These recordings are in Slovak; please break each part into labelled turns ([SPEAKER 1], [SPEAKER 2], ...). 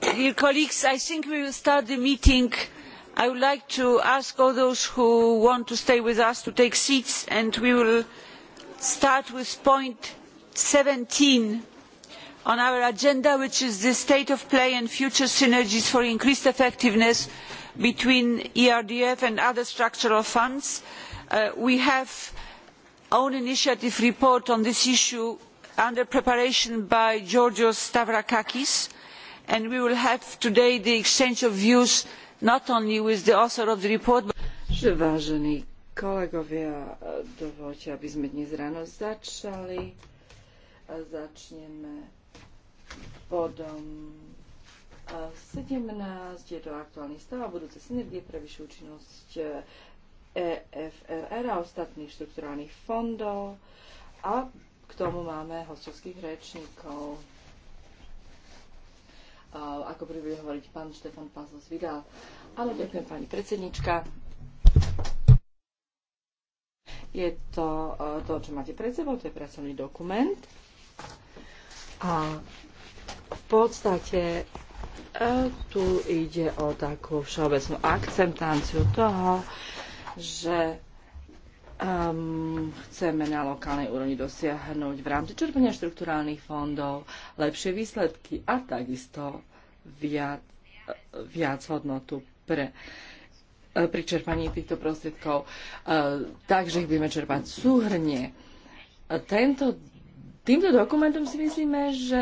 [SPEAKER 1] Dear colleagues, I think we will start the meeting. I would like to ask all those who want to stay with us to take seats and we will start with point seventeen on our agenda which is the state of play and future synergies for increased effectiveness between erdf and other structural funds. Uh, we have our own initiative report on this issue under preparation by georgios stavrakakis and we will have today the exchange of views not only with the author of the report but Vážení kolegovia, dovolte, aby sme dnes ráno začali. Začneme bodom 17, je to aktuálny stav a budúce synergie pre vyššiu účinnosť EFRR e a ostatných štrukturálnych fondov. A k tomu máme hostovských rečníkov ako prvý bude hovoriť pán Štefan Pásos Vidal. Áno, ďakujem pani predsednička. Je to e, to, čo máte pred sebou, to je pracovný dokument. A v podstate e, tu ide o takú všeobecnú akcentáciu toho, že um, chceme na lokálnej úrovni dosiahnuť v rámci čerpania štrukturálnych fondov lepšie výsledky a takisto viac, viac hodnotu pre e, pri čerpaní týchto prostriedkov, e, takže ich budeme čerpať súhrne. E, tento, týmto dokumentom si myslíme, že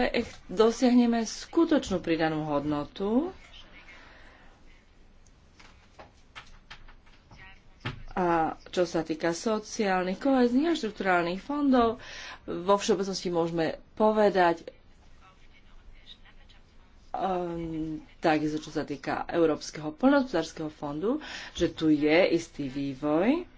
[SPEAKER 1] dosiahneme skutočnú pridanú hodnotu A čo sa týka sociálnych, kohezných a štruktúrálnych fondov, vo všeobecnosti môžeme povedať, um, takisto čo sa týka Európskeho poľnohospodárskeho fondu, že tu je istý vývoj,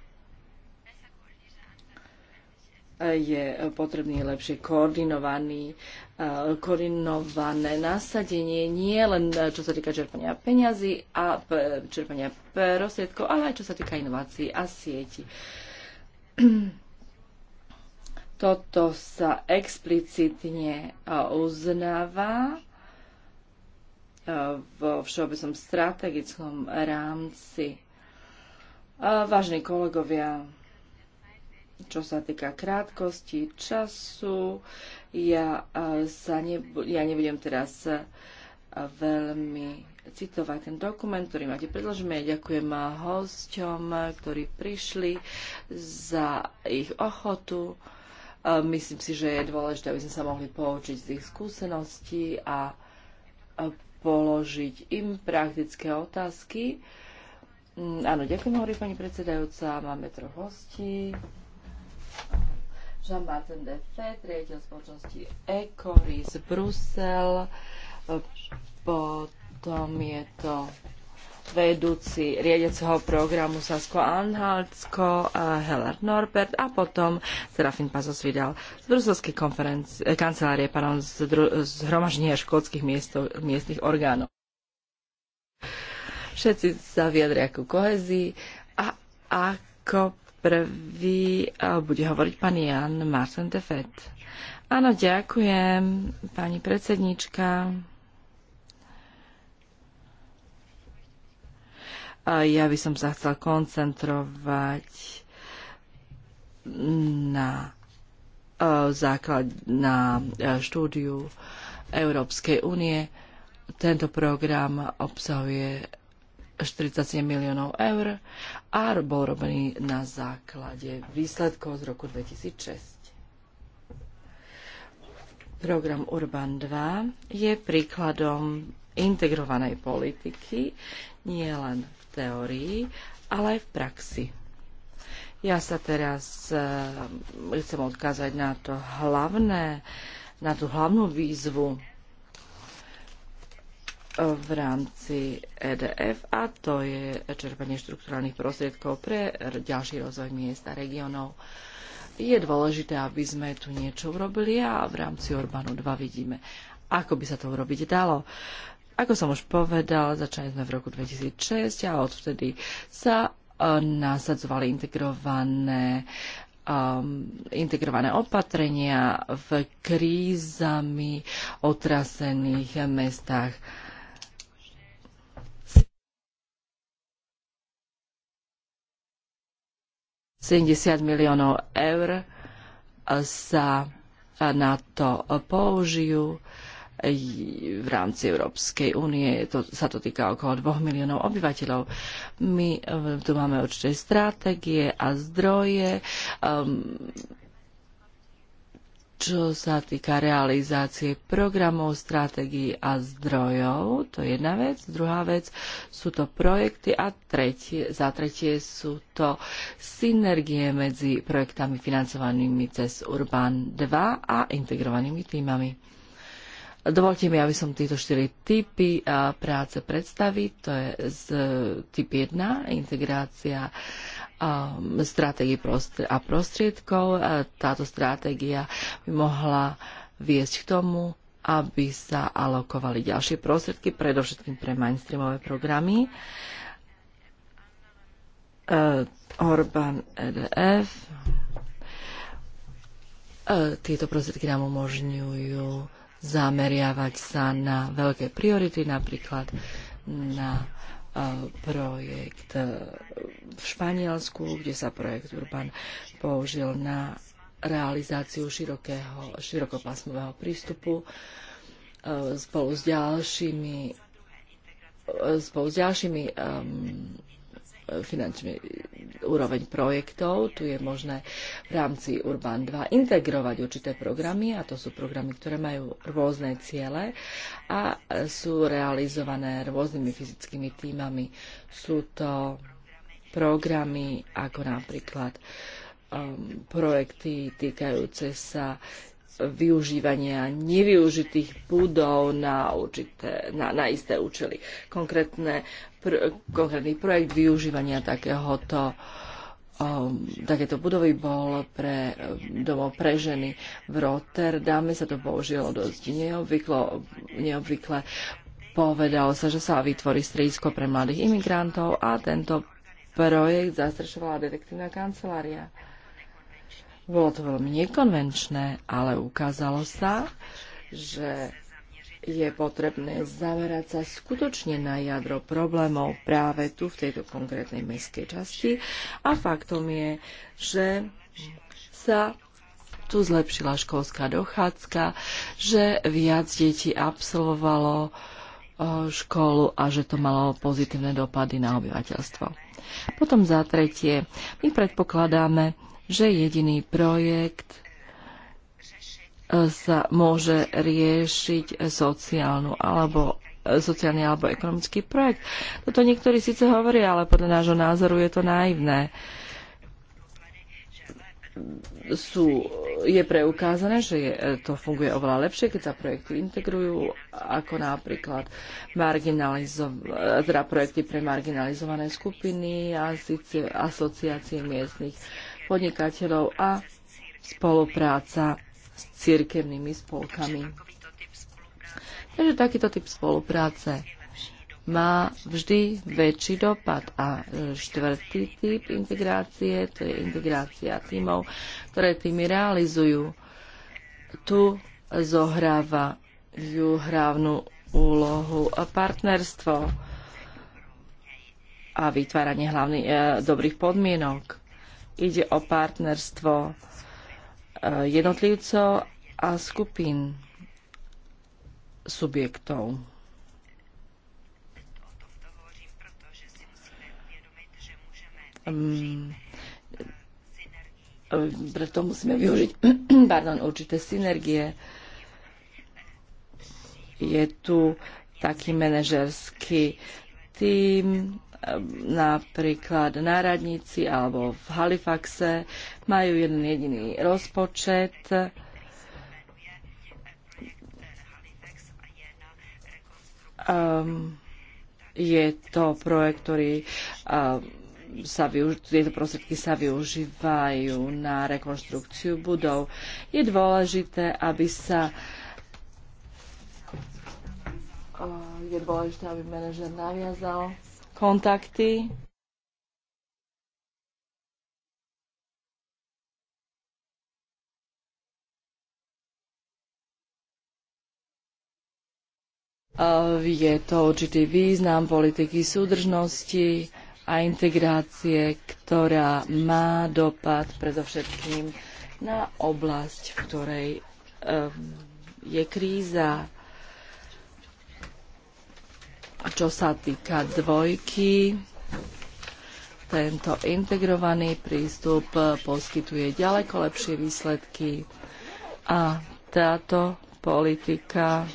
[SPEAKER 1] je potrebný lepšie koordinovaný, eh, koordinované nasadenie, nie len eh, čo sa týka čerpania peňazí a čerpania prostriedkov, ale aj čo sa týka inovácií a sieti. Toto sa explicitne eh, uznáva vo všeobecnom strategickom rámci. Vážení kolegovia, čo sa týka krátkosti času, ja, e, sa ne, ja nebudem teraz e, veľmi citovať ten dokument, ktorý máte predložený. ďakujem hosťom, ktorí prišli za ich ochotu. E, myslím si, že je dôležité, aby sme sa mohli poučiť z ich skúseností a položiť im praktické otázky. Mm, áno, ďakujem, hovorí pani predsedajúca. Máme troch hostí. Jean-Martin Defe, riaditeľ spoločnosti Ecoris Brusel. Potom je to vedúci riadiaceho programu Sasko Anhaltsko, eh, Helert Norbert a potom Serafín Pazos vydal z Bruselskej eh, kancelárie pardon, z zhromaždenia škótskych miestnych orgánov. Všetci sa vyjadria ku kohezii a ako Prvý bude hovoriť pán Jan Martin Fett. Áno, ďakujem, pani predsednička. Ja by som sa chcel koncentrovať na, e, základ, na e, štúdiu Európskej únie. Tento program obsahuje 47 miliónov eur a bol robený na základe výsledkov z roku 2006. Program Urban 2 je príkladom integrovanej politiky nie len v teórii, ale aj v praxi. Ja sa teraz e, chcem odkázať na to hlavné, na tú hlavnú výzvu v rámci EDF a to je čerpanie štrukturálnych prostriedkov pre ďalší rozvoj miest a regionov. Je dôležité, aby sme tu niečo urobili a v rámci Orbánu 2 vidíme, ako by sa to urobiť dalo. Ako som už povedal, začali sme v roku 2006 a odvtedy sa e, nasadzovali integrované um, integrované opatrenia v krízami otrasených mestách. 70 miliónov eur sa na to použijú v rámci Európskej únie. To, sa to týka okolo 2 miliónov obyvateľov. My eh, tu máme určité stratégie a zdroje. Um, čo sa týka realizácie programov, stratégií a zdrojov, to je jedna vec. Druhá vec sú to projekty a tretie, za tretie sú to synergie medzi projektami financovanými cez Urban 2 a integrovanými týmami. Dovolte mi, aby som tieto štyri typy práce predstaviť. To je z typ 1, integrácia Um, stratégií a prostriedkov. E, táto stratégia by mohla viesť k tomu, aby sa alokovali ďalšie prostriedky, predovšetkým pre mainstreamové programy. E, Orbán EDF. E, tieto prostriedky nám umožňujú zameriavať sa na veľké priority, napríklad na projekt v Španielsku, kde sa projekt Urban použil na realizáciu širokého, širokopásmového prístupu e, spolu s ďalšími e, spolu s ďalšími um, finančnými úroveň projektov. Tu je možné v rámci Urban 2 integrovať určité programy a to sú programy, ktoré majú rôzne ciele a sú realizované rôznymi fyzickými týmami. Sú to programy, ako napríklad um, projekty týkajúce sa využívania nevyužitých budov na, určité, na, na isté účely. Konkrétne, pr, konkrétny projekt využívania takéhoto um, takéto budovy bol pre domov pre ženy v Rotterdame. Sa to použilo dosť neobvyklo, neobvykle. Povedalo sa, že sa vytvorí stredisko pre mladých imigrantov a tento projekt zastrešovala detektívna kancelária. Bolo to veľmi nekonvenčné, ale ukázalo sa, že je potrebné zamerať sa skutočne na jadro problémov práve tu v tejto konkrétnej mestskej časti a faktom je, že sa tu zlepšila školská dochádzka, že viac detí absolvovalo eh, školu a že to malo pozitívne dopady na obyvateľstvo. Potom za tretie, my predpokladáme, že jediný projekt e, sa môže riešiť sociálnu alebo e, sociálny alebo ekonomický projekt. Toto niektorí síce hovoria, ale podľa nášho názoru je to naivné. Uh, sú, je preukázané, že je, to funguje oveľa lepšie, keď sa projekty integrujú, ako napríklad teda projekty pre marginalizované skupiny, asície, asociácie miestnych podnikateľov a spolupráca s cirkevnými spolkami. Takže takýto typ spolupráce má vždy väčší dopad. A e, štvrtý typ integrácie, to je integrácia tímov, ktoré týmy realizujú. Tu zohráva ju hrávnu úlohu a partnerstvo a vytváranie hlavne e, dobrých podmienok. Ide o partnerstvo e, jednotlivcov a skupín subjektov. Ehm, preto musíme využiť pardon, určité synergie. Je tu taký manažerský tým, ehm, napríklad na radnici alebo v Halifaxe majú jeden jediný rozpočet. Um, je to projekt, ktorý um, sa využ- tieto prostriedky sa využívajú na rekonštrukciu budov. Je dôležité, aby sa je dôležité, aby manažer naviazal kontakty Je to určitý význam politiky súdržnosti, a integrácie, ktorá má dopad predovšetkým na oblasť, v ktorej eh, je kríza. Čo sa týka dvojky, tento integrovaný prístup eh, poskytuje ďaleko lepšie výsledky a táto politika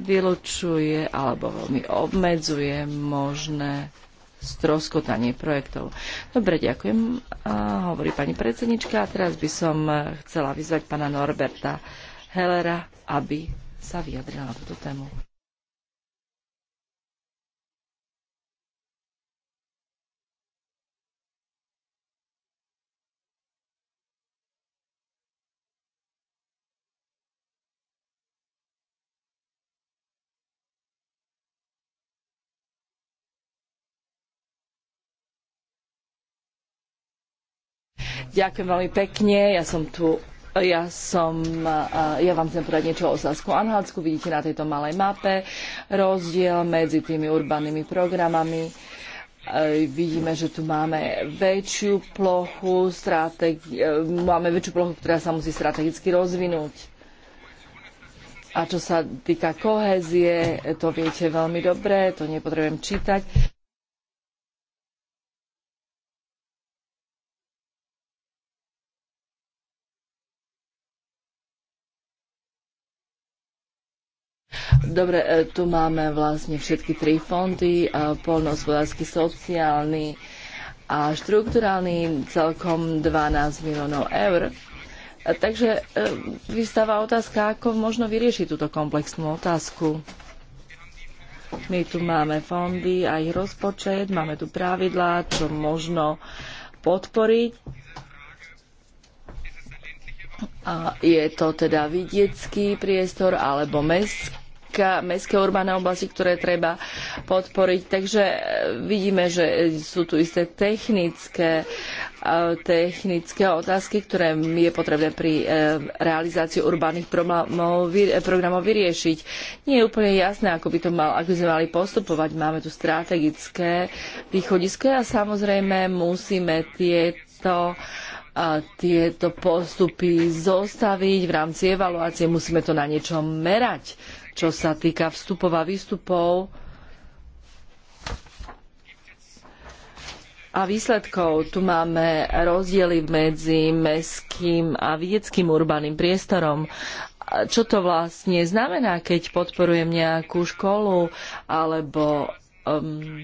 [SPEAKER 1] vylučuje alebo veľmi obmedzuje možné stroskotanie projektov. Dobre, ďakujem, a hovorí pani predsednička. A teraz by som e, chcela vyzvať pana Norberta Hellera, aby sa vyjadrila na túto tému. Ďakujem veľmi pekne. Ja som tu ja som, ja vám chcem povedať niečo o Sasku Anhalsku. Vidíte na tejto malej mape rozdiel medzi tými urbanými programami. E, vidíme, že tu máme väčšiu plochu, e, máme väčšiu plochu, ktorá sa musí strategicky rozvinúť. A čo sa týka kohézie, to viete veľmi dobre, to nepotrebujem čítať. Dobre, e, tu máme vlastne všetky tri fondy, e, poľnohospodársky, sociálny a štruktúrálny, celkom 12 miliónov eur. E, takže vystáva otázka, ako možno vyriešiť túto komplexnú otázku. My tu máme fondy a ich rozpočet, máme tu pravidlá, čo možno podporiť. A je to teda vidiecký priestor alebo mestský mestské urbané oblasti, ktoré treba podporiť. Takže e, vidíme, že sú tu isté technické, e, technické otázky, ktoré je potrebné pri e, realizácii urbaných programov, vyriešiť. Nie je úplne jasné, ako by to mal, ako by sme mali postupovať. Máme tu strategické východisko a samozrejme musíme tieto tieto postupy zostaviť v rámci evaluácie. Musíme to na niečom merať, čo sa týka vstupov a výstupov a výsledkov. Tu máme rozdiely medzi mestským a vedeckým urbaným priestorom čo to vlastne znamená, keď podporujem nejakú školu alebo um,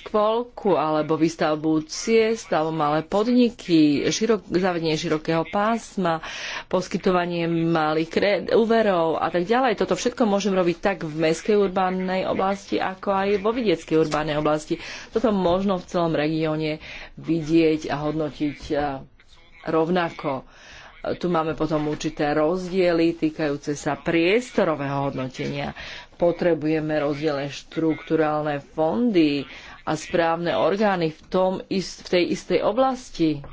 [SPEAKER 1] škôlku alebo výstavbu ciest alebo malé podniky, širok, zavedenie širokého pásma, poskytovanie malých kred, úverov a tak ďalej. Toto všetko môžem robiť tak v mestskej urbánnej oblasti, ako aj vo vidieckej urbánnej oblasti. Toto možno v celom regióne vidieť a hodnotiť e, rovnako. Tu máme potom určité rozdiely týkajúce sa priestorového hodnotenia potrebujeme rozdielne štruktúrálne fondy a správne orgány v, tom, v tej istej oblasti.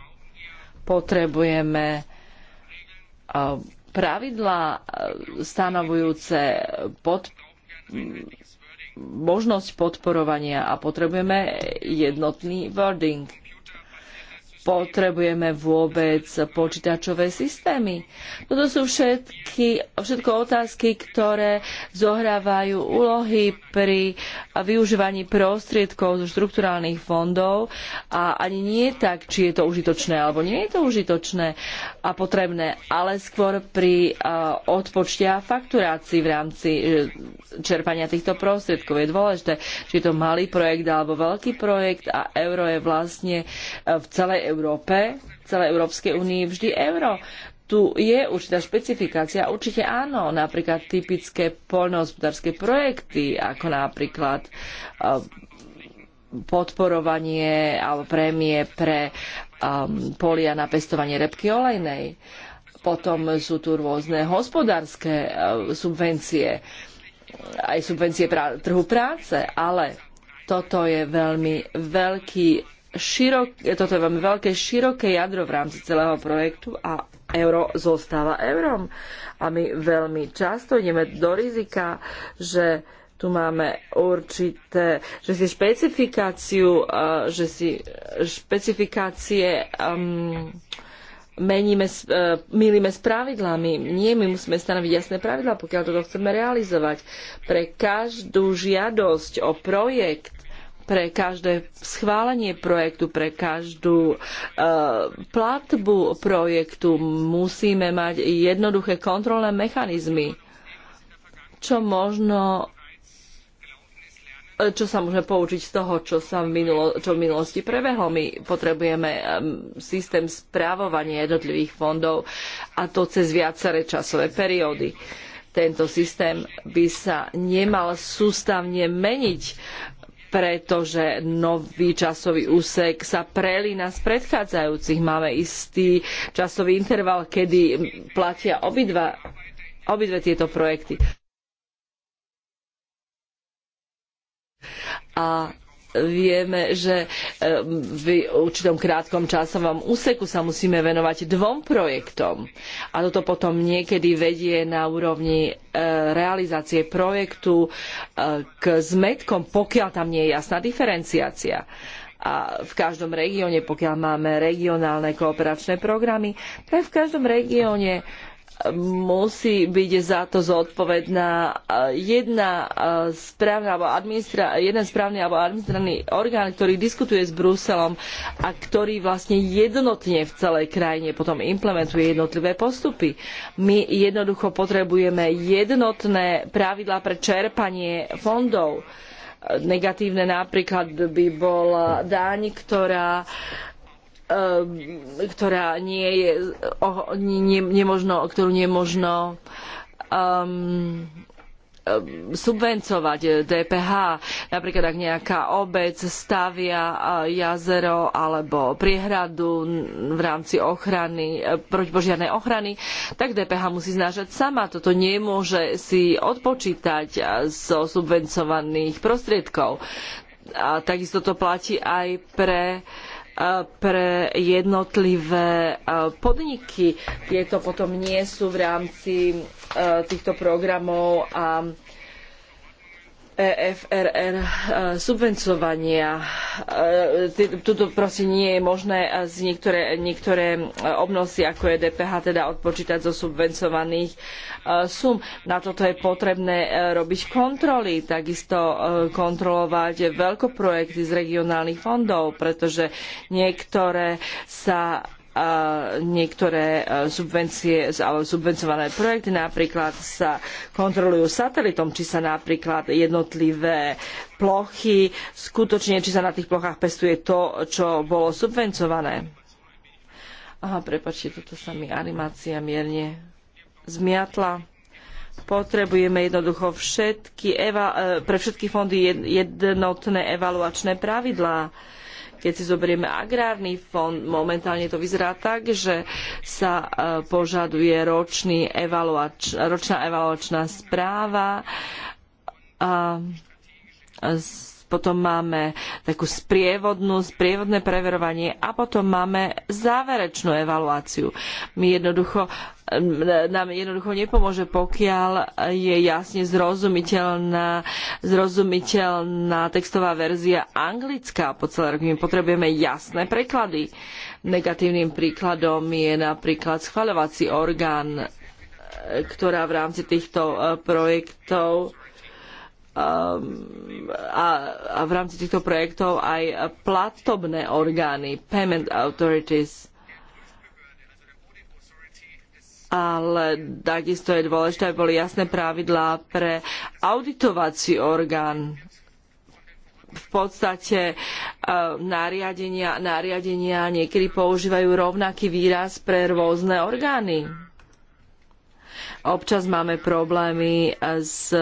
[SPEAKER 1] Potrebujeme pravidlá stanovujúce pod, možnosť podporovania a potrebujeme jednotný wording potrebujeme vôbec počítačové systémy? Toto sú všetky, všetko otázky, ktoré zohrávajú úlohy pri využívaní prostriedkov zo štrukturálnych fondov a ani nie tak, či je to užitočné alebo nie je to užitočné a potrebné, ale skôr pri odpočte a fakturácii v rámci e, čerpania týchto prostriedkov. Je dôležité, či je to malý projekt alebo veľký projekt a euro je vlastne e, v celej Európe, v celej Európskej únii vždy euro. Tu je určitá špecifikácia, určite áno, napríklad typické poľnohospodárske projekty, ako napríklad eh, podporovanie alebo prémie pre um, polia na pestovanie repky olejnej. Potom sú tu rôzne hospodárske uh, subvencie, aj subvencie trhu práce, ale toto je veľmi veľký širok, toto je veľmi veľké, široké jadro v rámci celého projektu a euro zostáva eurom. A my veľmi často ideme do rizika, že tu máme určité, že si špecifikáciu, eh, že si špecifikácie um, meníme, eh, milíme s pravidlami. Nie, my musíme stanoviť jasné pravidlá, pokiaľ toto chceme realizovať. Pre každú žiadosť o projekt pre každé schválenie projektu, pre každú e, platbu projektu musíme mať jednoduché kontrolné mechanizmy, čo možno e, čo sa môžeme poučiť z toho, čo sa v, minulo, čo v minulosti prebehlo. My potrebujeme um, systém správovania jednotlivých fondov a to cez viaceré časové periódy. Tento systém by sa nemal sústavne meniť pretože nový časový úsek sa prelína z predchádzajúcich. Máme istý časový interval, kedy platia obidva, obidve tieto projekty. A vieme, že e, v určitom krátkom časovom úseku sa musíme venovať dvom projektom. A toto potom niekedy vedie na úrovni e, realizácie projektu e, k zmetkom, pokiaľ tam nie je jasná diferenciácia. A v každom regióne, pokiaľ máme regionálne kooperačné programy, tak v každom regióne musí byť za to zodpovedná jedna správna alebo administra, jeden správny alebo administratívny orgán, ktorý diskutuje s Bruselom a ktorý vlastne jednotne v celej krajine potom implementuje jednotlivé postupy. My jednoducho potrebujeme jednotné pravidlá pre čerpanie fondov negatívne napríklad by bola daň, ktorá Ehm, ktorá nie je, oh, nie, nemožno, ktorú um, subvencovať DPH. Napríklad, ak nejaká obec stavia e, jazero alebo priehradu v rámci ochrany, e, protipožiarnej ochrany, tak DPH musí znášať sama. Toto nemôže si odpočítať e, zo subvencovaných prostriedkov. A takisto to platí aj pre uh, pre jednotlivé podniky. Tieto potom nie sú v rámci týchto programov a EFRR e, subvencovania. E, tuto proste nie je možné e, z niektoré, niektoré obnosy, ako je DPH, teda odpočítať zo subvencovaných sum. Na toto je potrebné robiť kontroly, takisto kontrolovať veľkoprojekty z regionálnych fondov, pretože niektoré sa niektoré e, subvencie alebo subvencované projekty napríklad sa kontrolujú satelitom, či sa napríklad jednotlivé plochy skutočne, či sa na tých plochách pestuje to, čo bolo subvencované. Aha, prepačte, toto sa mi animácia mierne zmiatla. Potrebujeme jednoducho všetky, e, pre všetky fondy jednotné evaluačné pravidlá keď si zoberieme agrárny fond, momentálne to vyzerá tak, že sa e, požaduje ročný evaluač, ročná evaluačná správa a, a s potom máme takú sprievodnú, sprievodné preverovanie a potom máme záverečnú evaluáciu. My jednoducho nám jednoducho nepomôže, pokiaľ je jasne zrozumiteľná, zrozumiteľná textová verzia anglická po celé roky. My potrebujeme jasné preklady. Negatívnym príkladom je napríklad schvaľovací orgán, ktorá v rámci týchto eh, projektov Um, a, a v rámci týchto projektov aj platobné orgány, payment authorities. Ale takisto je dôležité, aby boli jasné pravidlá pre auditovací orgán. V podstate e, nariadenia, nariadenia niekedy používajú rovnaký výraz pre rôzne orgány. Občas máme problémy s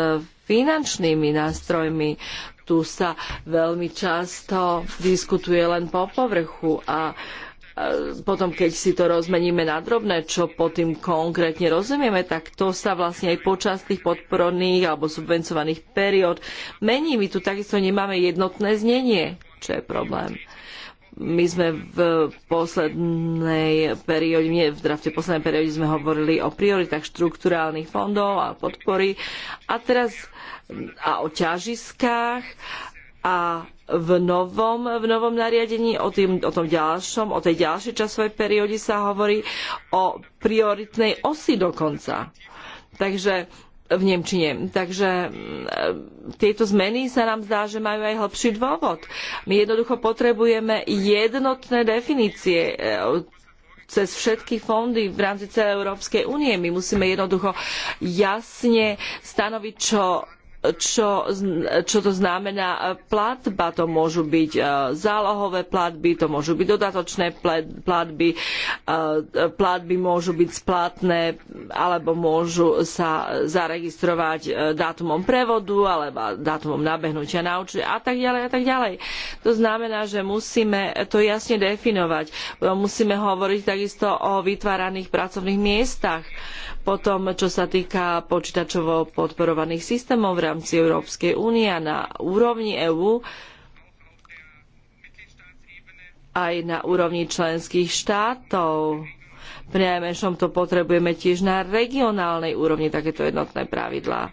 [SPEAKER 1] finančnými nástrojmi. Tu sa veľmi často diskutuje len po povrchu a e, potom, keď si to rozmeníme na drobné, čo pod tým konkrétne rozumieme, tak to sa vlastne aj počas tých podporných alebo subvencovaných periód mení. My tu takisto nemáme jednotné znenie, čo je problém my sme v poslednej perióde, nie v drafte, v poslednej perióde sme hovorili o prioritách štruktúrálnych fondov a podpory a teraz a o ťažiskách a v novom, v novom nariadení, o, tým, o tom ďalšom, o tej ďalšej časovej perióde sa hovorí o prioritnej osi dokonca. Takže v Nemčine. Takže mm, tieto zmeny sa nám zdá, že majú aj hlbší dôvod. My jednoducho potrebujeme jednotné definície e, cez všetky fondy v rámci celej Európskej únie. My musíme jednoducho jasne stanoviť, čo čo, čo, to znamená e, platba. To môžu byť e, zálohové platby, to môžu byť dodatočné platby, e, platby môžu byť splatné alebo môžu sa zaregistrovať dátumom prevodu alebo dátumom nabehnutia na účet a tak ďalej a tak ďalej. To znamená, že musíme to jasne definovať. Musíme hovoriť takisto o vytváraných pracovných miestach potom, čo sa týka počítačovo podporovaných systémov v rámci Európskej únie a na úrovni EÚ, aj na úrovni členských štátov. Pri najmenšom to potrebujeme tiež na regionálnej úrovni takéto jednotné pravidlá.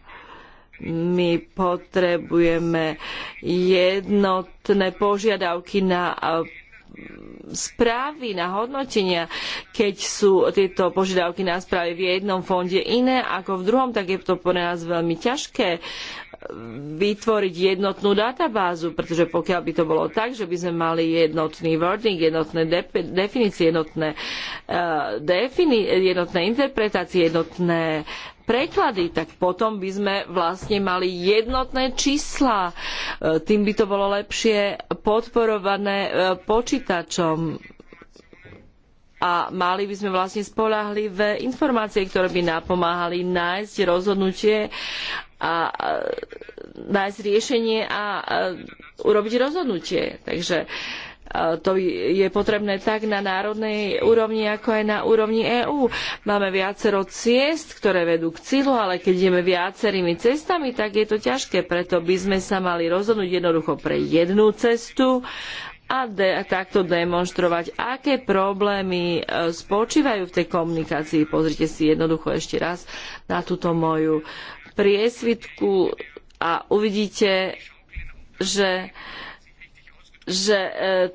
[SPEAKER 1] My potrebujeme jednotné požiadavky na správy, na hodnotenia, keď sú tieto požiadavky na správy v jednom fonde iné ako v druhom, tak je to pre nás veľmi ťažké vytvoriť jednotnú databázu, pretože pokiaľ by to bolo tak, že by sme mali jednotný wording, jednotné de definície, jednotné, uh, defini jednotné interpretácie, jednotné preklady, tak potom by sme vlastne mali jednotné čísla. Eh, tým by to bolo lepšie podporované eh, počítačom a mali by sme vlastne spolahlivé informácie, ktoré by napomáhali nájsť rozhodnutie a nájsť riešenie a urobiť rozhodnutie. Takže to je potrebné tak na národnej úrovni, ako aj na úrovni EÚ. Máme viacero ciest, ktoré vedú k cílu, ale keď ideme viacerými cestami, tak je to ťažké. Preto by sme sa mali rozhodnúť jednoducho pre jednu cestu a de- takto demonstrovať, aké problémy e, spočívajú v tej komunikácii. Pozrite si jednoducho ešte raz na túto moju priesvitku a uvidíte, že že e,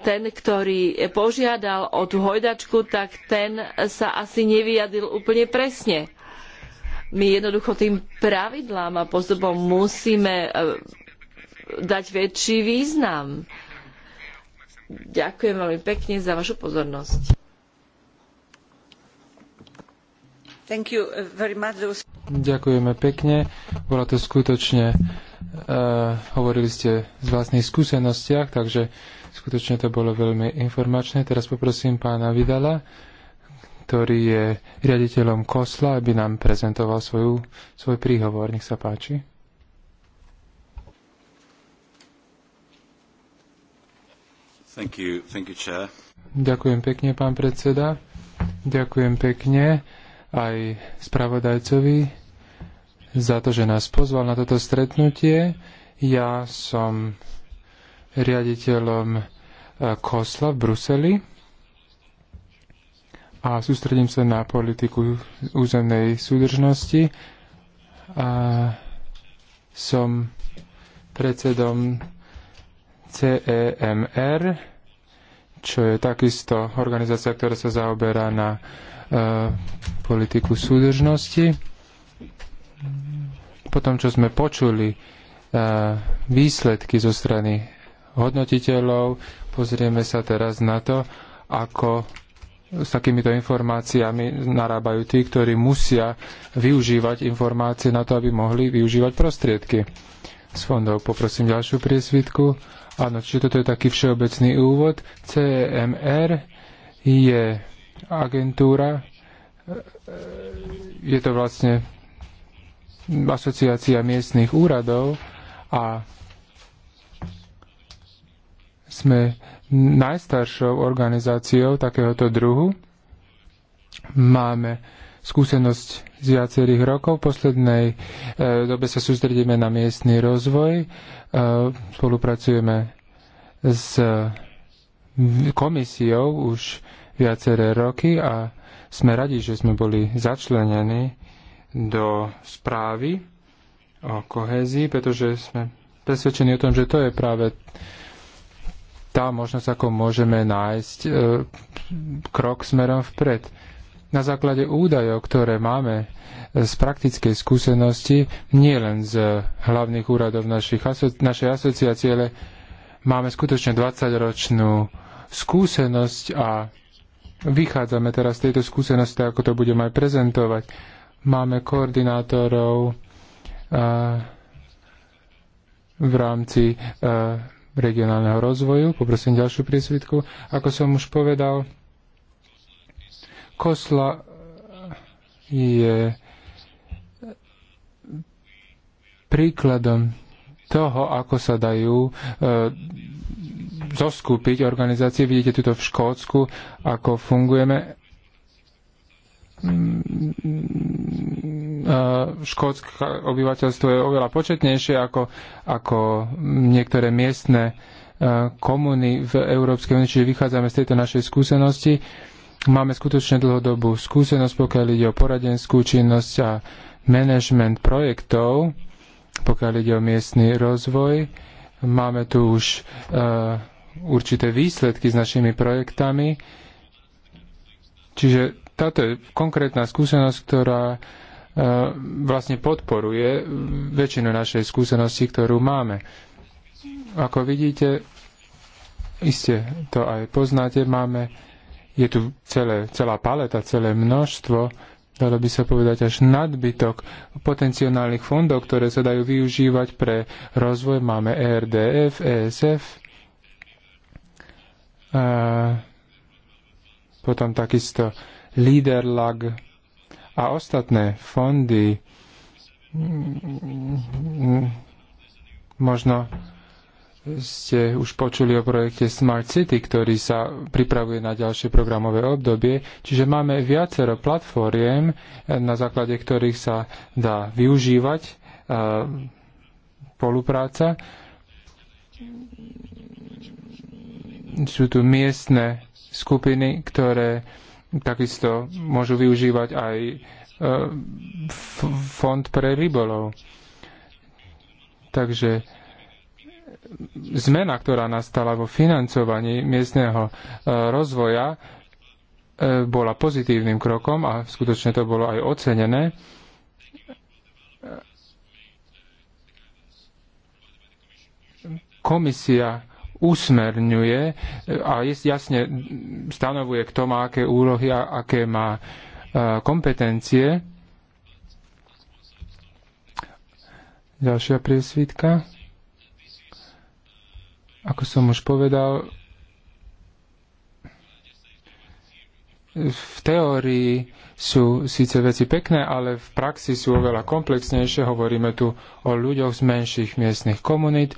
[SPEAKER 1] ten, ktorý požiadal o tú hojdačku, tak ten sa asi nevyjadil úplne presne. My jednoducho tým pravidlám a postupom musíme e, dať väčší význam. Ďakujem veľmi pekne za vašu pozornosť. Uh,
[SPEAKER 2] Ďakujeme pekne. Bola to skutočne, uh, hovorili ste z vlastných skúsenostiach, takže skutočne to bolo veľmi informačné. Teraz poprosím pána Vidala, ktorý je riaditeľom Kosla, aby nám prezentoval svoju, svoj príhovor. Nech sa páči.
[SPEAKER 1] Thank you. Thank you,
[SPEAKER 2] Ďakujem pekne, pán predseda. Ďakujem pekne aj spravodajcovi za to, že nás pozval na toto stretnutie. Ja som riaditeľom e, Kosla v Bruseli a sústredím sa na politiku územnej súdržnosti. A som predsedom CEMR, čo je takisto organizácia, ktorá sa zaoberá na E, politiku súdržnosti. Potom, čo sme počuli e, výsledky zo strany hodnotiteľov, pozrieme sa teraz na to, ako s takýmito informáciami narábajú tí, ktorí musia využívať informácie na to, aby mohli využívať prostriedky z fondov. Poprosím ďalšiu priesvitku. Áno, čiže toto je taký všeobecný úvod. CMR je agentúra. Je to vlastne asociácia miestnych úradov a sme najstaršou organizáciou takéhoto druhu. Máme skúsenosť z viacerých rokov. V poslednej e, dobe sa sústredíme na miestny rozvoj. E, spolupracujeme s komisiou už viaceré roky a sme radi, že sme boli začlenení do správy o kohézii, pretože sme presvedčení o tom, že to je práve tá možnosť, ako môžeme nájsť e, krok smerom vpred. Na základe údajov, ktoré máme e, z praktickej skúsenosti, nie len z hlavných úradov našich, našej asociácie, ale máme skutočne 20-ročnú skúsenosť a Vychádzame teraz z tejto skúsenosti, ako to budem aj prezentovať. Máme koordinátorov eh, v rámci eh, regionálneho rozvoju. Poprosím ďalšiu prísvitku. Ako som už povedal, Kosla eh, je príkladom toho, ako sa dajú e, zoskupiť organizácie. Vidíte tuto v Škótsku, ako fungujeme. Mm, e, škótske obyvateľstvo je oveľa početnejšie ako, ako niektoré miestne e, komuny v Európskej únii, čiže vychádzame z tejto našej skúsenosti. Máme skutočne dlhodobú skúsenosť, pokiaľ ide o poradenskú činnosť a management projektov pokiaľ ide o miestny rozvoj. Máme tu už uh, určité výsledky s našimi projektami. Čiže táto je konkrétna skúsenosť, ktorá uh, vlastne podporuje väčšinu našej skúsenosti, ktorú máme. Ako vidíte, iste to aj poznáte, máme, je tu celé, celá paleta, celé množstvo dalo by sa povedať až nadbytok potenciálnych fondov, ktoré sa dajú využívať pre rozvoj. Máme ERDF, ESF, a potom takisto Leaderlag a ostatné fondy mm, mm, mm, možno ste už počuli o projekte Smart City, ktorý sa pripravuje na ďalšie programové obdobie. Čiže máme viacero platformiem, na základe ktorých sa dá využívať e, spolupráca. Sú tu miestne skupiny, ktoré takisto môžu využívať aj e, fond pre rybolov. Takže zmena, ktorá nastala vo financovaní miestneho e, rozvoja, e, bola pozitívnym krokom a skutočne to bolo aj ocenené. Komisia usmerňuje a jasne stanovuje, kto má aké úlohy a aké má e, kompetencie. Ďalšia priesvitka. Ako som už povedal, v teórii sú síce veci pekné, ale v praxi sú oveľa komplexnejšie. Hovoríme tu o ľuďoch z menších miestnych komunít. E,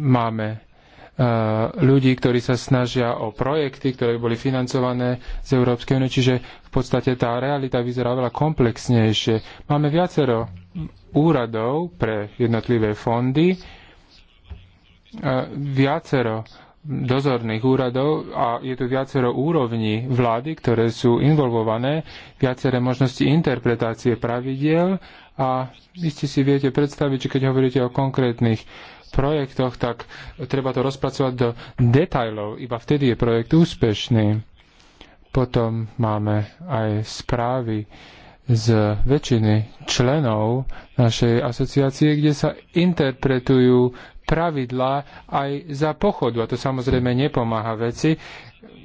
[SPEAKER 2] máme e, ľudí, ktorí sa snažia o projekty, ktoré boli financované z Európskej únie, čiže v podstate tá realita vyzerá oveľa komplexnejšie. Máme viacero úradov pre jednotlivé fondy, E, viacero dozorných úradov a je tu viacero úrovní vlády, ktoré sú involvované, viaceré možnosti interpretácie pravidiel a iste si viete predstaviť, že keď hovoríte o konkrétnych projektoch, tak treba to rozpracovať do detajlov, iba vtedy je projekt úspešný. Potom máme aj správy z väčšiny členov našej asociácie, kde sa interpretujú pravidlá aj za pochodu. A to samozrejme nepomáha veci.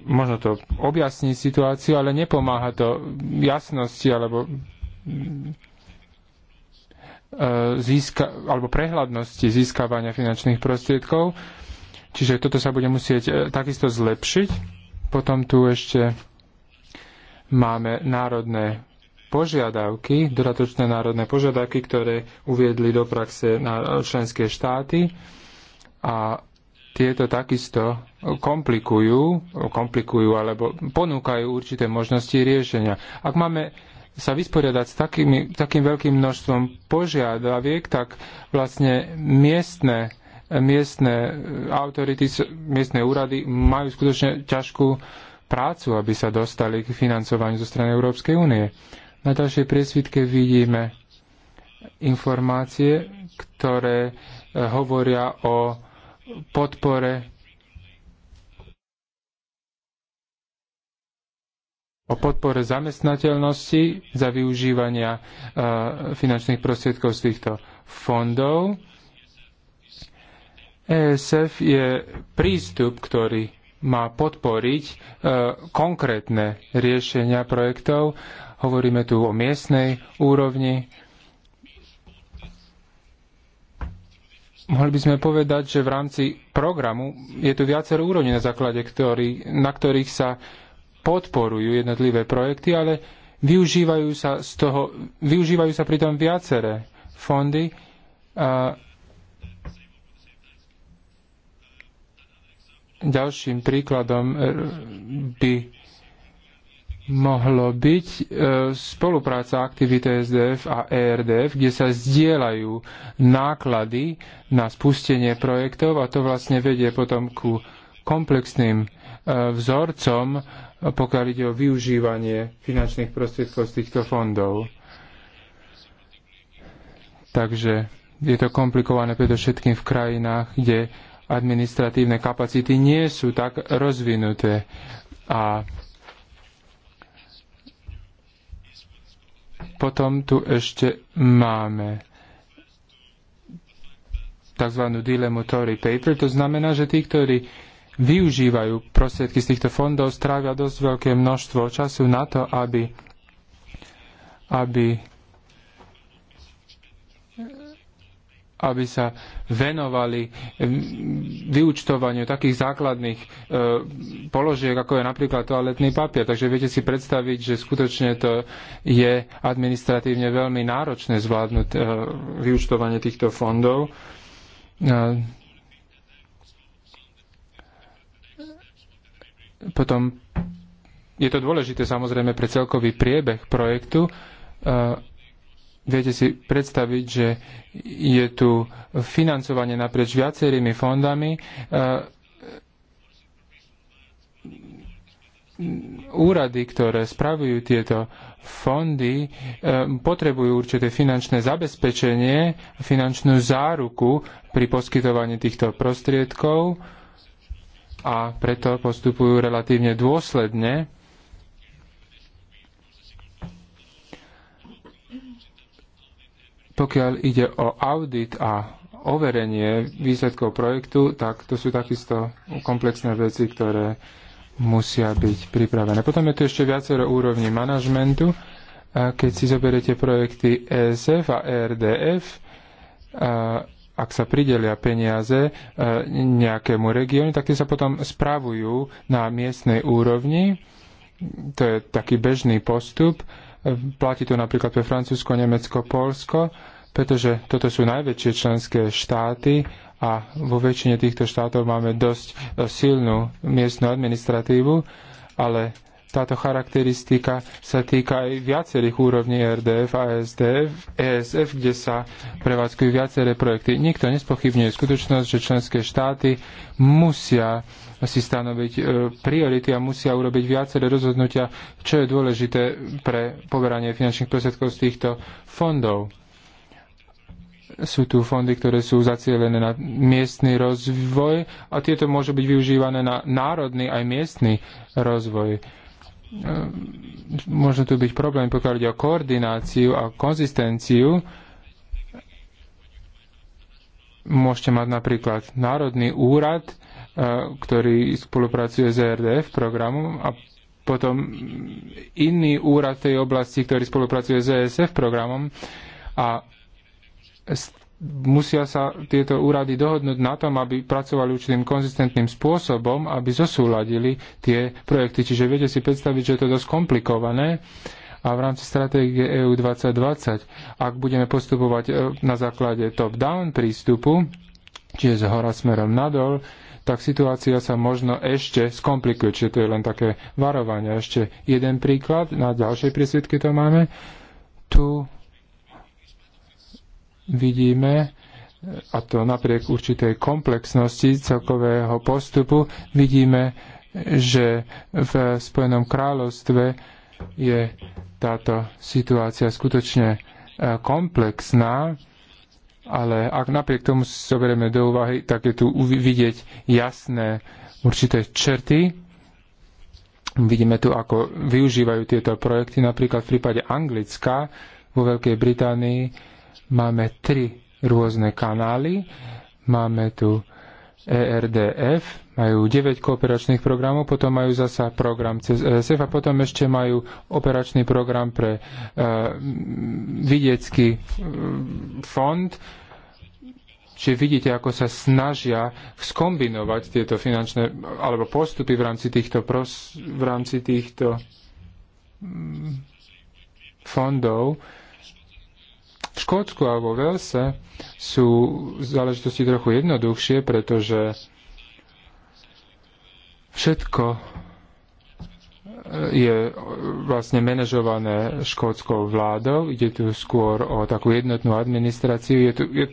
[SPEAKER 2] Možno to objasní situáciu, ale nepomáha to jasnosti alebo e, získa, alebo prehľadnosti získavania finančných prostriedkov. Čiže toto sa bude musieť e, takisto zlepšiť. Potom tu ešte máme národné požiadavky, dodatočné národné požiadavky, ktoré uviedli do praxe na členské štáty a tieto takisto komplikujú, komplikujú alebo ponúkajú určité možnosti riešenia. Ak máme sa vysporiadať s takými, takým veľkým množstvom požiadaviek, tak vlastne miestne miestne autority, miestne úrady majú skutočne ťažkú prácu, aby sa dostali k financovaniu zo strany Európskej únie. Na ďalšej priesvitke vidíme informácie, ktoré eh, hovoria o podpore o podpore zamestnateľnosti za využívania eh, finančných prostriedkov z týchto fondov. ESF je prístup, ktorý má podporiť eh, konkrétne riešenia projektov Hovoríme tu o miestnej úrovni. Mohli by sme povedať, že v rámci programu je tu viacero úrovní, na základe ktorý, na ktorých sa podporujú jednotlivé projekty, ale využívajú sa, z toho, využívajú sa pritom viaceré fondy. A ďalším príkladom eh, by mohlo byť e, spolupráca aktivity SDF a ERDF, kde sa zdieľajú náklady na spustenie projektov a to vlastne vedie potom ku komplexným e, vzorcom, pokiaľ ide o využívanie finančných prostriedkov z týchto fondov. Takže je to komplikované predovšetkým v krajinách, kde administratívne kapacity nie sú tak rozvinuté. A Potom tu ešte máme tzv. dilemu Tory Paper. To znamená, že tí, ktorí využívajú prostriedky z týchto fondov, strávia dosť veľké množstvo času na to, aby, aby aby sa venovali vyučtovaniu takých základných e, položiek, ako je napríklad toaletný papier. Takže viete si predstaviť, že skutočne to je administratívne veľmi náročné zvládnuť e, vyučtovanie týchto fondov. E, potom je to dôležité samozrejme pre celkový priebeh projektu, e, Viete si predstaviť, že je tu financovanie naprieč viacerými fondami. Eh, úrady, ktoré spravujú tieto fondy, eh, potrebujú určité finančné zabezpečenie, finančnú záruku pri poskytovaní týchto prostriedkov a preto postupujú relatívne dôsledne Pokiaľ ide o audit a overenie výsledkov projektu, tak to sú takisto komplexné veci, ktoré musia byť pripravené. Potom je tu ešte viacero úrovní manažmentu. Keď si zoberiete projekty ESF a ERDF, ak sa pridelia peniaze e, nejakému regiónu, tak tie sa potom spravujú na miestnej úrovni. To je taký bežný postup Platí to napríklad pre Francúzsko, Nemecko, Polsko, pretože toto sú najväčšie členské štáty a vo väčšine týchto štátov máme dosť e, silnú miestnu administratívu, ale táto charakteristika sa týka aj viacerých úrovní RDF a SDF, ESF, kde sa prevádzkujú viaceré projekty. Nikto nespochybňuje skutočnosť, že členské štáty musia si stanoviť e, priority a musia urobiť viaceré rozhodnutia, čo je dôležité pre poberanie finančných prostriedkov z týchto fondov sú tu fondy, ktoré sú zacielené na miestny rozvoj a tieto môžu byť využívané na národný aj miestny rozvoj. Ehm, môže tu byť problém, pokiaľ ide o koordináciu a konzistenciu. Môžete mať napríklad Národný úrad, e, ktorý spolupracuje s e RDF programom a potom iný úrad tej oblasti, ktorý spolupracuje s ESF programom a z musia sa tieto úrady dohodnúť na tom, aby pracovali určitým konzistentným spôsobom, aby zosúladili tie projekty. Čiže viete si predstaviť, že je to dosť komplikované a v rámci stratégie EU 2020, ak budeme postupovať e, na základe top-down prístupu, čiže z hora smerom nadol, tak situácia sa možno ešte skomplikuje. Čiže to je len také varovanie. Ešte jeden príklad, na ďalšej prísvitke to máme. Tu vidíme, a to napriek určitej komplexnosti celkového postupu, vidíme, že v Spojenom kráľovstve je táto situácia skutočne e, komplexná, ale ak napriek tomu zoberieme do úvahy, tak je tu vidieť jasné určité črty. Vidíme tu, ako využívajú tieto projekty. Napríklad v prípade Anglicka vo Veľkej Británii Máme tri rôzne kanály. Máme tu ERDF, majú 9 kooperačných programov, potom majú zasa program cez ESF a potom ešte majú operačný program pre uh, vidiecký uh, fond. Čiže vidíte, ako sa snažia skombinovať tieto finančné alebo postupy v rámci týchto, pros, v rámci týchto um, fondov. Uh, v Škótsku a vo Velse sú záležitosti trochu jednoduchšie, pretože všetko eh, je eh, vlastne manažované škótskou vládou. Ide tu skôr o takú jednotnú administráciu. Je tu, je,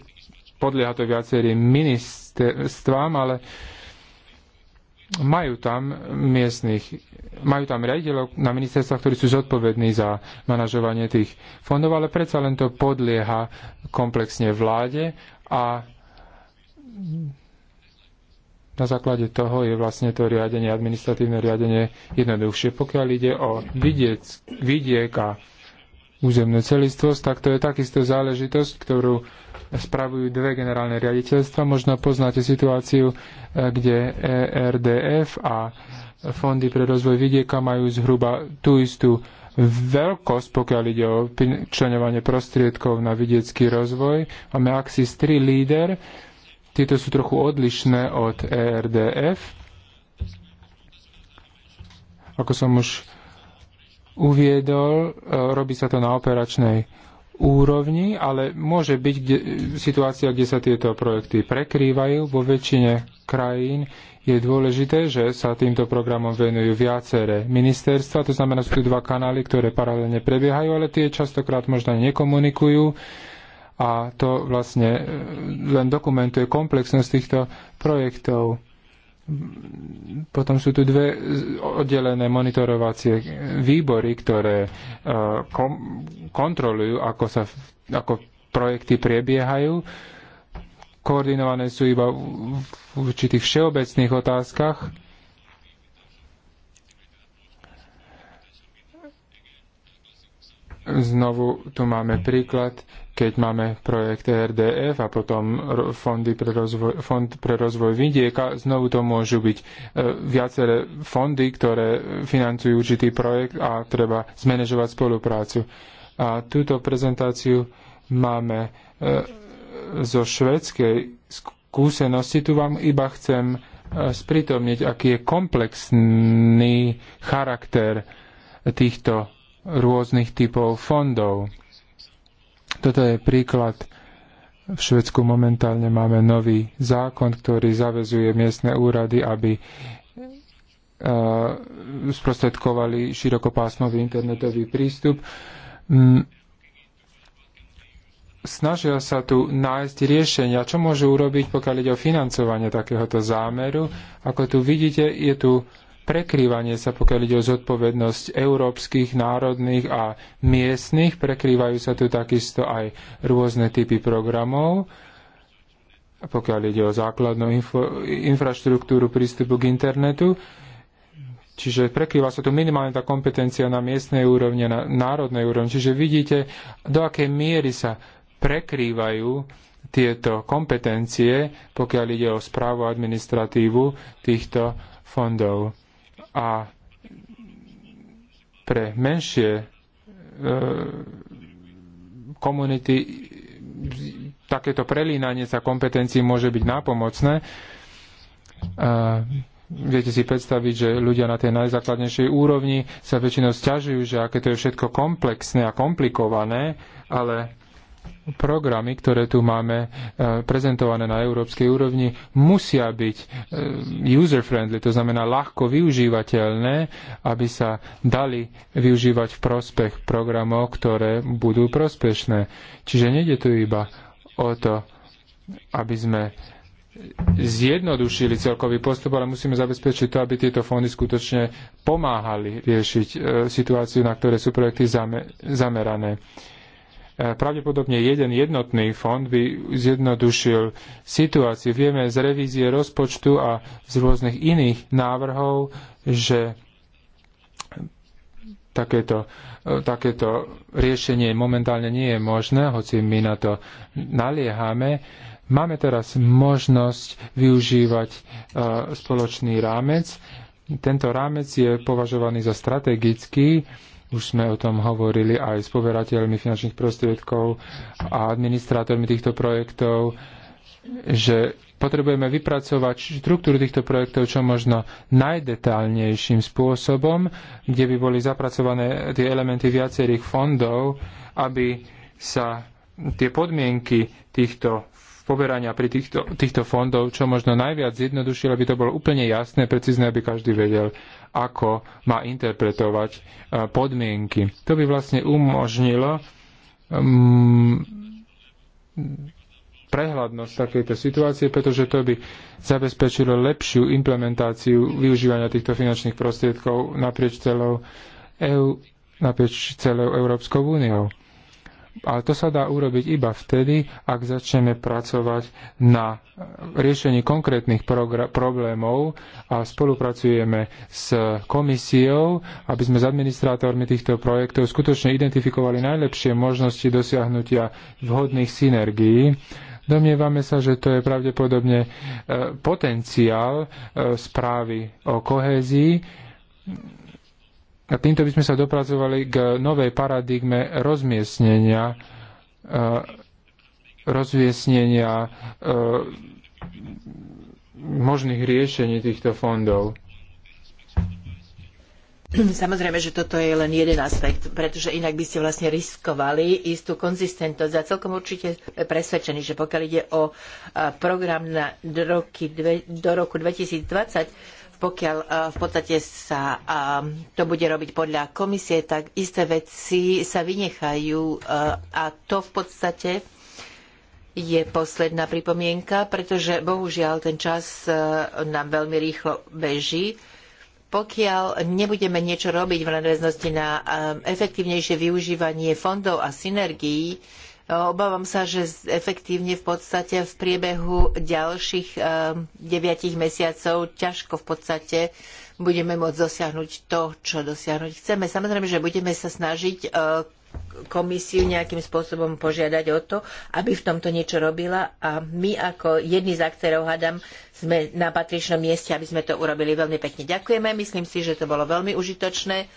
[SPEAKER 2] podlieha to viacerým ministerstvám, ale uh, majú tam miestnych, majú tam riaditeľov na ministerstvách, ktorí sú zodpovední za manažovanie tých fondov, ale predsa len to podlieha komplexne vláde a na základe toho je vlastne to riadenie, administratívne riadenie jednoduchšie. Pokiaľ ide o vidiec, vidiek a územnú celistvosť, tak to je takisto záležitosť, ktorú spravujú dve generálne riaditeľstva. Možno poznáte situáciu, e, kde ERDF a Fondy pre rozvoj vidieka majú zhruba tú istú veľkosť, pokiaľ ide o členovanie prostriedkov na vidiecký rozvoj. Máme Axis 3 líder, tieto sú trochu odlišné od ERDF. Ako som už uviedol, e, robí sa to na operačnej úrovni, ale môže byť kde, situácia, kde sa tieto projekty prekrývajú. Vo väčšine krajín je dôležité, že sa týmto programom venujú viaceré ministerstva, to znamená, sú tu dva kanály, ktoré paralelne prebiehajú, ale tie častokrát možno nekomunikujú a to vlastne e, len dokumentuje komplexnosť týchto projektov. Potom sú tu dve oddelené monitorovacie výbory, ktoré e, kom, kontrolujú, ako, sa, ako projekty prebiehajú. Koordinované sú iba v určitých všeobecných otázkach. Znovu tu máme príklad keď máme projekt RDF a potom fondy pre rozvoj, fond pre rozvoj vidieka, znovu to môžu byť e, viaceré fondy, ktoré financujú určitý projekt a treba zmanéžovať spoluprácu. A túto prezentáciu máme e, zo švedskej skúsenosti. Tu vám iba chcem e, spritomniť, aký je komplexný charakter týchto rôznych typov fondov toto je príklad. V Švedsku momentálne máme nový zákon, ktorý zavezuje miestne úrady, aby eh, sprostredkovali širokopásmový internetový prístup. Mm. Snažia sa tu nájsť riešenia, čo môžu urobiť, pokiaľ ide o financovanie takéhoto zámeru. Ako tu vidíte, je tu prekrývanie sa, pokiaľ ide o zodpovednosť európskych, národných a miestnych. Prekrývajú sa tu takisto aj rôzne typy programov pokiaľ ide o základnú info, infraštruktúru prístupu k internetu. Čiže prekrýva sa tu minimálne tá kompetencia na miestnej úrovni, na národnej úrovni. Čiže vidíte, do akej miery sa prekrývajú tieto kompetencie, pokiaľ ide o správu administratívu týchto fondov. A pre menšie e, komunity takéto prelínanie sa kompetencií môže byť nápomocné. E, viete si predstaviť, že ľudia na tej najzákladnejšej úrovni sa väčšinou stiažujú, že aké to je všetko komplexné a komplikované, ale programy, ktoré tu máme eh, prezentované na európskej úrovni, musia byť eh, user-friendly, to znamená ľahko využívateľné, aby sa dali využívať v prospech programov, ktoré budú prospešné. Čiže nejde tu iba o to, aby sme zjednodušili celkový postup, ale musíme zabezpečiť to, aby tieto fondy skutočne pomáhali riešiť eh, situáciu, na ktoré sú projekty zamerané. E, pravdepodobne jeden jednotný fond by zjednodušil situáciu. Vieme z revízie rozpočtu a z rôznych iných návrhov, že takéto, e, takéto riešenie momentálne nie je možné, hoci my na to naliehame. Máme teraz možnosť využívať e, spoločný rámec. Tento rámec je považovaný za strategický už sme o tom hovorili aj s poverateľmi finančných prostriedkov a administrátormi týchto projektov, že potrebujeme vypracovať štruktúru týchto projektov čo možno najdetálnejším spôsobom, kde by boli zapracované tie elementy viacerých fondov, aby sa tie podmienky týchto poberania pri týchto, týchto fondov čo možno najviac zjednodušil, aby to bolo úplne jasné, precízne, aby každý vedel, ako má interpretovať e, podmienky. To by vlastne umožnilo mm, prehľadnosť takejto situácie, pretože to by zabezpečilo lepšiu implementáciu využívania týchto finančných prostriedkov naprieč celou, EU, naprieč celou Európskou úniou. Ale to sa dá urobiť iba vtedy, ak začneme pracovať na eh, riešení konkrétnych problémov a spolupracujeme s komisiou, aby sme s administrátormi týchto projektov skutočne identifikovali najlepšie možnosti dosiahnutia vhodných synergií. Domnievame sa, že to je pravdepodobne eh, potenciál eh, správy o kohézii a týmto by sme sa dopracovali k novej paradigme rozmiestnenia, e, rozmiestnenia e, možných riešení týchto fondov.
[SPEAKER 3] Samozrejme, že toto je len jeden aspekt, pretože inak by ste vlastne riskovali istú konzistentnosť. A celkom určite presvedčený, že pokiaľ ide o e, program na roky, do roku 2020, pokiaľ eh, v podstate sa eh, to bude robiť podľa komisie, tak isté veci sa vynechajú eh, a to v podstate je posledná pripomienka, pretože bohužiaľ ten čas nám veľmi rýchlo beží. Pokiaľ nebudeme niečo robiť v nadväznosti na efektívnejšie využívanie fondov a synergií, Obávam sa, že efektívne v podstate v priebehu ďalších eh, deviatich mesiacov ťažko v podstate budeme môcť dosiahnuť to, čo dosiahnuť chceme. Samozrejme, že budeme sa snažiť eh, komisiu nejakým spôsobom požiadať o to, aby v tomto niečo robila a my ako jedni z aktérov, hádam, sme na patričnom mieste, aby sme to urobili veľmi pekne. Ďakujeme, myslím si, že to bolo veľmi užitočné.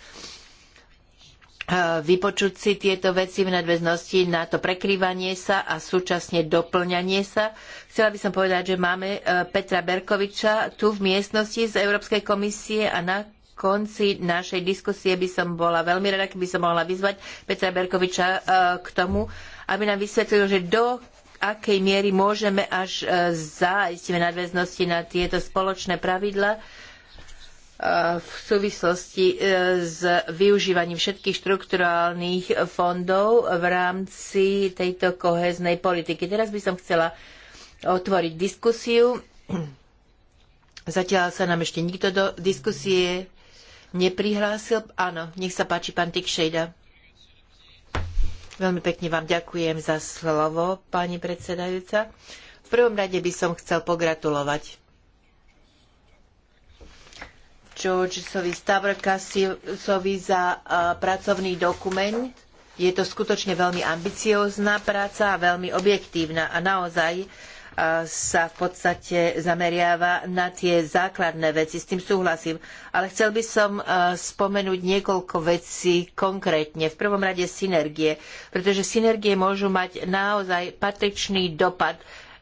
[SPEAKER 3] E, vypočuť si tieto veci v nadväznosti na to prekrývanie sa a súčasne doplňanie sa. Chcela by som povedať, že máme e, Petra Berkoviča tu v miestnosti z Európskej komisie a na konci našej diskusie by som bola veľmi rada, keby som mohla vyzvať Petra Berkoviča e, k tomu, aby nám vysvetlil, že do akej miery môžeme až zájsť v nadväznosti na tieto spoločné pravidlá v súvislosti e, s využívaním všetkých štrukturálnych fondov v rámci tejto kohéznej politiky. Teraz by som chcela otvoriť diskusiu. Zatiaľ sa nám ešte nikto do diskusie neprihlásil. Áno, nech sa páči, pán Tikšejda. Veľmi pekne vám ďakujem za slovo, pani predsedajúca. V prvom rade by som chcel pogratulovať Georgesovi Stavrakasovi za pracovný dokument. Je to skutočne veľmi ambiciózna práca a veľmi objektívna a naozaj sa v podstate zameriava na tie základné veci. S tým súhlasím. Ale chcel by som spomenúť niekoľko vecí konkrétne. V prvom rade synergie, pretože synergie môžu mať naozaj patričný dopad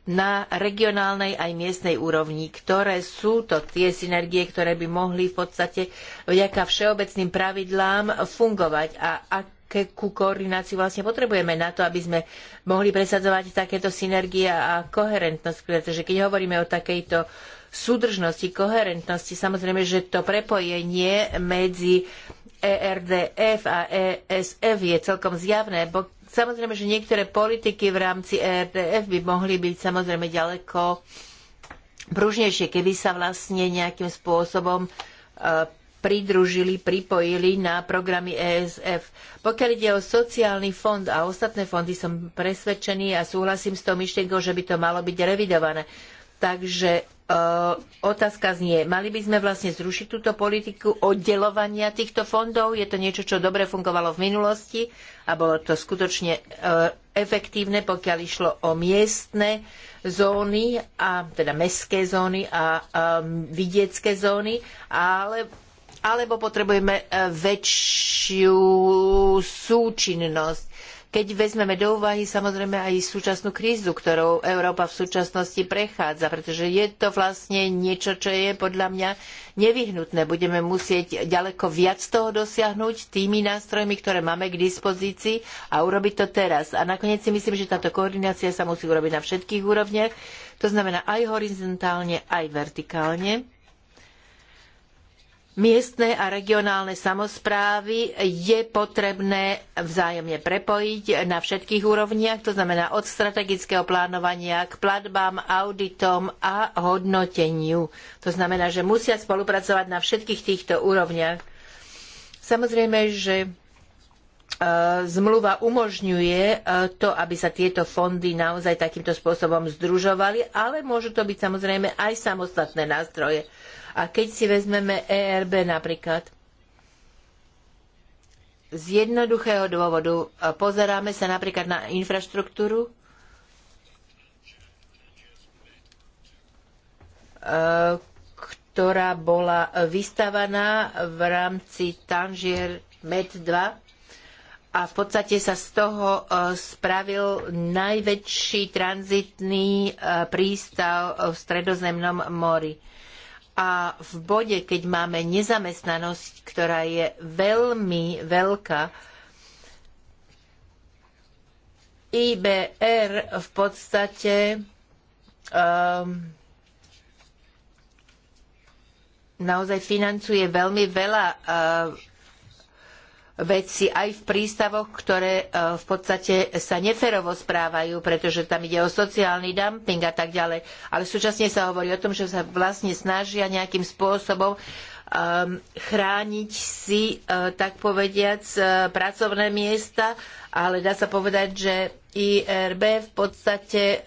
[SPEAKER 3] na regionálnej aj miestnej úrovni, ktoré sú to tie synergie, ktoré by mohli v podstate vďaka všeobecným pravidlám fungovať a akú koordináciu vlastne potrebujeme na to, aby sme mohli presadzovať takéto synergie a koherentnosť, pretože keď hovoríme o takejto súdržnosti, koherentnosti, samozrejme, že to prepojenie medzi ERDF a ESF je celkom zjavné, Samozrejme, že niektoré politiky v rámci ERDF by mohli byť samozrejme ďaleko pružnejšie, keby sa vlastne nejakým spôsobom e, pridružili, pripojili na programy ESF. Pokiaľ ide o sociálny fond a ostatné fondy, som presvedčený a súhlasím s tou myšlienkou, že by to malo byť revidované. Takže otázka znie, mali by sme vlastne zrušiť túto politiku oddelovania týchto fondov? Je to niečo, čo dobre fungovalo v minulosti a bolo to skutočne e, efektívne, pokiaľ išlo o miestne zóny, a, teda mestské zóny a, a vidiecké zóny, ale, alebo potrebujeme e, väčšiu súčinnosť keď vezmeme do úvahy samozrejme aj súčasnú krízu, ktorou Európa v súčasnosti prechádza, pretože je to vlastne niečo, čo je podľa mňa nevyhnutné. Budeme musieť ďaleko viac toho dosiahnuť tými nástrojmi, ktoré máme k dispozícii a urobiť to teraz. A nakoniec si myslím, že táto koordinácia sa musí urobiť na všetkých úrovniach, to znamená aj horizontálne, aj vertikálne miestne a regionálne samozprávy je potrebné vzájomne prepojiť na všetkých úrovniach, to znamená od strategického plánovania k platbám, auditom a hodnoteniu. To znamená, že musia spolupracovať na všetkých týchto úrovniach. Samozrejme, že e, zmluva umožňuje e, to, aby sa tieto fondy naozaj takýmto spôsobom združovali, ale môžu to byť samozrejme aj samostatné nástroje. A keď si vezmeme ERB napríklad, z jednoduchého dôvodu pozeráme sa napríklad na infraštruktúru, e, ktorá bola vystavaná v rámci Tangier Med 2 a v podstate sa z toho e, spravil najväčší tranzitný e, prístav v Stredozemnom mori. A v bode, keď máme nezamestnanosť, ktorá je veľmi veľká, IBR v podstate um, naozaj financuje veľmi veľa uh, veci aj v prístavoch, ktoré e, v podstate sa neferovo správajú, pretože tam ide o sociálny dumping a tak ďalej. Ale súčasne sa hovorí o tom, že sa vlastne snažia nejakým spôsobom ehm, chrániť si, e, tak povediac, e, pracovné miesta, ale dá sa povedať, že IRB v podstate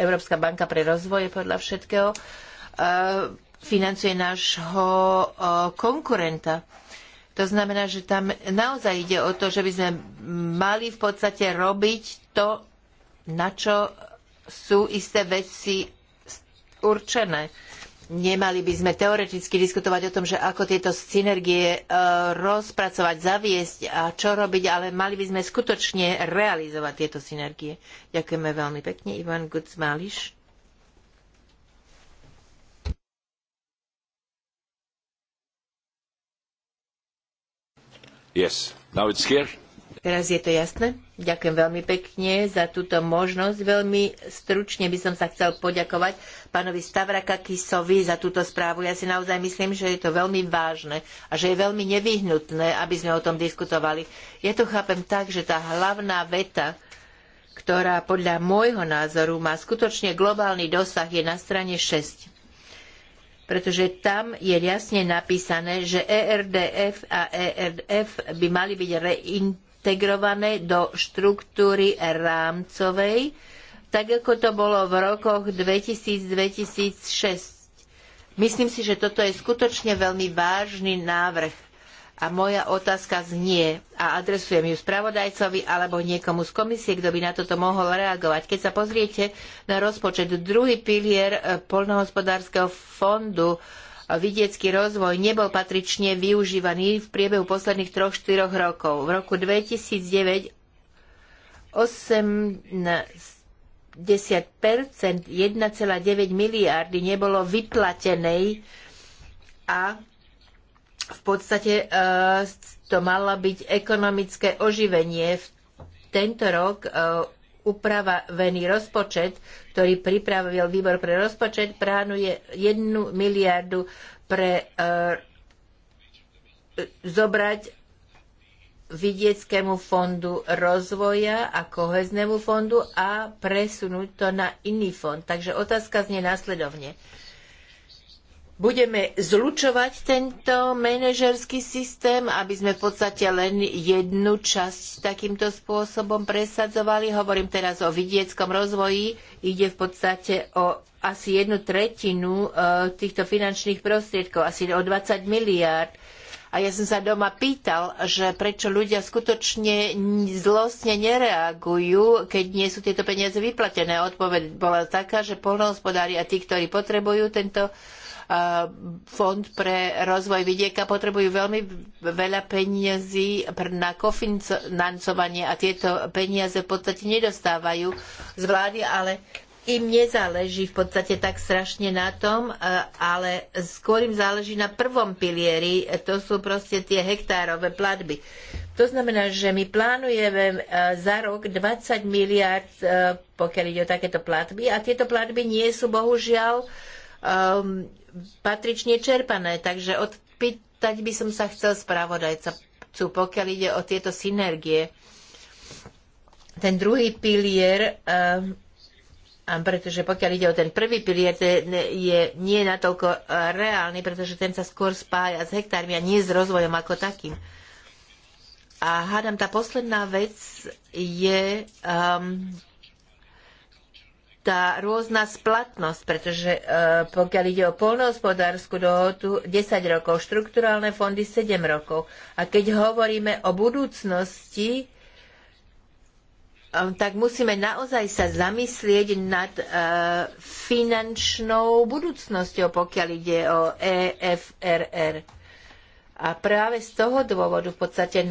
[SPEAKER 3] Európska banka pre rozvoj podľa všetkého financuje nášho konkurenta. To znamená, že tam naozaj ide o to, že by sme mali v podstate robiť to, na čo sú isté veci určené. Nemali by sme teoreticky diskutovať o tom, že ako tieto synergie e, rozpracovať, zaviesť a čo robiť, ale mali by sme skutočne realizovať tieto synergie. Ďakujeme veľmi pekne. Ivan Gucmališ.
[SPEAKER 1] Yes. Now it's
[SPEAKER 3] Teraz je to jasné. Ďakujem veľmi pekne za túto možnosť. Veľmi stručne by som sa chcel poďakovať pánovi Stavrakakisovi za túto správu. Ja si naozaj myslím, že je to veľmi vážne a že je veľmi nevyhnutné, aby sme o tom diskutovali. Ja to chápem tak, že tá hlavná veta, ktorá podľa môjho názoru má skutočne globálny dosah, je na strane 6 pretože tam je jasne napísané, že ERDF a ERF by mali byť reintegrované do štruktúry rámcovej, tak ako to bolo v rokoch 2000-2006. Myslím si, že toto je skutočne veľmi vážny návrh a moja otázka znie, a adresujem ju spravodajcovi alebo niekomu z komisie, kto by na toto mohol reagovať. Keď sa pozriete na rozpočet, druhý pilier e, poľnohospodárskeho fondu, e, vidiecký rozvoj nebol patrične využívaný v priebehu posledných 3-4 rokov. V roku 2009 80 1,9 miliardy nebolo vyplatenej a v podstate e, to malo byť ekonomické oživenie. Tento rok e, upravený rozpočet, ktorý pripravil výbor pre rozpočet, plánuje 1 miliardu pre e, zobrať vidieckému fondu rozvoja a koheznému fondu a presunúť to na iný fond. Takže otázka znie následovne budeme zlučovať tento manažerský systém, aby sme v podstate len jednu časť takýmto spôsobom presadzovali. Hovorím teraz o vidieckom rozvoji. Ide v podstate o asi jednu tretinu e, týchto finančných prostriedkov, asi o 20 miliárd. A ja som sa doma pýtal, že prečo ľudia skutočne zlostne nereagujú, keď nie sú tieto peniaze vyplatené. Odpoveď bola taká, že polnohospodári a tí, ktorí potrebujú tento Fond pre rozvoj vidieka potrebujú veľmi veľa peniazy na kofinancovanie a tieto peniaze v podstate nedostávajú z vlády, ale im nezáleží v podstate tak strašne na tom, e, ale skôr im záleží na prvom pilieri, to sú proste tie hektárové platby. To znamená, že my plánujeme e, za rok 20 miliard, e, pokiaľ ide o takéto platby, a tieto platby nie sú bohužiaľ um, patrične čerpané. Takže odpýtať by som sa chcel spravodajcu, pokiaľ ide o tieto synergie. Ten druhý pilier, eh, a pretože pokiaľ ide o ten prvý pilier, ten je nie natoľko eh, reálny, pretože ten sa skôr spája s hektármi a nie s rozvojom ako takým. A hádam, tá posledná vec je um, tá rôzna splatnosť, pretože e, pokiaľ ide o polnohospodárskú dohodu 10 rokov, štrukturálne fondy 7 rokov. A keď hovoríme o budúcnosti, e, tak musíme naozaj sa zamyslieť nad e, finančnou budúcnosťou, pokiaľ ide o EFRR. A práve z toho dôvodu v podstate e,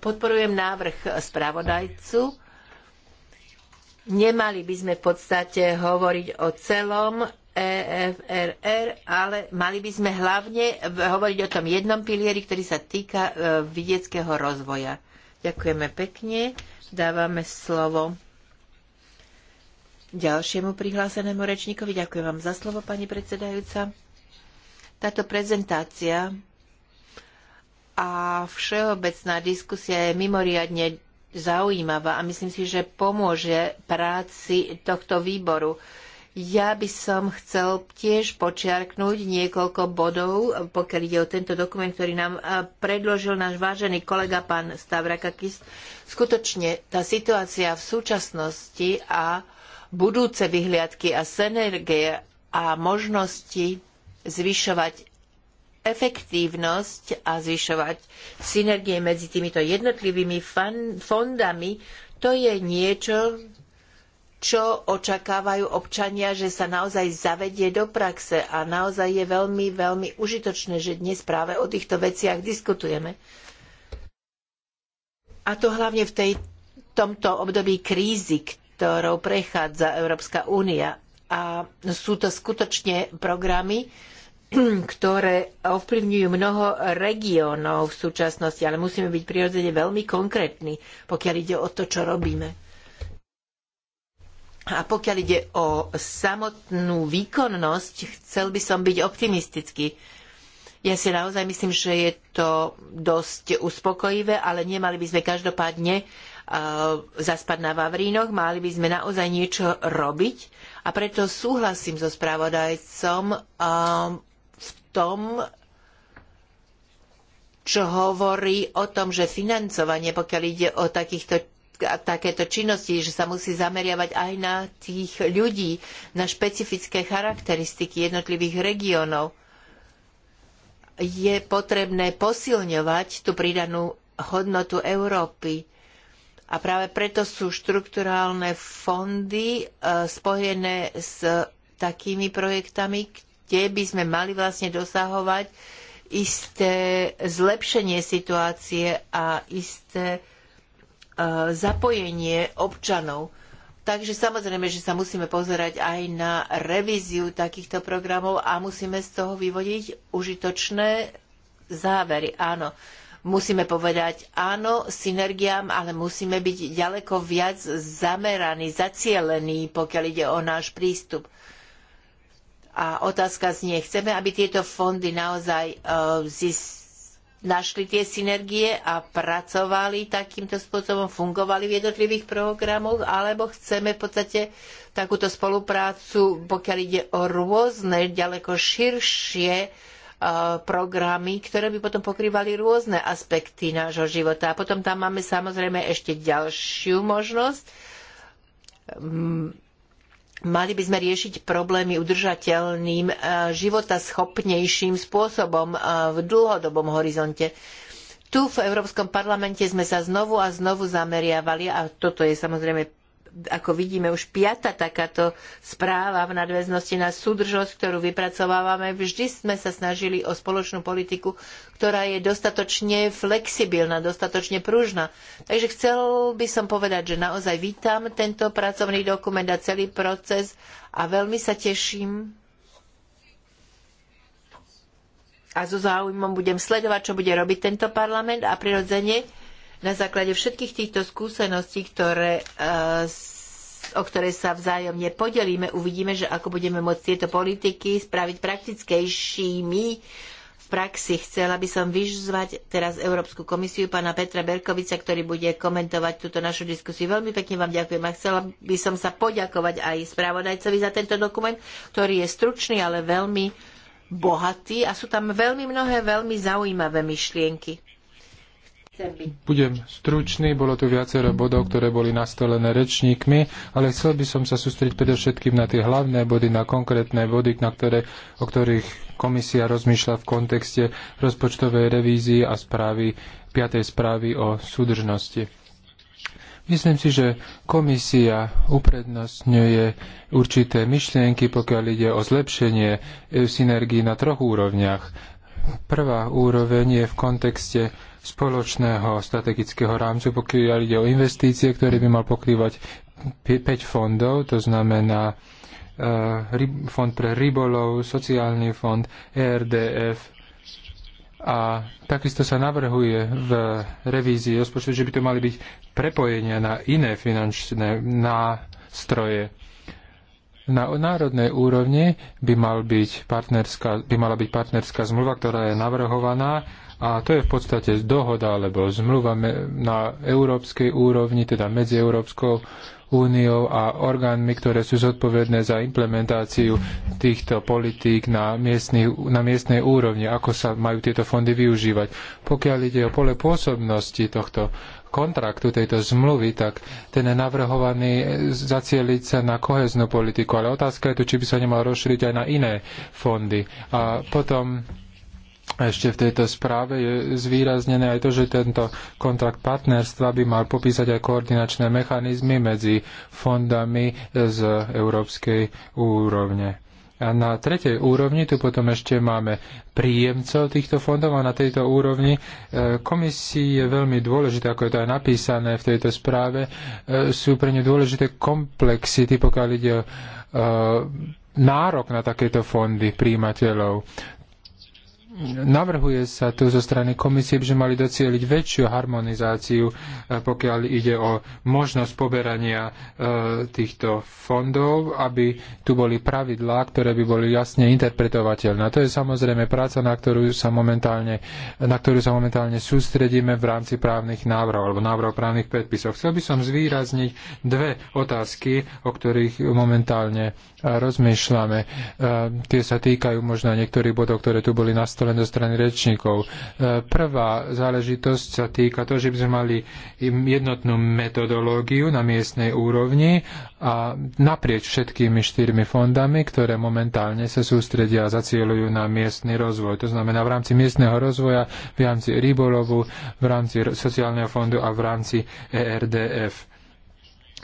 [SPEAKER 3] podporujem návrh spravodajcu, Nemali by sme v podstate hovoriť o celom EFRR, ale mali by sme hlavne hovoriť o tom jednom pilieri, ktorý sa týka e, vidieckého rozvoja. Ďakujeme pekne. Dávame slovo ďalšiemu prihlásenému rečníkovi. Ďakujem vám za slovo, pani predsedajúca. Táto prezentácia a všeobecná diskusia je mimoriadne zaujímavá a myslím si, že pomôže práci tohto výboru. Ja by som chcel tiež počiarknúť niekoľko bodov, pokiaľ ide o tento dokument, ktorý nám predložil náš vážený kolega pán Stavrakakis. Skutočne tá situácia v súčasnosti a budúce vyhliadky a synergie a možnosti zvyšovať efektívnosť a zvyšovať synergie medzi týmito jednotlivými fondami, to je niečo, čo očakávajú občania, že sa naozaj zavedie do praxe a naozaj je veľmi, veľmi užitočné, že dnes práve o týchto veciach diskutujeme. A to hlavne v tej, tomto období krízy, ktorou prechádza Európska únia. A sú to skutočne programy, ktoré ovplyvňujú mnoho regiónov v súčasnosti, ale musíme byť prirodzene veľmi konkrétni, pokiaľ ide o to, čo robíme. A pokiaľ ide o samotnú výkonnosť, chcel by som byť optimistický. Ja si naozaj myslím, že je to dosť uspokojivé, ale nemali by sme každopádne uh, zaspať na Vavrínoch, mali by sme naozaj niečo robiť a preto súhlasím so spravodajcom um, tom, čo hovorí o tom, že financovanie, pokiaľ ide o takýchto, takéto činnosti, že sa musí zameriavať aj na tých ľudí, na špecifické charakteristiky jednotlivých regiónov, je potrebné posilňovať tú pridanú hodnotu Európy. A práve preto sú štrukturálne fondy eh, spojené s takými projektami, kde by sme mali vlastne dosahovať isté zlepšenie situácie a isté e, zapojenie občanov. Takže samozrejme, že sa musíme pozerať aj na revíziu takýchto programov a musíme z toho vyvodiť užitočné závery. Áno, musíme povedať áno synergiám, ale musíme byť ďaleko viac zameraní, zacielení, pokiaľ ide o náš prístup. A otázka znie, chceme, aby tieto fondy naozaj e, našli tie synergie a pracovali takýmto spôsobom, fungovali v jednotlivých programoch, alebo chceme v podstate takúto spoluprácu, pokiaľ ide o rôzne, ďaleko širšie e, programy, ktoré by potom pokrývali rôzne aspekty nášho života. A potom tam máme samozrejme ešte ďalšiu možnosť. Mali by sme riešiť problémy udržateľným, e, života schopnejším spôsobom e, v dlhodobom horizonte. Tu v Európskom parlamente sme sa znovu a znovu zameriavali, a toto je samozrejme ako vidíme, už piata takáto správa v nadväznosti na súdržnosť, ktorú vypracovávame. Vždy sme sa snažili o spoločnú politiku, ktorá je dostatočne flexibilná, dostatočne pružná. Takže chcel by som povedať, že naozaj vítam tento pracovný dokument a celý proces a veľmi sa teším a so záujmom budem sledovať, čo bude robiť tento parlament a prirodzene na základe všetkých týchto skúseností, ktoré, e, o ktoré sa vzájomne podelíme, uvidíme, že ako budeme môcť tieto politiky spraviť praktickejšími v praxi. Chcela by som vyzvať teraz Európsku komisiu pána Petra Berkovica, ktorý bude komentovať túto našu diskusiu. Veľmi pekne vám ďakujem a chcela by som sa poďakovať aj spravodajcovi za tento dokument, ktorý je stručný, ale veľmi bohatý a sú tam veľmi mnohé veľmi zaujímavé myšlienky.
[SPEAKER 2] Budem stručný, bolo tu viacero bodov, ktoré boli nastolené rečníkmi, ale chcel by som sa sústrediť predovšetkým na tie hlavné body, na konkrétne body, na ktoré, o ktorých komisia rozmýšľa v kontexte rozpočtovej revízie a správy, piatej správy o súdržnosti. Myslím si, že komisia uprednostňuje určité myšlienky, pokiaľ ide o zlepšenie eh, synergii na troch úrovniach. Prvá úroveň je v kontexte spoločného strategického rámcu, pokiaľ ide o investície, ktoré by mal pokrývať 5 fondov, to znamená uh, fond pre rybolov, sociálny fond, ERDF, a takisto sa navrhuje v revízii rozpočtu, že by to mali byť prepojenia na iné finančné nástroje. Na národnej úrovni by, mal byť partnerská, by mala byť partnerská zmluva, ktorá je navrhovaná a to je v podstate dohoda alebo zmluva na európskej úrovni, teda medzi Európskou úniou a orgánmi, ktoré sú zodpovedné za implementáciu týchto politík na, miestny, na miestnej úrovni, ako sa majú tieto fondy využívať. Pokiaľ ide o pole pôsobnosti tohto kontraktu, tejto zmluvy, tak ten je navrhovaný zacieliť sa na koheznú politiku. Ale otázka je tu, či by sa nemal rozšíriť aj na iné fondy. A potom ešte v tejto správe je zvýraznené aj to, že tento kontrakt partnerstva by mal popísať aj koordinačné mechanizmy medzi fondami z európskej úrovne. A na tretej úrovni, tu potom ešte máme príjemcov týchto fondov a na tejto úrovni e, komisii je veľmi dôležité, ako je to aj napísané v tejto správe, e, sú pre ne dôležité komplexity, pokiaľ ide o e, nárok na takéto fondy príjimateľov navrhuje sa tu zo strany komisie, že mali docieliť väčšiu harmonizáciu, e, pokiaľ ide o možnosť poberania e, týchto fondov, aby tu boli pravidlá, ktoré by boli jasne interpretovateľné. To je samozrejme práca, na ktorú sa momentálne, na ktorú sa momentálne sústredíme v rámci právnych návrhov alebo návrhov právnych predpisov. Chcel by som zvýrazniť dve otázky, o ktorých momentálne e, rozmýšľame. Tie sa týkajú možno niektorých bodov, ktoré tu boli nastavené len zo strany rečníkov. E, prvá záležitosť sa týka toho, že by sme mali jednotnú metodológiu na miestnej úrovni a naprieč všetkými štyrmi fondami, ktoré momentálne sa sústredia a zacielujú na miestny rozvoj. To znamená v rámci miestneho rozvoja, v rámci rybolovu, v rámci sociálneho fondu a v rámci ERDF.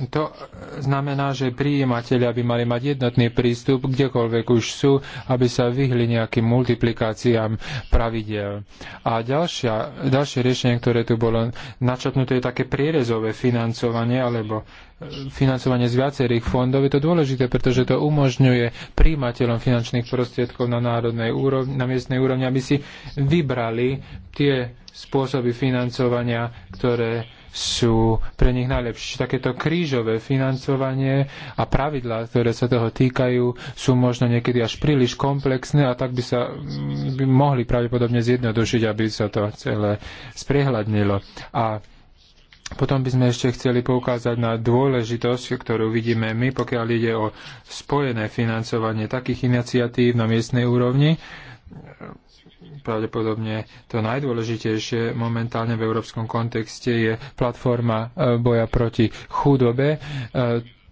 [SPEAKER 2] To znamená, že príjimateľia by mali mať jednotný prístup, kdekoľvek už sú, aby sa vyhli nejakým multiplikáciám pravidel. A ďalšia, ďalšie riešenie, ktoré tu bolo načrtnuté, je také prierezové financovanie alebo e, financovanie z viacerých fondov. Je to dôležité, pretože to umožňuje príjimateľom finančných prostriedkov na národnej úrovni, na miestnej úrovni, aby si vybrali tie spôsoby financovania, ktoré sú pre nich najlepšie. Čiže takéto krížové financovanie a pravidlá, ktoré sa toho týkajú, sú možno niekedy až príliš komplexné a tak by sa mm, by mohli pravdepodobne zjednodušiť, aby sa to celé sprehľadnilo. A potom by sme ešte chceli poukázať na dôležitosť, ktorú vidíme my, pokiaľ ide o spojené financovanie takých iniciatív na miestnej úrovni, pravdepodobne to najdôležitejšie momentálne v európskom kontexte je platforma e, boja proti chudobe. E,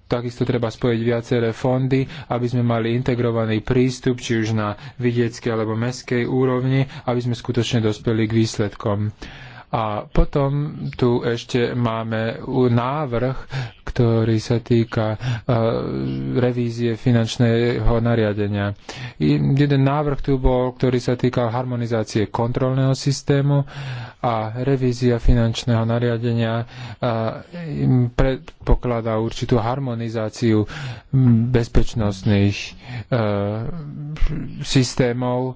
[SPEAKER 2] takisto treba spojiť viaceré fondy, aby sme mali integrovaný prístup, či už na vidieckej alebo meskej úrovni, aby sme skutočne dospeli k výsledkom. Uh, a potom tu ešte máme návrh, ktorý sa týka e, revízie finančného nariadenia. Jeden návrh tu bol, ktorý sa týka harmonizácie kontrolného systému a revízia finančného nariadenia predpokladá určitú harmonizáciu bezpečnostných e, systémov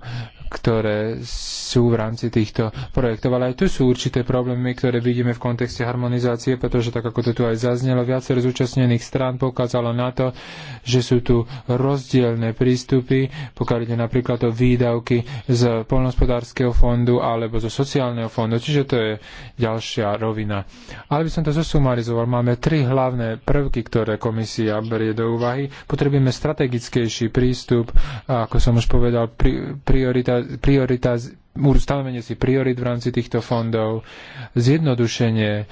[SPEAKER 2] ktoré sú v rámci týchto projektov. Ale aj tu sú určité problémy, ktoré vidíme v kontexte harmonizácie, pretože tak ako to tu aj zaznelo, viacero zúčastnených strán pokázalo na to, že sú tu rozdielne prístupy, pokiaľ ide napríklad o výdavky z polnospodárskeho fondu alebo zo sociálneho fondu, čiže to je ďalšia rovina. Ale by som to zosumarizoval. Máme tri hlavné prvky, ktoré komisia berie do úvahy. Potrebujeme strategickejší prístup, ako som už povedal, pri, priorita priorita, stanovenie si priorit v rámci týchto fondov, zjednodušenie e,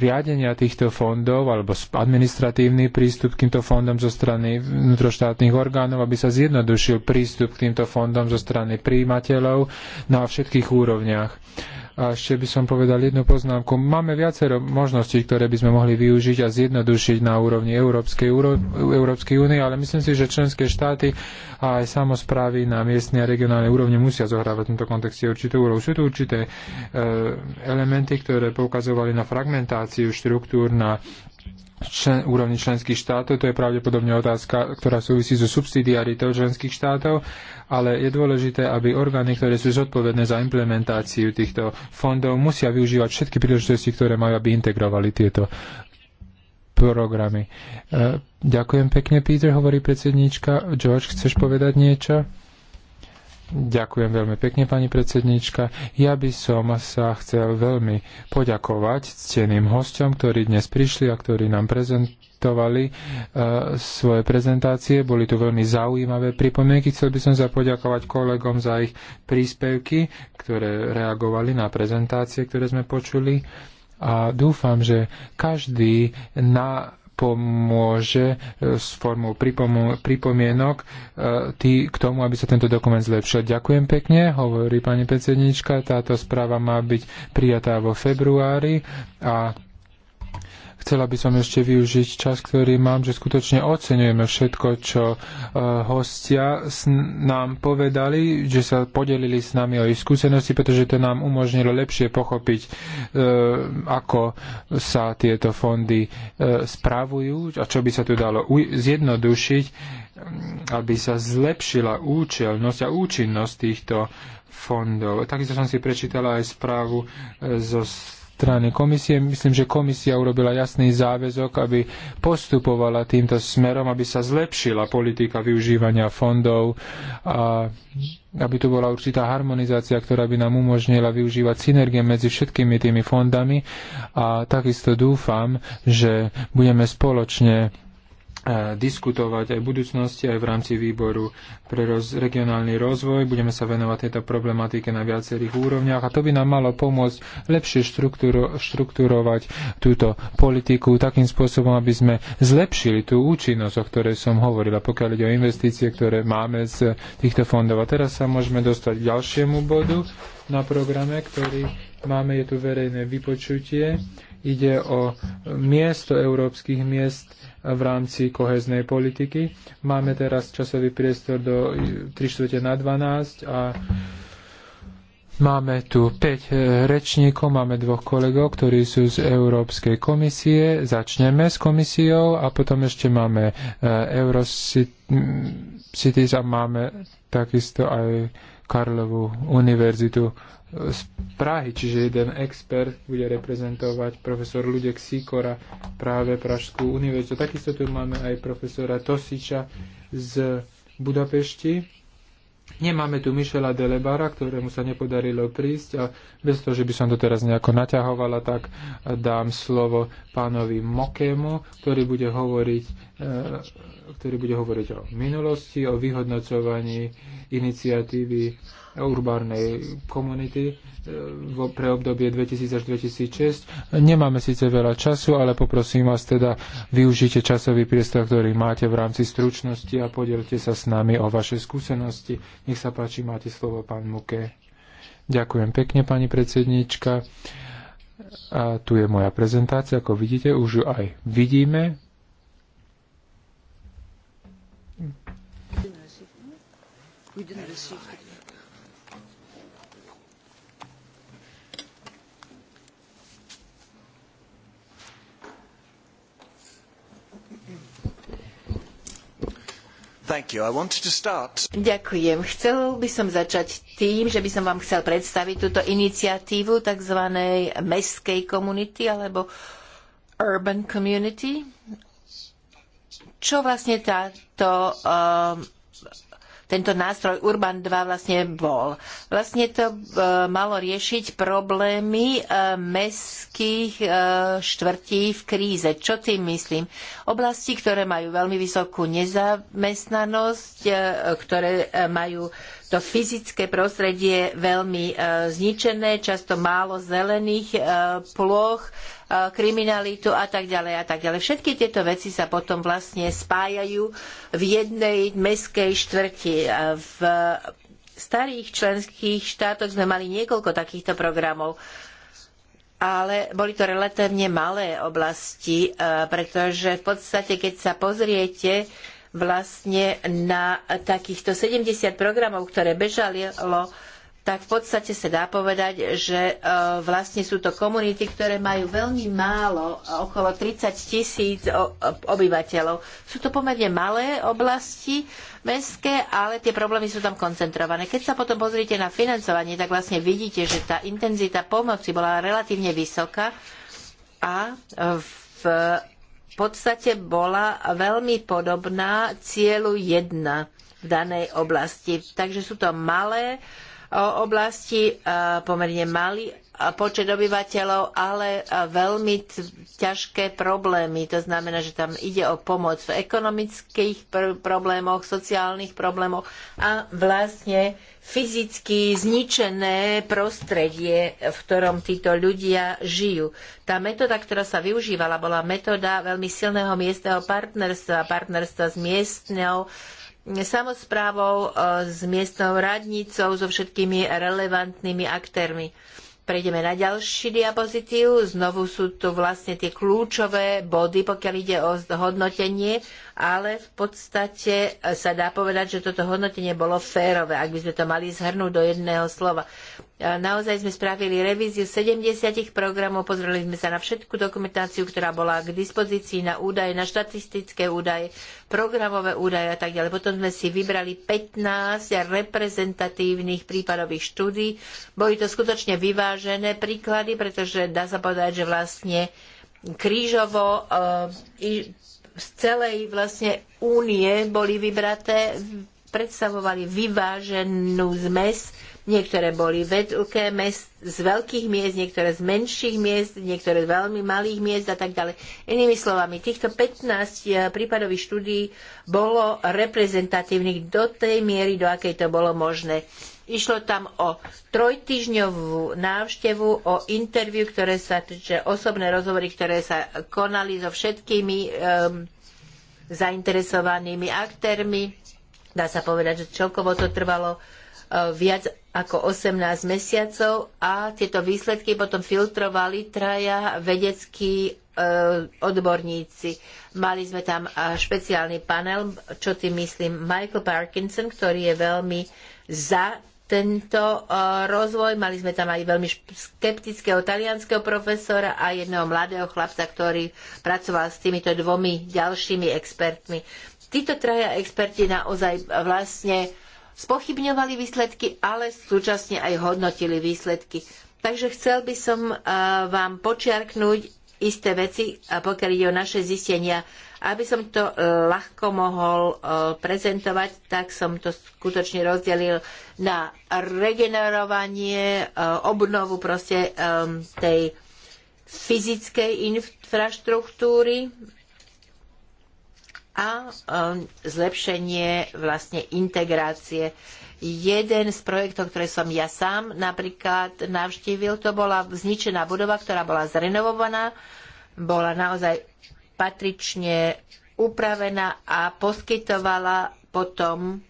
[SPEAKER 2] riadenia týchto fondov alebo administratívny prístup k týmto fondom zo strany vnútroštátnych orgánov, aby sa zjednodušil prístup k týmto fondom zo strany príjimateľov na všetkých úrovniach a ešte by som povedal jednu poznámku. Máme viacero možností, ktoré by sme mohli využiť a zjednodušiť na úrovni Európskej, Európskej únie, ale myslím si, že členské štáty a aj samozprávy na miestnej a regionálnej úrovni musia zohrávať v tomto kontexte určitú úlohu. Sú tu určité e, elementy, ktoré poukazovali na fragmentáciu štruktúr, na člen, úrovni členských štátov. To je pravdepodobne otázka, ktorá súvisí so subsidiaritou členských štátov, ale je dôležité, aby orgány, ktoré sú zodpovedné za implementáciu týchto fondov, musia využívať všetky príležitosti, ktoré majú, aby integrovali tieto programy. E, ďakujem pekne, Peter, hovorí predsedníčka. George, chceš povedať niečo? Ďakujem veľmi pekne, pani predsednička. Ja by som sa chcel veľmi poďakovať cteným hostom, ktorí dnes prišli a ktorí nám prezentovali e, svoje prezentácie. Boli tu veľmi zaujímavé pripomienky. Chcel by som sa poďakovať kolegom za ich príspevky, ktoré reagovali na prezentácie, ktoré sme počuli. A dúfam, že každý na pomôže e, s formou pripomienok e, tý, k tomu, aby sa tento dokument zlepšil. Ďakujem pekne, hovorí pani predsednička. Táto správa má byť prijatá vo februári a Chcela by som ešte využiť čas, ktorý mám, že skutočne oceňujeme všetko, čo eh, hostia nám povedali, že sa podelili s nami o ich skúsenosti, pretože to nám umožnilo lepšie pochopiť, eh, ako sa tieto fondy eh, spravujú a čo by sa tu dalo zjednodušiť, aby sa zlepšila účelnosť a účinnosť týchto fondov. Takisto som si prečítala aj správu zo strany komisie. Myslím, že komisia urobila jasný záväzok, aby postupovala týmto smerom, aby sa zlepšila politika využívania fondov a aby tu bola určitá harmonizácia, ktorá by nám umožnila využívať synergie medzi všetkými tými fondami a takisto dúfam, že budeme spoločne diskutovať aj v budúcnosti, aj v rámci výboru pre roz, regionálny rozvoj. Budeme sa venovať tejto problematike na viacerých úrovniach a to by nám malo pomôcť lepšie štruktúro, štruktúrovať túto politiku takým spôsobom, aby sme zlepšili tú účinnosť, o ktorej som hovorila, pokiaľ ide o investície, ktoré máme z týchto fondov. A teraz sa môžeme dostať k ďalšiemu bodu na programe, ktorý máme. Je tu verejné vypočutie Ide o miesto európskych miest v rámci koheznej politiky. Máme teraz časový priestor do 3 čtvrte na 12 a Máme tu 5 e, rečníkov, máme dvoch kolegov, ktorí sú z Európskej komisie. Začneme s komisiou a potom ešte máme e, Eurocities a máme takisto aj Karlovú univerzitu z Prahy, čiže jeden expert bude reprezentovať profesor Ludek Sikora práve Pražskú univerzitu. Takisto tu máme aj profesora Tosiča z Budapešti, Nemáme tu Michela Delebara, ktorému sa nepodarilo prísť a bez toho, že by som to teraz nejako naťahovala, tak dám slovo pánovi Mokému, ktorý bude hovoriť, eh, ktorý bude hovoriť o minulosti, o vyhodnocovaní iniciatívy urbárnej komunity e, pre obdobie 2000 až 2006. Nemáme síce veľa času, ale poprosím vás teda, využite časový priestor, ktorý máte v rámci stručnosti a podelte sa s nami o vaše skúsenosti. Nech sa páči, máte slovo, pán Muke. Ďakujem pekne, pani predsednička. A tu je moja prezentácia, ako vidíte, už ju aj vidíme.
[SPEAKER 1] We
[SPEAKER 3] Ďakujem. Chcel by som začať tým, že by som vám chcel predstaviť túto iniciatívu tzv. mestskej komunity alebo urban community. Čo vlastne táto uh, tento nástroj Urban 2 vlastne bol. Vlastne to e, malo riešiť problémy e, mestských e, štvrtí v kríze. Čo tým myslím? Oblasti, ktoré majú veľmi vysokú nezamestnanosť, ktoré majú to fyzické prostredie veľmi e, zničené, často málo zelených e, ploch, e, kriminalitu a tak ďalej a tak ďalej. Všetky tieto veci sa potom vlastne spájajú v jednej mestskej štvrti. V starých členských štátoch sme mali niekoľko takýchto programov ale boli to relatívne malé oblasti, pretože v podstate, keď sa pozriete vlastne na takýchto 70 programov, ktoré bežali tak v podstate sa dá povedať, že e, vlastne sú to komunity, ktoré majú veľmi málo, okolo 30 tisíc e, obyvateľov. Sú to pomerne malé oblasti mestské, ale tie problémy sú tam koncentrované. Keď sa potom pozrite na financovanie, tak vlastne vidíte, že tá intenzita pomoci bola relatívne vysoká a v v podstate bola veľmi podobná cieľu 1 v danej oblasti. Takže sú to malé oblasti, pomerne malý počet obyvateľov, ale veľmi ťažké problémy. To znamená, že tam ide o pomoc v ekonomických pr- problémoch, sociálnych problémoch a vlastne fyzicky zničené prostredie, v ktorom títo ľudia žijú. Tá metóda, ktorá sa využívala, bola metóda veľmi silného miestneho partnerstva, partnerstva s miestnou samozprávou, e, s miestnou radnicou, so všetkými relevantnými aktérmi. Prejdeme na ďalší diapozitív. Znovu sú tu vlastne tie kľúčové body, pokiaľ ide o hodnotenie, ale v podstate eh, sa dá povedať, že toto hodnotenie bolo férové, ak by sme to mali zhrnúť do jedného slova. Naozaj sme spravili revíziu 70 programov, pozreli sme sa na všetku dokumentáciu, ktorá bola k dispozícii na údaje, na štatistické údaje, programové údaje a tak ďalej. Potom sme si vybrali 15 reprezentatívnych prípadových štúdí. Boli to skutočne vyvážené príklady, pretože dá sa povedať, že vlastne krížovo e, z celej vlastne únie boli vybraté, predstavovali vyváženú zmes Niektoré boli veľké mest, z veľkých miest, niektoré z menších miest, niektoré z veľmi malých miest a tak ďalej. Inými slovami, týchto 15 e, prípadových štúdií bolo reprezentatívnych do tej miery, do akej to bolo možné. Išlo tam o trojtyžňovú návštevu, o interviu, ktoré sa týče osobné rozhovory, ktoré sa konali so všetkými um, zainteresovanými aktérmi. Dá sa povedať, že celkovo to trvalo viac ako 18 mesiacov a tieto výsledky potom filtrovali traja vedeckí e, odborníci. Mali sme tam e, špeciálny panel, čo tým myslím, Michael Parkinson, ktorý je veľmi za tento e, rozvoj. Mali sme tam aj veľmi skeptického talianského profesora a jedného mladého chlapca, ktorý pracoval s týmito dvomi ďalšími expertmi. Títo traja experti naozaj vlastne spochybňovali výsledky, ale súčasne aj hodnotili výsledky. Takže chcel by som eh, vám počiarknúť isté veci, eh, pokiaľ ide o naše zistenia. Aby som to eh, ľahko mohol prezentovať, tak som to skutočne rozdelil na regenerovanie, obnovu proste tej fyzickej infraštruktúry, a um, zlepšenie vlastne integrácie. Jeden z projektov, ktoré som ja sám napríklad navštívil, to bola zničená budova, ktorá bola zrenovovaná, bola naozaj patrične upravená a poskytovala potom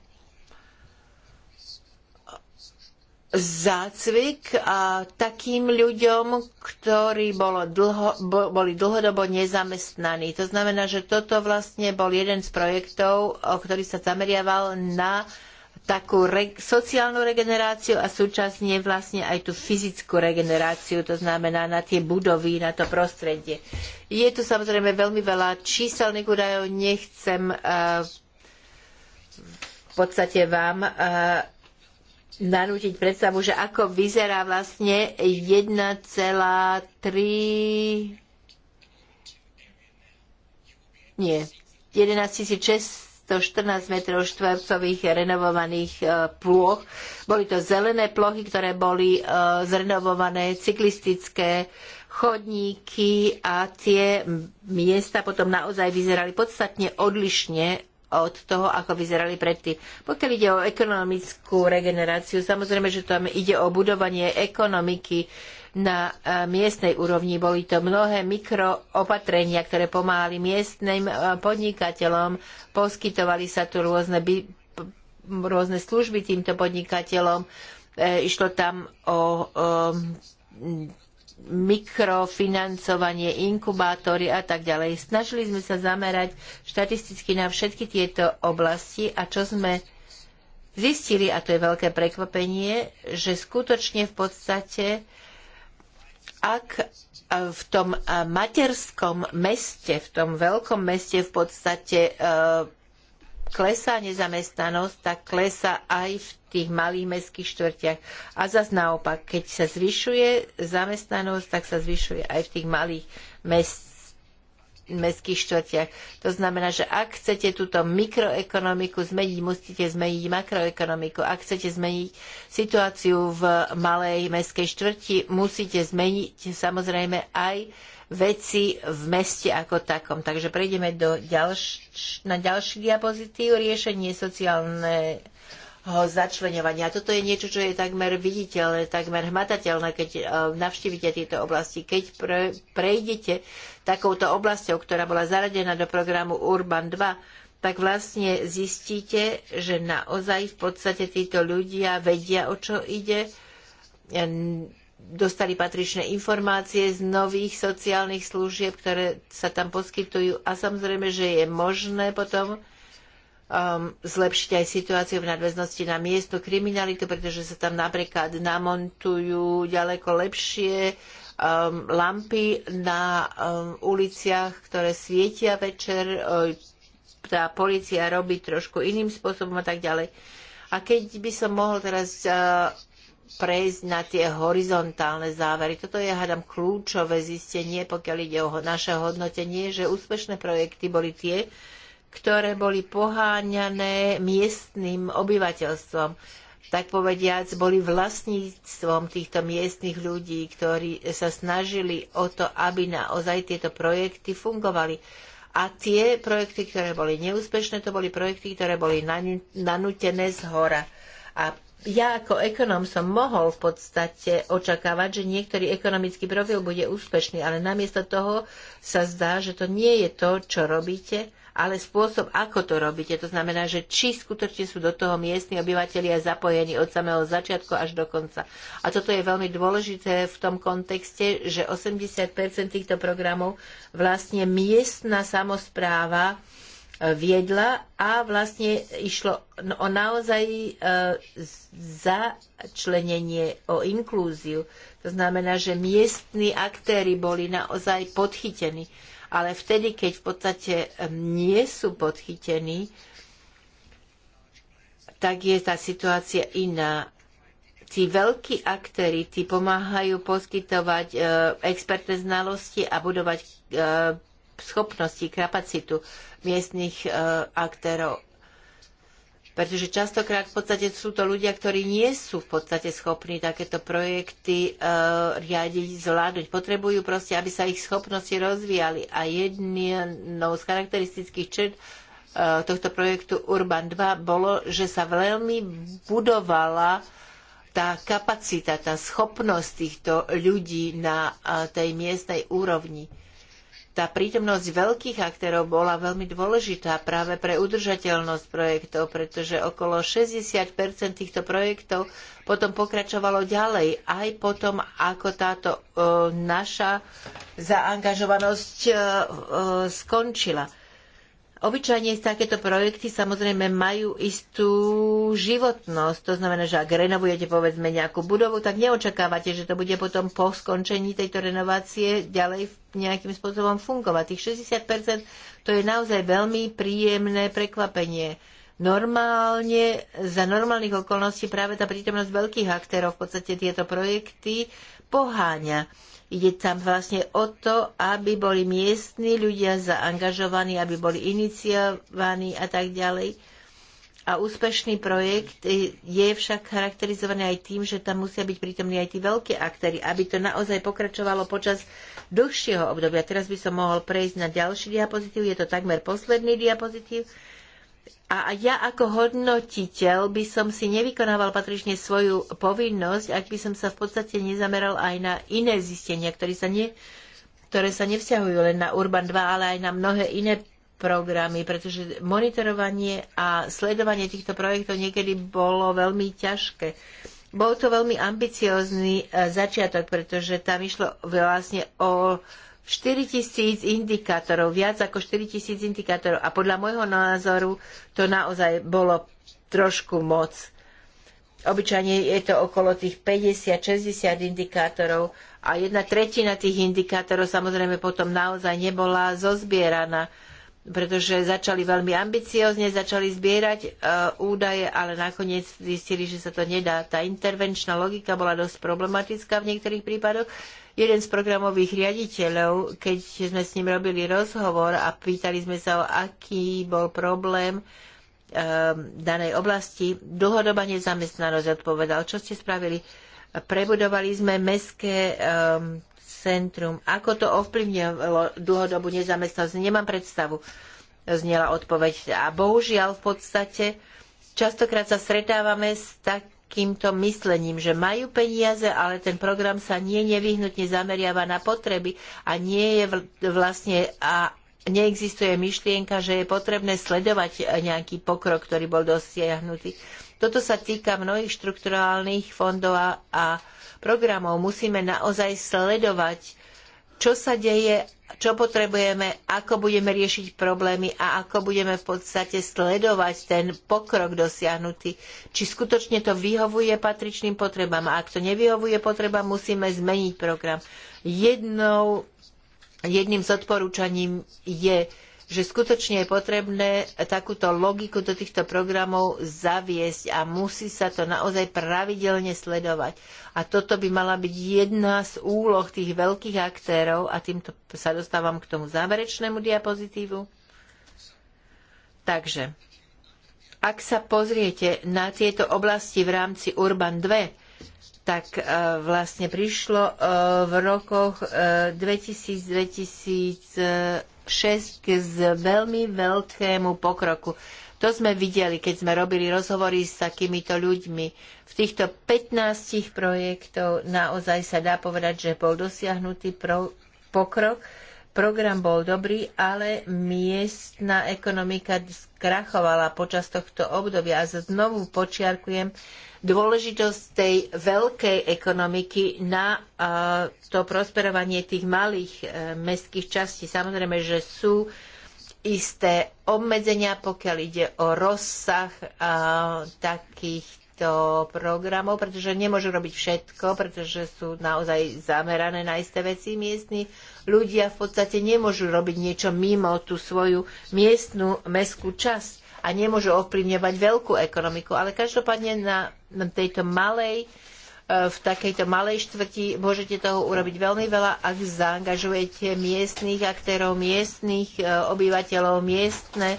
[SPEAKER 3] zácvik a takým ľuďom, ktorí bolo dlho, boli dlhodobo nezamestnaní. To znamená, že toto vlastne bol jeden z projektov, ktorý sa zameriaval na takú re- sociálnu regeneráciu a súčasne vlastne aj tú fyzickú regeneráciu, to znamená na tie budovy, na to prostredie. Je tu samozrejme veľmi veľa číselných údajov, nechcem uh, v podstate vám uh, nanútiť predstavu, že ako vyzerá vlastne 1,3 nie, 11614 metrov štvorcových renovovaných e, plôch. Boli to zelené plochy, ktoré boli e, zrenovované, cyklistické chodníky a tie miesta potom naozaj vyzerali podstatne odlišne od toho, ako vyzerali predtým. Pokiaľ ide o ekonomickú regeneráciu, samozrejme, že tam ide o budovanie ekonomiky na e, miestnej úrovni. Boli to mnohé mikroopatrenia, ktoré pomáhali miestnym e, podnikateľom, poskytovali sa tu rôzne, rôzne služby týmto podnikateľom, e, išlo tam o mikrofinancovanie, inkubátory a tak ďalej. Snažili sme sa zamerať štatisticky na všetky tieto oblasti a čo sme zistili, a to je veľké prekvapenie, že skutočne v podstate, ak v tom materskom meste, v tom veľkom meste v podstate e, klesá nezamestnanosť, tak klesá aj v tých malých mestských štvrtiach. A zas naopak, keď sa zvyšuje zamestnanosť, tak sa zvyšuje aj v tých malých mest, mestských štvrtiach. To znamená, že ak chcete túto mikroekonomiku zmeniť, musíte zmeniť makroekonomiku. Ak chcete zmeniť situáciu v malej mestskej štvrti, musíte zmeniť samozrejme aj veci v meste ako takom. Takže prejdeme do ďalš- na ďalší diapozitív, riešenie sociálne začlenovania. Toto je niečo, čo je takmer viditeľné, takmer hmatateľné, keď e, navštívite tieto oblasti. Keď pre, prejdete takouto oblasťou, ktorá bola zaradená do programu Urban 2, tak vlastne zistíte, že naozaj v podstate títo ľudia vedia, o čo ide dostali patričné informácie z nových sociálnych služieb, ktoré sa tam poskytujú a samozrejme, že je možné potom um, zlepšiť aj situáciu v nadväznosti na miestnu kriminalitu, pretože sa tam napríklad namontujú ďaleko lepšie um, lampy na um, uliciach, ktoré svietia večer, uh, tá policia robí trošku iným spôsobom a tak ďalej. A keď by som mohol teraz uh, prejsť na tie horizontálne závery. Toto je, hádam, kľúčové zistenie, pokiaľ ide o naše hodnotenie, že úspešné projekty boli tie, ktoré boli poháňané miestnym obyvateľstvom. Tak povediac, boli vlastníctvom týchto miestnych ľudí, ktorí sa snažili o to, aby naozaj tieto projekty fungovali. A tie projekty, ktoré boli neúspešné, to boli projekty, ktoré boli nanútené z hora. A ja ako ekonom som mohol v podstate očakávať, že niektorý ekonomický profil bude úspešný, ale namiesto toho sa zdá, že to nie je to, čo robíte, ale spôsob, ako to robíte. To znamená, že či skutočne sú do toho miestni obyvateľia zapojení od samého začiatku až do konca. A toto je veľmi dôležité v tom kontexte, že 80% týchto programov vlastne miestna samozpráva viedla a vlastne išlo o naozaj e, začlenenie, o inklúziu. To znamená, že miestni aktéry boli naozaj podchytení. Ale vtedy, keď v podstate nie sú podchytení, tak je tá situácia iná. Tí veľkí aktéry, tí pomáhajú poskytovať e, expertné znalosti a budovať e, schopnosti, kapacitu miestnych e, aktérov. Pretože častokrát v podstate sú to ľudia, ktorí nie sú v podstate schopní takéto projekty e, riadiť, zvládnuť. Potrebujú proste, aby sa ich schopnosti rozvíjali. A jednou z charakteristických črt e, tohto projektu Urban 2 bolo, že sa veľmi budovala tá kapacita, tá schopnosť týchto ľudí na a, e, tej miestnej úrovni. E, tá prítomnosť veľkých aktérov bola veľmi dôležitá práve pre udržateľnosť projektov, pretože okolo 60 týchto projektov potom pokračovalo ďalej, aj potom, ako táto e, naša zaangažovanosť e, e, skončila. Obyčajne takéto projekty samozrejme majú istú životnosť. To znamená, že ak renovujete povedzme nejakú budovu, tak neočakávate, že to bude potom po skončení tejto renovácie ďalej nejakým spôsobom fungovať. Tých 60% to je naozaj veľmi príjemné prekvapenie. Normálne, za normálnych okolností práve tá prítomnosť veľkých aktérov v podstate tieto projekty poháňa. Ide tam vlastne o to, aby boli miestni ľudia zaangažovaní, aby boli iniciovaní a tak ďalej. A úspešný projekt je však charakterizovaný aj tým, že tam musia byť prítomní aj tí veľké aktéry, aby to naozaj pokračovalo počas dlhšieho obdobia. Teraz by som mohol prejsť na ďalší diapozitív, je to takmer posledný diapozitív a ja ako hodnotiteľ by som si nevykonával patrične svoju povinnosť, ak by som sa v podstate nezameral aj na iné zistenia, ktoré sa, ne, ktoré sa nevzťahujú len na Urban 2, ale aj na mnohé iné programy, pretože monitorovanie a sledovanie týchto projektov niekedy bolo veľmi ťažké. Bol to veľmi ambiciózny e, začiatok, pretože tam išlo vlastne o 4000 indikátorov, viac ako 4000 indikátorov a podľa môjho názoru to naozaj bolo trošku moc. Obyčajne je to okolo tých 50-60 indikátorov a jedna tretina tých indikátorov samozrejme potom naozaj nebola zozbieraná, pretože začali veľmi ambiciozne, začali zbierať e, údaje, ale nakoniec zistili, že sa to nedá. Tá intervenčná logika bola dosť problematická v niektorých prípadoch, jeden z programových riaditeľov, keď sme s ním robili rozhovor a pýtali sme sa, o aký bol problém e, danej oblasti, dlhodobá nezamestnanosť odpovedal, čo ste spravili. Prebudovali sme mestské e, centrum. Ako to ovplyvnilo dlhodobú nezamestnanosť? Nemám predstavu, zniela odpoveď. A bohužiaľ v podstate častokrát sa stretávame s tak takýmto myslením, že majú peniaze, ale ten program sa nie nevyhnutne zameriava na potreby a nie je vlastne a neexistuje myšlienka, že je potrebné sledovať nejaký pokrok, ktorý bol dosiahnutý. Toto sa týka mnohých štrukturálnych fondov a, a programov. Musíme naozaj sledovať, čo sa deje čo potrebujeme, ako budeme riešiť problémy a ako budeme v podstate sledovať ten pokrok dosiahnutý. Či skutočne to vyhovuje patričným potrebám a ak to nevyhovuje potrebám, musíme zmeniť program. Jednou, jedným z odporúčaním je že skutočne je potrebné takúto logiku do týchto programov zaviesť a musí sa to naozaj pravidelne sledovať. A toto by mala byť jedna z úloh tých veľkých aktérov a týmto sa dostávam k tomu záverečnému diapozitívu. Takže, ak sa pozriete na tieto oblasti v rámci Urban 2, tak e, vlastne prišlo e, v rokoch 2000, e, 2000 k veľmi veľkému pokroku. To sme videli, keď sme robili rozhovory s takýmito ľuďmi. V týchto 15 projektov naozaj sa dá povedať, že bol dosiahnutý pro, pokrok. Program bol dobrý, ale miestna ekonomika skrachovala počas tohto obdobia. A znovu počiarkujem, dôležitosť tej veľkej ekonomiky na to prosperovanie tých malých e, mestských častí. Samozrejme, že sú isté obmedzenia, pokiaľ ide o rozsah e, takýchto programov, pretože nemôžu robiť všetko, pretože sú naozaj zamerané na isté veci miestni. Ľudia v podstate nemôžu robiť niečo mimo tú svoju miestnu mestskú časť a nemôžu ovplyvňovať veľkú ekonomiku. Ale každopádne na tejto malej e, v takejto malej štvrti môžete toho urobiť veľmi veľa, ak zaangažujete miestnych aktérov, miestnych e, obyvateľov, miestne e,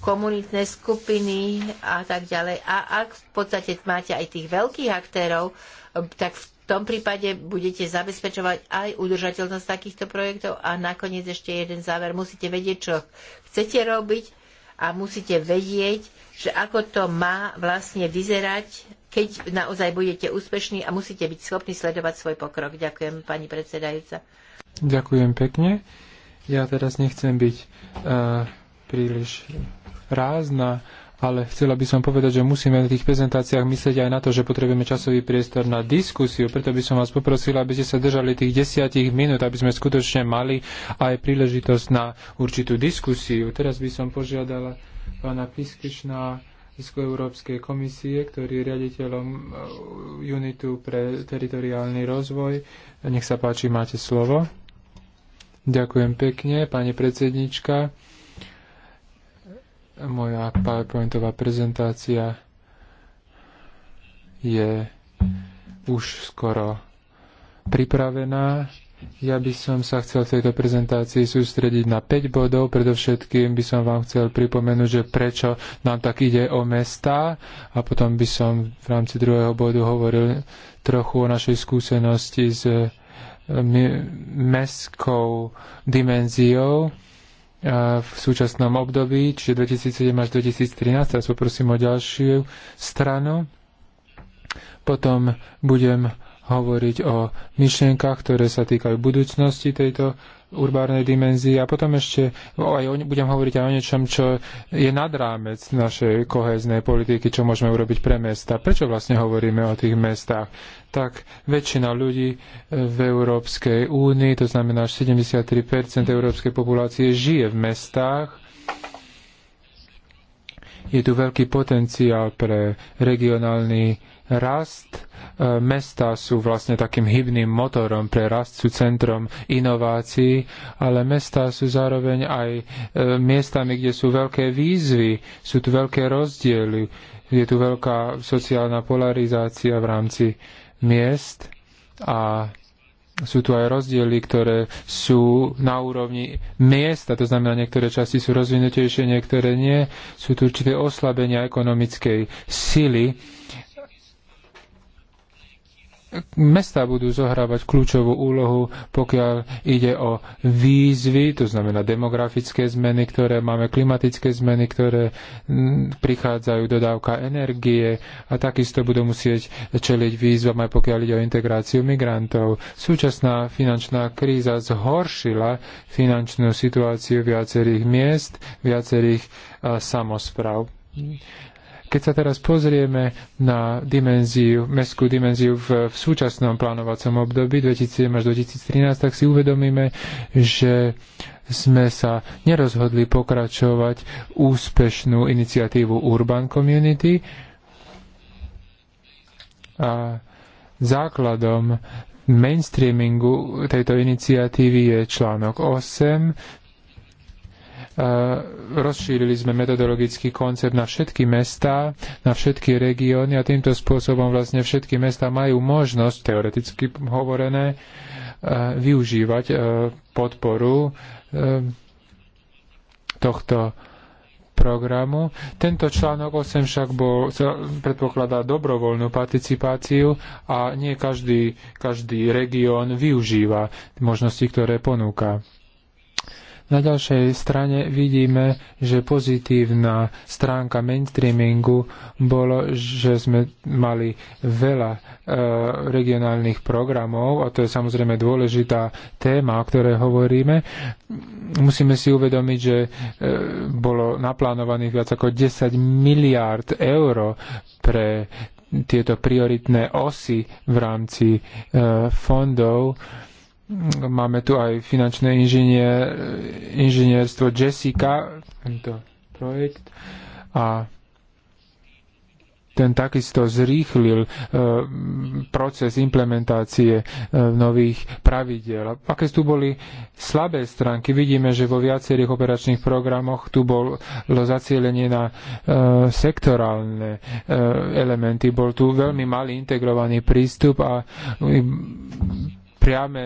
[SPEAKER 3] komunitné skupiny a tak ďalej. A ak v podstate máte aj tých veľkých aktérov, tak v v tom prípade budete zabezpečovať aj udržateľnosť takýchto projektov a nakoniec ešte jeden záver. Musíte vedieť, čo chcete robiť a musíte vedieť, že ako to má vlastne vyzerať, keď naozaj budete úspešní a musíte byť schopní sledovať svoj pokrok. Ďakujem, pani predsedajúca.
[SPEAKER 2] Ďakujem pekne. Ja teraz nechcem byť uh, príliš rázna, ale chcela by som povedať, že musíme v tých prezentáciách myslieť aj na to, že potrebujeme časový priestor na diskusiu, preto by som vás poprosila, aby ste sa držali tých desiatich minút, aby sme skutočne mali aj príležitosť na určitú diskusiu. Teraz by som požiadala pána z Európskej komisie, ktorý je riaditeľom eh, Unitu pre teritoriálny rozvoj. Nech sa páči, máte slovo. Ďakujem pekne, pani predsednička moja PowerPointová prezentácia je už skoro pripravená. Ja by som sa chcel v tejto prezentácii sústrediť na 5 bodov. Predovšetkým by som vám chcel pripomenúť, že prečo nám tak ide o mesta a potom by som v rámci druhého bodu hovoril trochu o našej skúsenosti s eh, mestskou dimenziou v súčasnom období, čiže 2007 až 2013. Teraz poprosím o ďalšiu stranu. Potom budem hovoriť o myšlienkach, ktoré sa týkajú budúcnosti tejto urbárnej dimenzii a potom ešte aj o, budem hovoriť aj o niečom, čo je nad rámec našej kohéznej politiky, čo môžeme urobiť pre mesta. Prečo vlastne hovoríme o tých mestách? Tak väčšina ľudí v Európskej únii, to znamená 73% európskej populácie žije v mestách je tu veľký potenciál pre regionálny rast. E, mesta sú vlastne takým hybným motorom pre rast, sú centrom inovácií, ale mesta sú zároveň aj e, miestami, kde sú veľké výzvy, sú tu veľké rozdiely, je tu veľká sociálna polarizácia v rámci miest a sú tu aj rozdiely, ktoré sú na úrovni miesta, to znamená, niektoré časti sú rozvinutejšie, niektoré nie. Sú tu určité oslabenia ekonomickej sily Mesta budú zohrávať kľúčovú úlohu, pokiaľ ide o výzvy, to znamená demografické zmeny, ktoré máme, klimatické zmeny, ktoré prichádzajú, dodávka energie a takisto budú musieť čeliť výzvam aj pokiaľ ide o integráciu migrantov. Súčasná finančná kríza zhoršila finančnú situáciu viacerých miest, viacerých a, samozpráv keď sa teraz pozrieme na dimenziu, mestskú dimenziu v, v súčasnom plánovacom období 2007 až 2013, tak si uvedomíme, že sme sa nerozhodli pokračovať úspešnú iniciatívu Urban Community a základom mainstreamingu tejto iniciatívy je článok 8, Eh, rozšírili sme metodologický koncept na všetky mesta, na všetky regióny a týmto spôsobom vlastne všetky mesta majú možnosť, teoreticky hovorené, eh, využívať eh, podporu tohto programu. Tento článok 8 však bol, predpokladá dobrovoľnú participáciu a nie každý, každý región využíva možnosti, ktoré ponúka. Na ďalšej strane vidíme, že pozitívna stránka mainstreamingu bolo, že sme mali veľa e, regionálnych programov a to je samozrejme dôležitá téma, o ktorej hovoríme. Musíme si uvedomiť, že e, bolo naplánovaných viac ako 10 miliárd eur pre tieto prioritné osy v rámci e, fondov. E, Máme tu aj finančné inžinier, inžinierstvo Jessica, tento projekt. A ten takisto zrýchlil e, proces implementácie e, nových pravidel. Aké tu boli slabé stránky? Vidíme, že vo viacerých operačných programoch tu bolo zacielenie na e, sektorálne elementy. Bol tu veľmi malý integrovaný prístup a priame,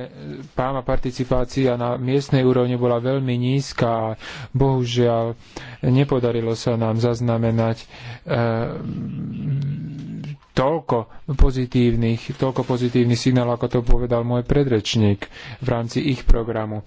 [SPEAKER 2] priama participácia na miestnej úrovni bola veľmi nízka a bohužiaľ nepodarilo sa nám zaznamenať e, toľko pozitívnych, toľko pozitívnych signálov, ako to povedal môj predrečník v rámci ich programu. E,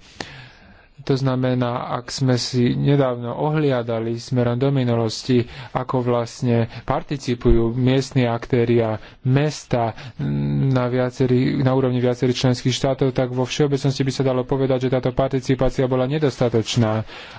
[SPEAKER 2] to znamená, ak sme si nedávno ohliadali smerom do minulosti, ako vlastne participujú miestni aktéry a mesta na, viacerý, na úrovni viacerých členských štátov, tak vo všeobecnosti by sa dalo povedať, že táto participácia bola nedostatočná.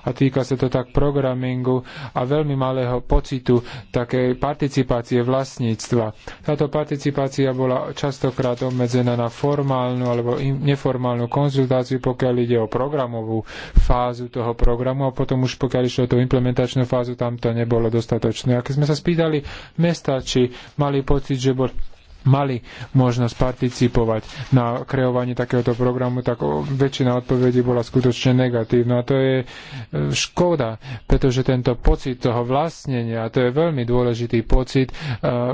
[SPEAKER 2] A týka sa to tak programingu a veľmi malého pocitu takej participácie vlastníctva. Táto participácia bola častokrát obmedzená na formálnu alebo neformálnu konzultáciu, pokiaľ ide o programovú fázu toho programu a potom už pokiaľ išlo tú implementačnú fázu, tam to nebolo dostatočné. A keď sme sa spýtali mesta, či mali pocit, že bol mali možnosť participovať na kreovaní takéhoto programu, tak väčšina odpovedí bola skutočne negatívna. A to je e, škoda, pretože tento pocit toho vlastnenia, to je veľmi dôležitý pocit, e,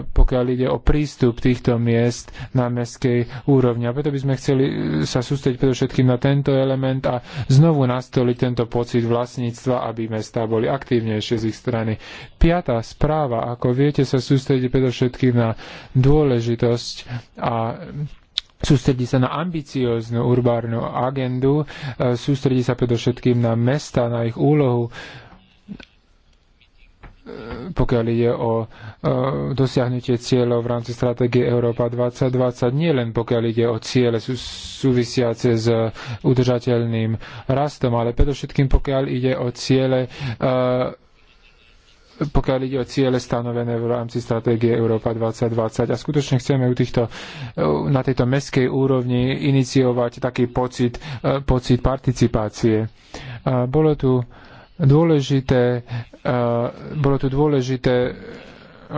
[SPEAKER 2] pokiaľ ide o prístup týchto miest na mestskej úrovni. A preto by sme chceli e, sa sústrediť predovšetkým na tento element a znovu nastoliť tento pocit vlastníctva, aby mestá boli aktívnejšie z ich strany piatá správa, ako viete, sa sústredí predovšetkým na dôležitosť a Sústredí sa na ambicióznu urbárnu agendu, e, sústredí sa predovšetkým na mesta, na ich úlohu, e, pokiaľ ide o e, dosiahnutie cieľov v rámci stratégie Európa 2020, nie len pokiaľ ide o ciele sú súvisiace s udržateľným rastom, ale predovšetkým pokiaľ ide o ciele uh, pokiaľ ide o ciele stanovené v rámci stratégie Európa 2020. A skutočne chceme u týchto, na tejto meskej úrovni iniciovať taký pocit, e, pocit participácie. Bolo tu dôležité, e, bolo tu dôležité E,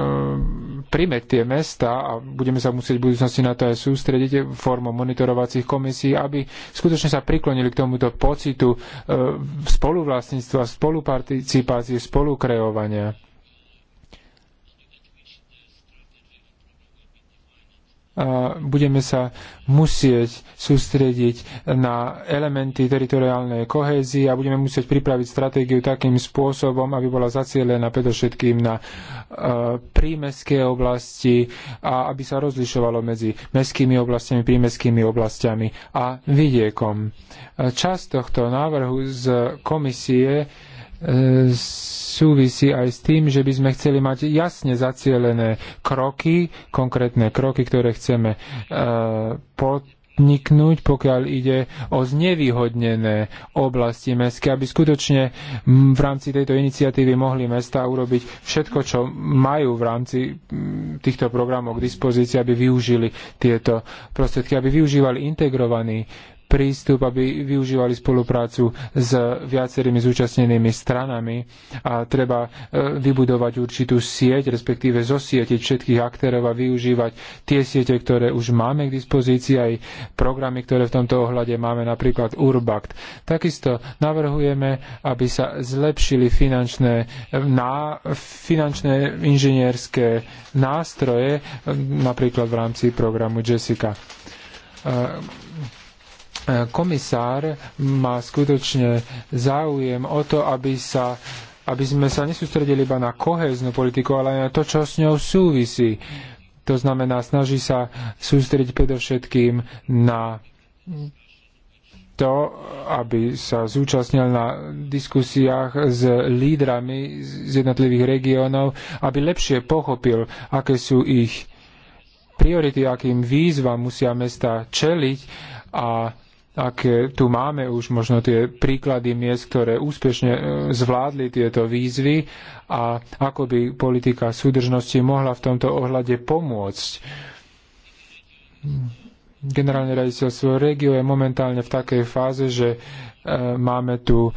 [SPEAKER 2] príjme tie mesta a budeme sa musieť v budúcnosti na to aj sústrediť formou monitorovacích komisí, aby skutočne sa priklonili k tomuto pocitu e, spoluvlastníctva, spoluparticipácie, spolukreovania. budeme sa musieť sústrediť na elementy teritoriálnej kohézie a budeme musieť pripraviť stratégiu takým spôsobom, aby bola zacielená predovšetkým na e, prímeské oblasti a aby sa rozlišovalo medzi mestskými oblastiami, prímeskými oblastiami a vidiekom. E, časť tohto návrhu z komisie E, súvisí aj s tým, že by sme chceli mať jasne zacielené kroky, konkrétne kroky, ktoré chceme e, podniknúť, pokiaľ ide o znevýhodnené oblasti mestské, aby skutočne v rámci tejto iniciatívy mohli mesta urobiť všetko, čo majú v rámci týchto programov k dispozícii, aby využili tieto prostriedky, aby využívali integrovaný prístup, aby využívali spoluprácu s viacerými zúčastnenými stranami a treba e, vybudovať určitú sieť, respektíve zosietiť všetkých aktérov a využívať tie siete, ktoré už máme k dispozícii, aj programy, ktoré v tomto ohľade máme, napríklad Urbact. Takisto navrhujeme, aby sa zlepšili finančné, na, finančné inžinierské nástroje, e, napríklad v rámci programu Jessica e, E, komisár má skutočne záujem o to, aby sa aby sme sa nesústredili iba na kohéznu politiku, ale aj na to, čo s ňou súvisí. To znamená, snaží sa sústrediť predovšetkým na to, aby sa zúčastnil na diskusiách s lídrami z jednotlivých regiónov, aby lepšie pochopil, aké sú ich priority, akým výzvam musia mesta čeliť a tak e, tu máme už možno tie príklady miest, ktoré úspešne e, zvládli tieto výzvy a ako by politika súdržnosti mohla v tomto ohľade pomôcť. Generálne raditeľstvo regio je momentálne v takej fáze, že e, máme tu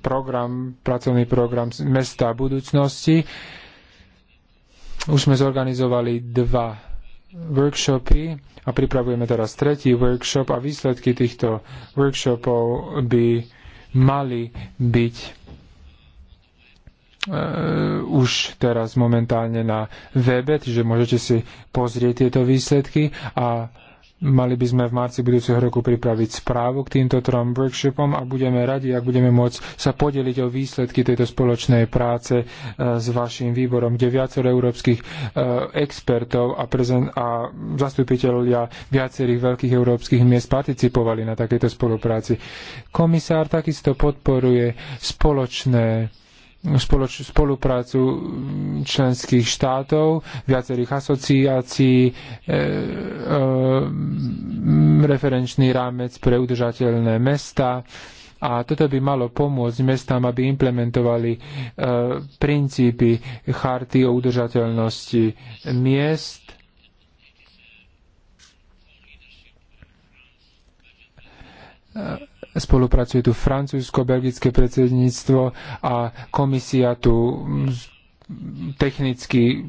[SPEAKER 2] program, pracovný program Mesta budúcnosti. Už sme zorganizovali dva workshopy a pripravujeme teraz tretí workshop a výsledky týchto workshopov by mali byť Uh, už teraz momentálne na webe, čiže môžete si pozrieť tieto výsledky a Mali by sme v marci budúceho roku pripraviť správu k týmto trom workshopom a budeme radi, ak budeme môcť sa podeliť o výsledky tejto spoločnej práce e, s vašim výborom, kde viacero európskych e, expertov a, prezen- a zastupiteľia viacerých veľkých európskych miest participovali na takejto spolupráci. Komisár takisto podporuje spoločné spoloč- spoluprácu členských štátov, viacerých asociácií, e, e, referenčný rámec pre udržateľné mesta. A toto by malo pomôcť mestám, aby implementovali e, princípy charty o udržateľnosti miest. E, spolupracuje tu francúzsko-belgické predsedníctvo a komisia tu technicky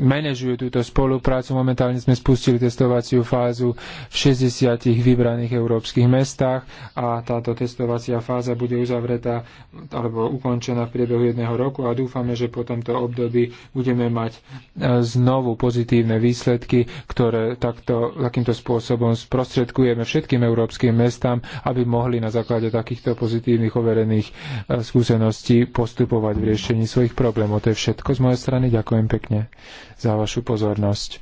[SPEAKER 2] manažujú túto spoluprácu. Momentálne sme spustili testovaciu fázu v 60 vybraných európskych mestách a táto testovacia fáza bude uzavretá alebo ukončená v priebehu jedného roku a dúfame, že po tomto období budeme mať e, znovu pozitívne výsledky, ktoré takto, takýmto spôsobom sprostredkujeme všetkým európskym mestám, aby mohli na základe takýchto pozitívnych overených e, skúseností postupovať v riešení svojich problémov. To je všetko všetko z mojej strany. Ďakujem pekne za vašu pozornosť.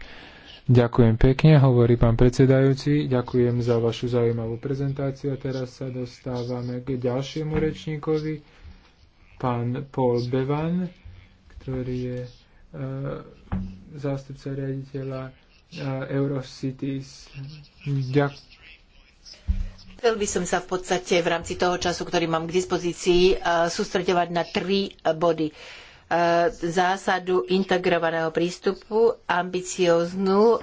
[SPEAKER 2] Ďakujem pekne, hovorí pán predsedajúci. Ďakujem za vašu zaujímavú prezentáciu. A teraz sa dostávame k ďalšiemu rečníkovi, pán Paul Bevan, ktorý je uh, zástupca riaditeľa uh, Eurocities. Ďakujem.
[SPEAKER 3] Chcel by som sa v podstate v rámci toho času, ktorý mám k dispozícii, e, sústreďovať na tri body. E, zásadu integrovaného prístupu, ambicióznu e,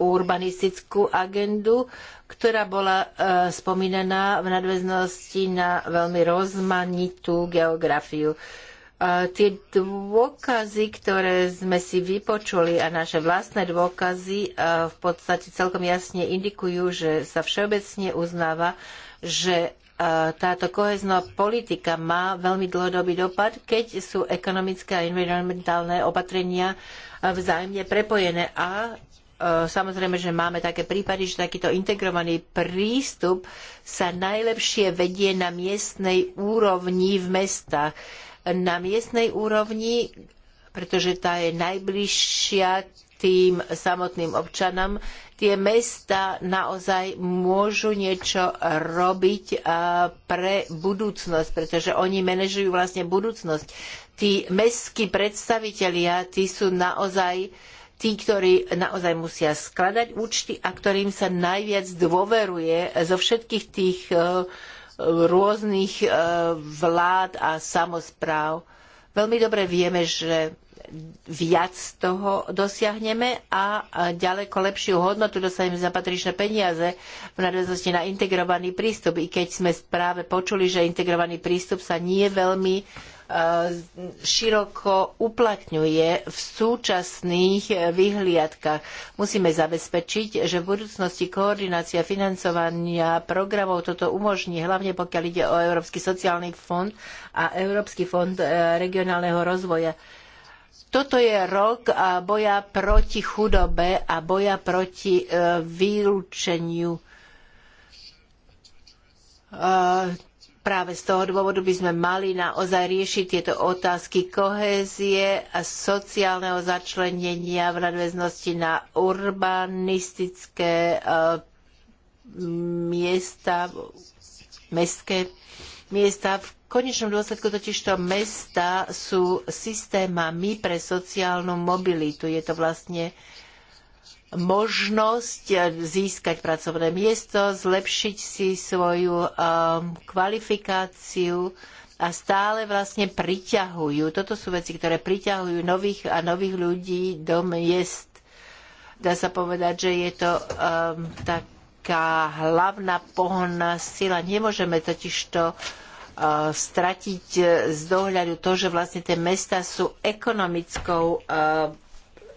[SPEAKER 3] urbanistickú agendu, ktorá bola e, spomínaná v nadväznosti na veľmi rozmanitú geografiu. Tie dôkazy, ktoré sme si vypočuli a naše vlastné dôkazy v podstate celkom jasne indikujú, že sa všeobecne uznáva, že táto kohezná politika má veľmi dlhodobý dopad, keď sú ekonomické a environmentálne opatrenia vzájomne prepojené a e, Samozrejme, že máme také prípady, že takýto integrovaný prístup sa najlepšie vedie na miestnej úrovni v mestách. Na miestnej úrovni, pretože tá je najbližšia tým samotným občanom. Tie mesta naozaj môžu niečo robiť eh, pre budúcnosť, pretože oni manažujú vlastne budúcnosť. Tí mestskí predstavitelia, tí sú naozaj tí, ktorí naozaj musia skladať účty a ktorým sa najviac dôveruje zo všetkých tých eh, rôznych eh, vlád a samospráv. Veľmi dobre vieme, že viac toho dosiahneme a ďaleko lepšiu hodnotu dostaneme za patričné peniaze v nadväznosti na integrovaný prístup. I keď sme práve počuli, že integrovaný prístup sa nie veľmi e, široko uplatňuje v súčasných e, vyhliadkach. Musíme zabezpečiť, že v budúcnosti koordinácia financovania programov toto umožní, hlavne pokiaľ ide o Európsky sociálny fond a Európsky fond e, regionálneho rozvoja toto je rok boja proti chudobe a boja proti e, vylúčeniu. E, práve z toho dôvodu by sme mali naozaj riešiť tieto otázky kohézie a sociálneho začlenenia v nadväznosti na urbanistické e, miesta, mestské miesta, v konečnom dôsledku totižto mesta sú systémami pre sociálnu mobilitu. Je to vlastne možnosť získať pracovné miesto, zlepšiť si svoju um, kvalifikáciu a stále vlastne priťahujú. Toto sú veci, ktoré priťahujú nových a nových ľudí do miest. Dá sa povedať, že je to um, taká hlavná pohonná sila. Nemôžeme totižto to stratiť e, z dohľadu to, že vlastne tie mesta sú ekonomickou e,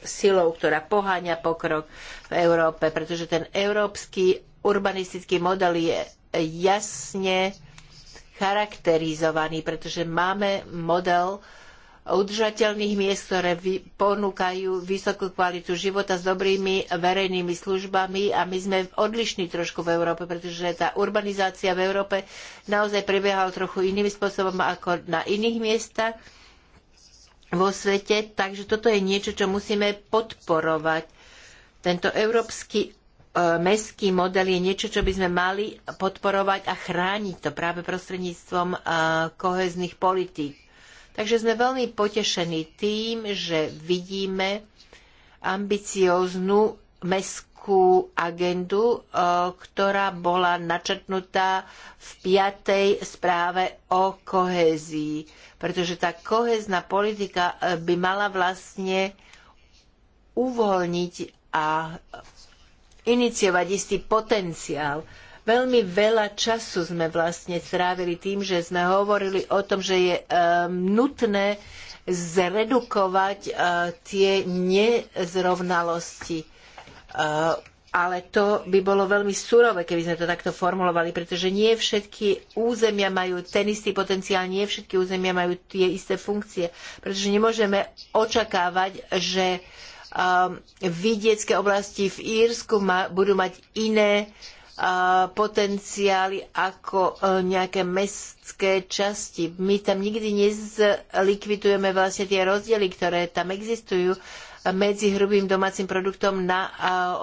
[SPEAKER 3] silou, ktorá poháňa pokrok v Európe, pretože ten európsky urbanistický model je jasne charakterizovaný, pretože máme model uh, udržateľných miest, ktoré ponúkajú vysokú kvalitu života s dobrými verejnými službami a my sme odlišní trošku v Európe, pretože tá urbanizácia v Európe naozaj prebiehala trochu iným spôsobom ako na iných miestach vo svete, takže toto je niečo, čo musíme podporovať. Tento európsky e, mestský model je niečo, čo by sme mali podporovať a chrániť to práve prostredníctvom e, kohéznych politík. Takže sme veľmi potešení tým, že vidíme ambicióznu mestskú agendu, e, ktorá bola načrtnutá v piatej správe o kohézii. Pretože tá kohezná politika e, by mala vlastne uvoľniť a iniciovať istý potenciál Veľmi veľa času sme vlastne strávili tým, že sme hovorili o tom, že je um, nutné zredukovať uh, tie nezrovnalosti. Uh, ale to by bolo veľmi surové, keby sme to takto formulovali, pretože nie všetky územia majú ten istý potenciál, nie všetky územia majú tie isté funkcie, pretože nemôžeme očakávať, že um, vidiecké oblasti v Írsku ma, budú mať iné uh, potenciály ako e, nejaké mestské časti. My tam nikdy nezlikvidujeme vlastne tie rozdiely, ktoré tam existujú medzi hrubým domácim produktom na e,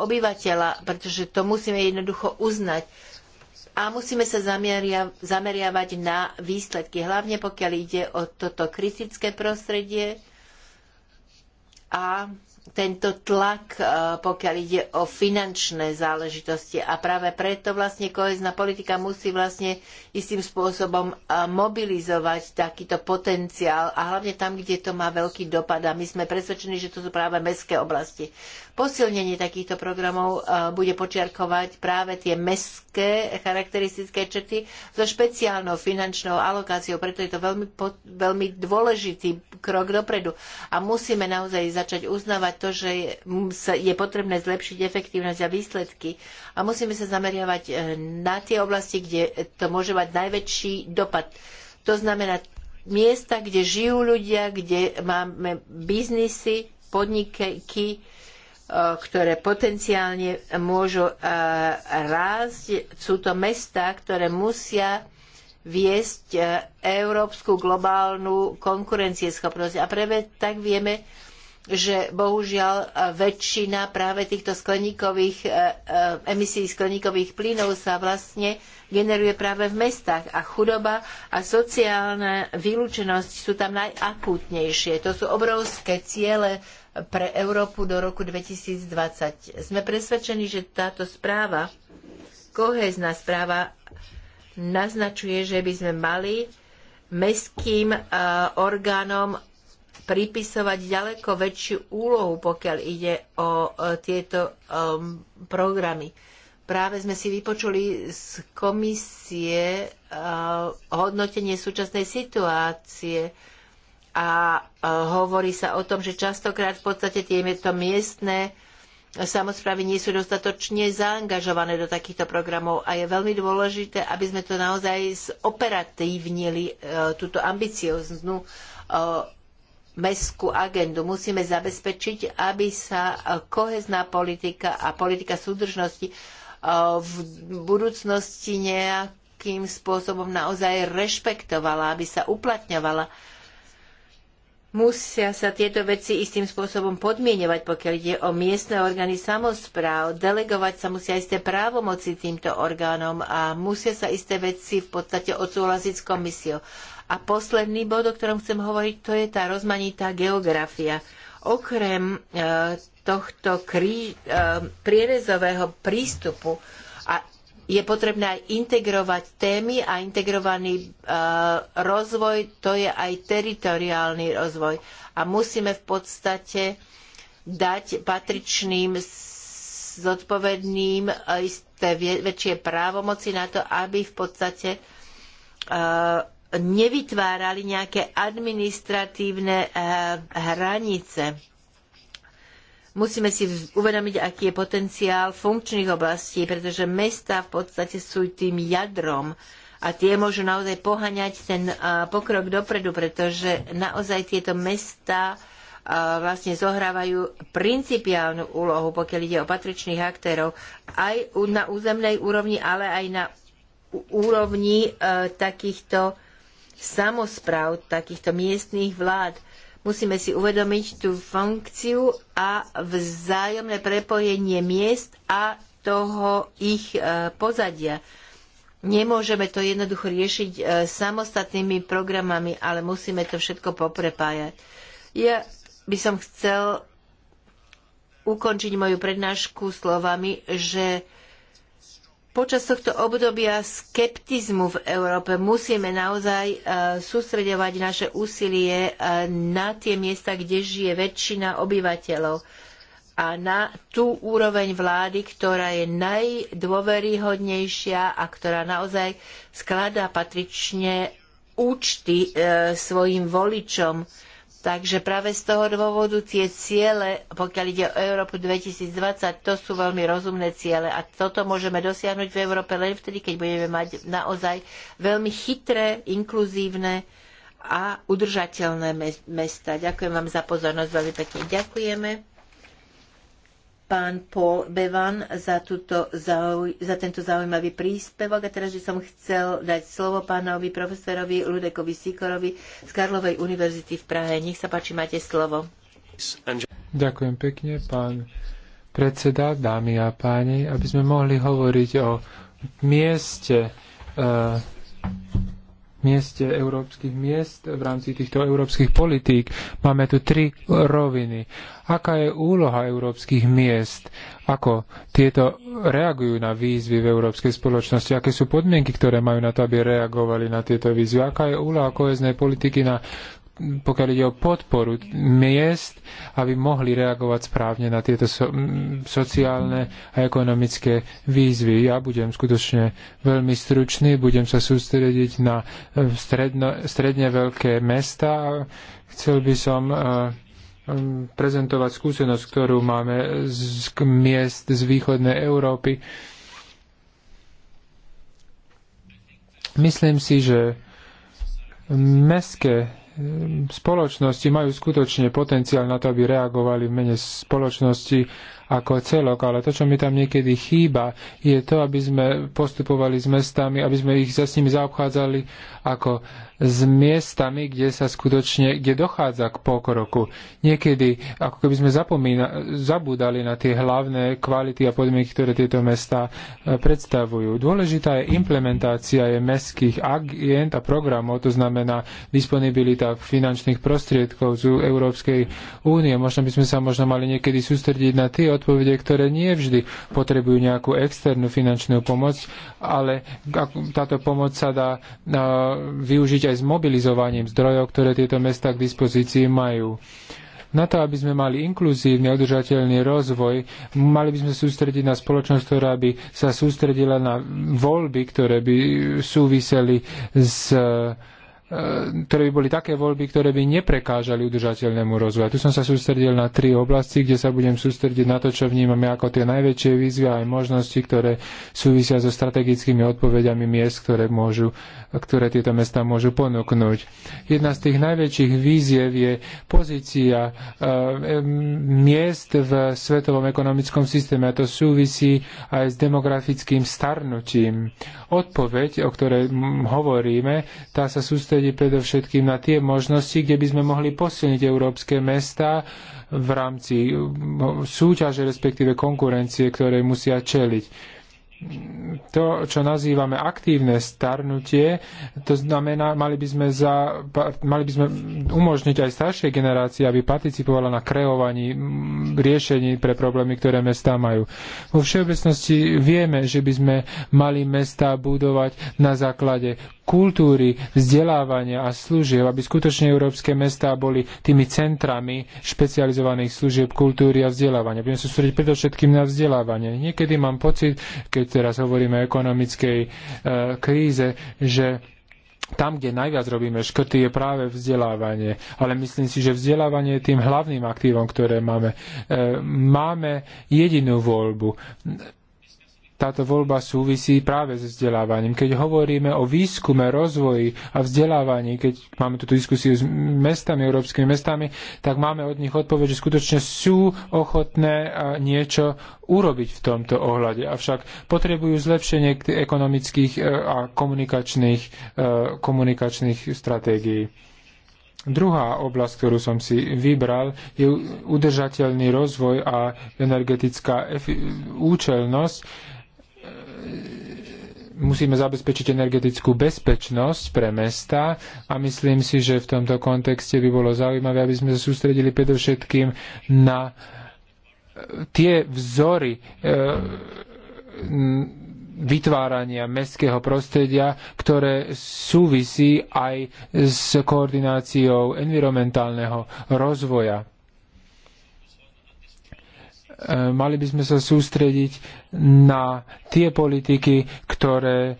[SPEAKER 3] obyvateľa, pretože to musíme jednoducho uznať. A musíme sa zameria, zameriavať na výsledky, hlavne pokiaľ ide o toto kritické prostredie a tento tlak, e, pokiaľ ide o finančné záležitosti. A práve preto vlastne kohezná politika musí vlastne istým spôsobom e, mobilizovať takýto potenciál a hlavne tam, kde to má veľký dopad. A my sme presvedčení, že to sú práve mestské oblasti. Posilnenie takýchto programov e, bude počiarkovať práve tie mestské charakteristické črty so špeciálnou finančnou alokáciou. Preto je to veľmi, veľmi dôležitý krok dopredu. A musíme naozaj začať uznávať to, že je potrebné zlepšiť efektívnosť a výsledky a musíme sa zameriavať e, na tie oblasti, kde to môže mať najväčší dopad. To znamená miesta, kde žijú ľudia, kde máme biznisy, podniky, e, ktoré potenciálne môžu e, rásť. Sú to mestá, ktoré musia viesť európsku globálnu konkurencieschopnosť. A preve tak vieme že bohužiaľ e, väčšina práve týchto skleníkových, e, e, emisí skleníkových plynov sa vlastne generuje práve v mestách a chudoba a sociálna vylúčenosť sú tam najakútnejšie. To sú obrovské ciele pre Európu do roku 2020. Sme presvedčení, že táto správa, kohézna správa, naznačuje, že by sme mali mestským orgánom pripisovať ďaleko väčšiu úlohu, pokiaľ ide o tieto um, programy. Práve sme si vypočuli z komisie uh, hodnotenie súčasnej situácie a uh, hovorí sa o tom, že častokrát v podstate tieto miestne samozprávy nie sú dostatočne zaangažované do takýchto programov a je veľmi dôležité, aby sme to naozaj zoperatívnili, uh, túto ambicioznú uh, mestskú agendu. Musíme zabezpečiť, aby sa e, kohezná politika a politika súdržnosti e, v budúcnosti nejakým spôsobom naozaj rešpektovala, aby sa uplatňovala. Musia sa tieto veci istým spôsobom podmienovať, pokiaľ ide o miestne orgány samozpráv. Delegovať sa musia isté právomoci týmto orgánom a musia sa isté veci v podstate odsúhlasiť s komisiou. A posledný bod, o ktorom chcem hovoriť, to je tá rozmanitá geografia. Okrem e, tohto krí, e, prierezového prístupu a je potrebné aj integrovať témy a integrovaný e, rozvoj, to je aj teritoriálny rozvoj. A musíme v podstate dať patričným zodpovedným e, isté väčšie právomoci na to, aby v podstate nevytvárali nejaké administratívne eh, hranice. Musíme si uvedomiť, aký je potenciál funkčných oblastí, pretože mesta v podstate sú tým jadrom a tie môžu naozaj pohaňať ten eh, pokrok dopredu, pretože naozaj tieto mesta eh, vlastne zohrávajú principiálnu úlohu, pokiaľ ide o patričných aktérov, aj na územnej úrovni, ale aj na úrovni takýchto samospráv, takýchto miestných vlád. Musíme si uvedomiť tú funkciu a vzájomné prepojenie miest a toho ich e, pozadia. Nemôžeme to jednoducho riešiť e, samostatnými programami, ale musíme to všetko poprepájať. Ja by som chcel ukončiť moju prednášku slovami, že počas tohto obdobia skeptizmu v Európe musíme naozaj e, sústreďovať naše úsilie e, na tie miesta, kde žije väčšina obyvateľov a na tú úroveň vlády, ktorá je najdôveryhodnejšia a ktorá naozaj skladá patrične účty e, svojim voličom Takže práve z toho dôvodu tie ciele, pokiaľ ide o Európu 2020, to sú veľmi rozumné ciele a toto môžeme dosiahnuť v Európe len vtedy, keď budeme mať naozaj veľmi chytré, inkluzívne a udržateľné mesta. Ďakujem vám za pozornosť, veľmi pekne ďakujeme pán Paul Bevan za, túto zauj- za tento zaujímavý príspevok. A teraz by som chcel dať slovo pánovi profesorovi Ludekovi Sikorovi z Karlovej univerzity v Prahe. Nech sa páči, máte slovo.
[SPEAKER 2] Ďakujem pekne, pán predseda, dámy a páni, aby sme mohli hovoriť o mieste uh, mieste európskych miest v rámci týchto európskych politík. Máme tu tri roviny. Aká je úloha európskych miest? Ako tieto reagujú na výzvy v európskej spoločnosti? Aké sú podmienky, ktoré majú na to, aby reagovali na tieto výzvy? Aká je úloha koheznej politiky na pokiaľ ide o podporu miest, aby mohli reagovať správne na tieto so, sociálne a ekonomické výzvy. Ja budem skutočne veľmi stručný, budem sa sústrediť na e, stredno, stredne veľké mesta a chcel by som e, prezentovať skúsenosť, ktorú máme z miest z východnej Európy. Myslím si, že mestské spoločnosti majú skutočne potenciál na to, aby reagovali v mene spoločnosti ako celok, ale to, čo mi tam niekedy chýba, je to, aby sme postupovali s mestami, aby sme ich za s nimi zaobchádzali ako s miestami, kde sa skutočne, kde dochádza k pokroku. Niekedy, ako keby sme zapomína, zabúdali na tie hlavné kvality a podmienky, ktoré tieto mesta e, predstavujú. Dôležitá je implementácia je mestských agent a programov, to znamená disponibilita finančných prostriedkov z Európskej únie. Možno by sme sa možno mali niekedy sústrediť na tie odpovede, ktoré nie vždy potrebujú nejakú externú finančnú pomoc, ale táto pomoc sa dá využiť aj s mobilizovaním zdrojov, ktoré tieto mesta k dispozícii majú. Na to, aby sme mali inkluzívny, udržateľný rozvoj, mali by sme sústrediť na spoločnosť, ktorá by sa sústredila na voľby, ktoré by súviseli s E, ktoré by boli také voľby, ktoré by neprekážali udržateľnému rozvoju. A tu som sa sústredil na tri oblasti, kde sa budem sústrediť na to, čo vnímame ako tie najväčšie výzvy a aj možnosti, ktoré súvisia so strategickými odpovediami miest, ktoré, môžu, ktoré tieto mesta môžu ponúknuť. Jedna z tých najväčších víziev je pozícia e, miest v svetovom ekonomickom systéme a to súvisí aj s demografickým starnutím. Odpoveď, o ktorej hovoríme, tá sa sústredí sústredí predovšetkým na tie možnosti, kde by sme mohli posilniť európske mesta v rámci súťaže, respektíve konkurencie, ktoré musia čeliť to, čo nazývame aktívne starnutie, to znamená, mali by sme, za, mali by sme umožniť aj staršej generácii, aby participovala na kreovaní riešení pre problémy, ktoré mestá majú. Vo všeobecnosti vieme, že by sme mali mestá budovať na základe kultúry, vzdelávania a služieb, aby skutočne európske mestá boli tými centrami špecializovaných služieb kultúry a vzdelávania. Budeme sa sústrediť predovšetkým na vzdelávanie. Niekedy mám pocit, keď keď teraz hovoríme o ekonomickej e, kríze, že tam, kde najviac robíme škrty, je práve vzdelávanie. Ale myslím si, že vzdelávanie je tým hlavným aktívom, ktoré máme. E, máme jedinú voľbu táto voľba súvisí práve so vzdelávaním. Keď hovoríme o výskume, rozvoji a vzdelávaní, keď máme túto diskusiu s mestami, európskymi mestami, tak máme od nich odpoveď, že skutočne sú ochotné niečo urobiť v tomto ohľade. Avšak potrebujú zlepšenie ekonomických e, a komunikačných, e, komunikačných stratégií. Druhá oblasť, ktorú som si vybral, je udržateľný rozvoj a energetická účelnosť musíme zabezpečiť energetickú bezpečnosť pre mesta a myslím si, že v tomto kontexte by bolo zaujímavé, aby sme sa sústredili predovšetkým na eh, tie vzory e, vytvárania mestského prostredia, ktoré súvisí aj s koordináciou environmentálneho rozvoja E, mali by sme sa sústrediť na tie politiky, ktoré e,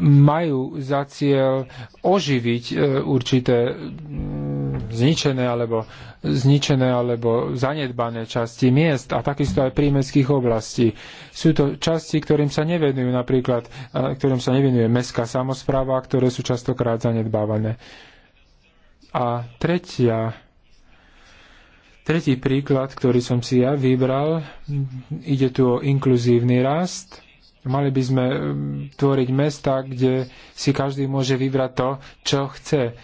[SPEAKER 2] majú za cieľ oživiť e, určité mm, zničené alebo, zničené alebo zanedbané časti miest a takisto aj prímeských oblastí. Sú to časti, ktorým sa nevenujú napríklad, ktorým sa nevenuje mestská samozpráva, ktoré sú častokrát zanedbávané. A tretia Tretí príklad, ktorý som si ja vybral, ide tu o inkluzívny rast. Mali by sme mm, tvoriť mesta, kde si každý môže vybrať to, čo chce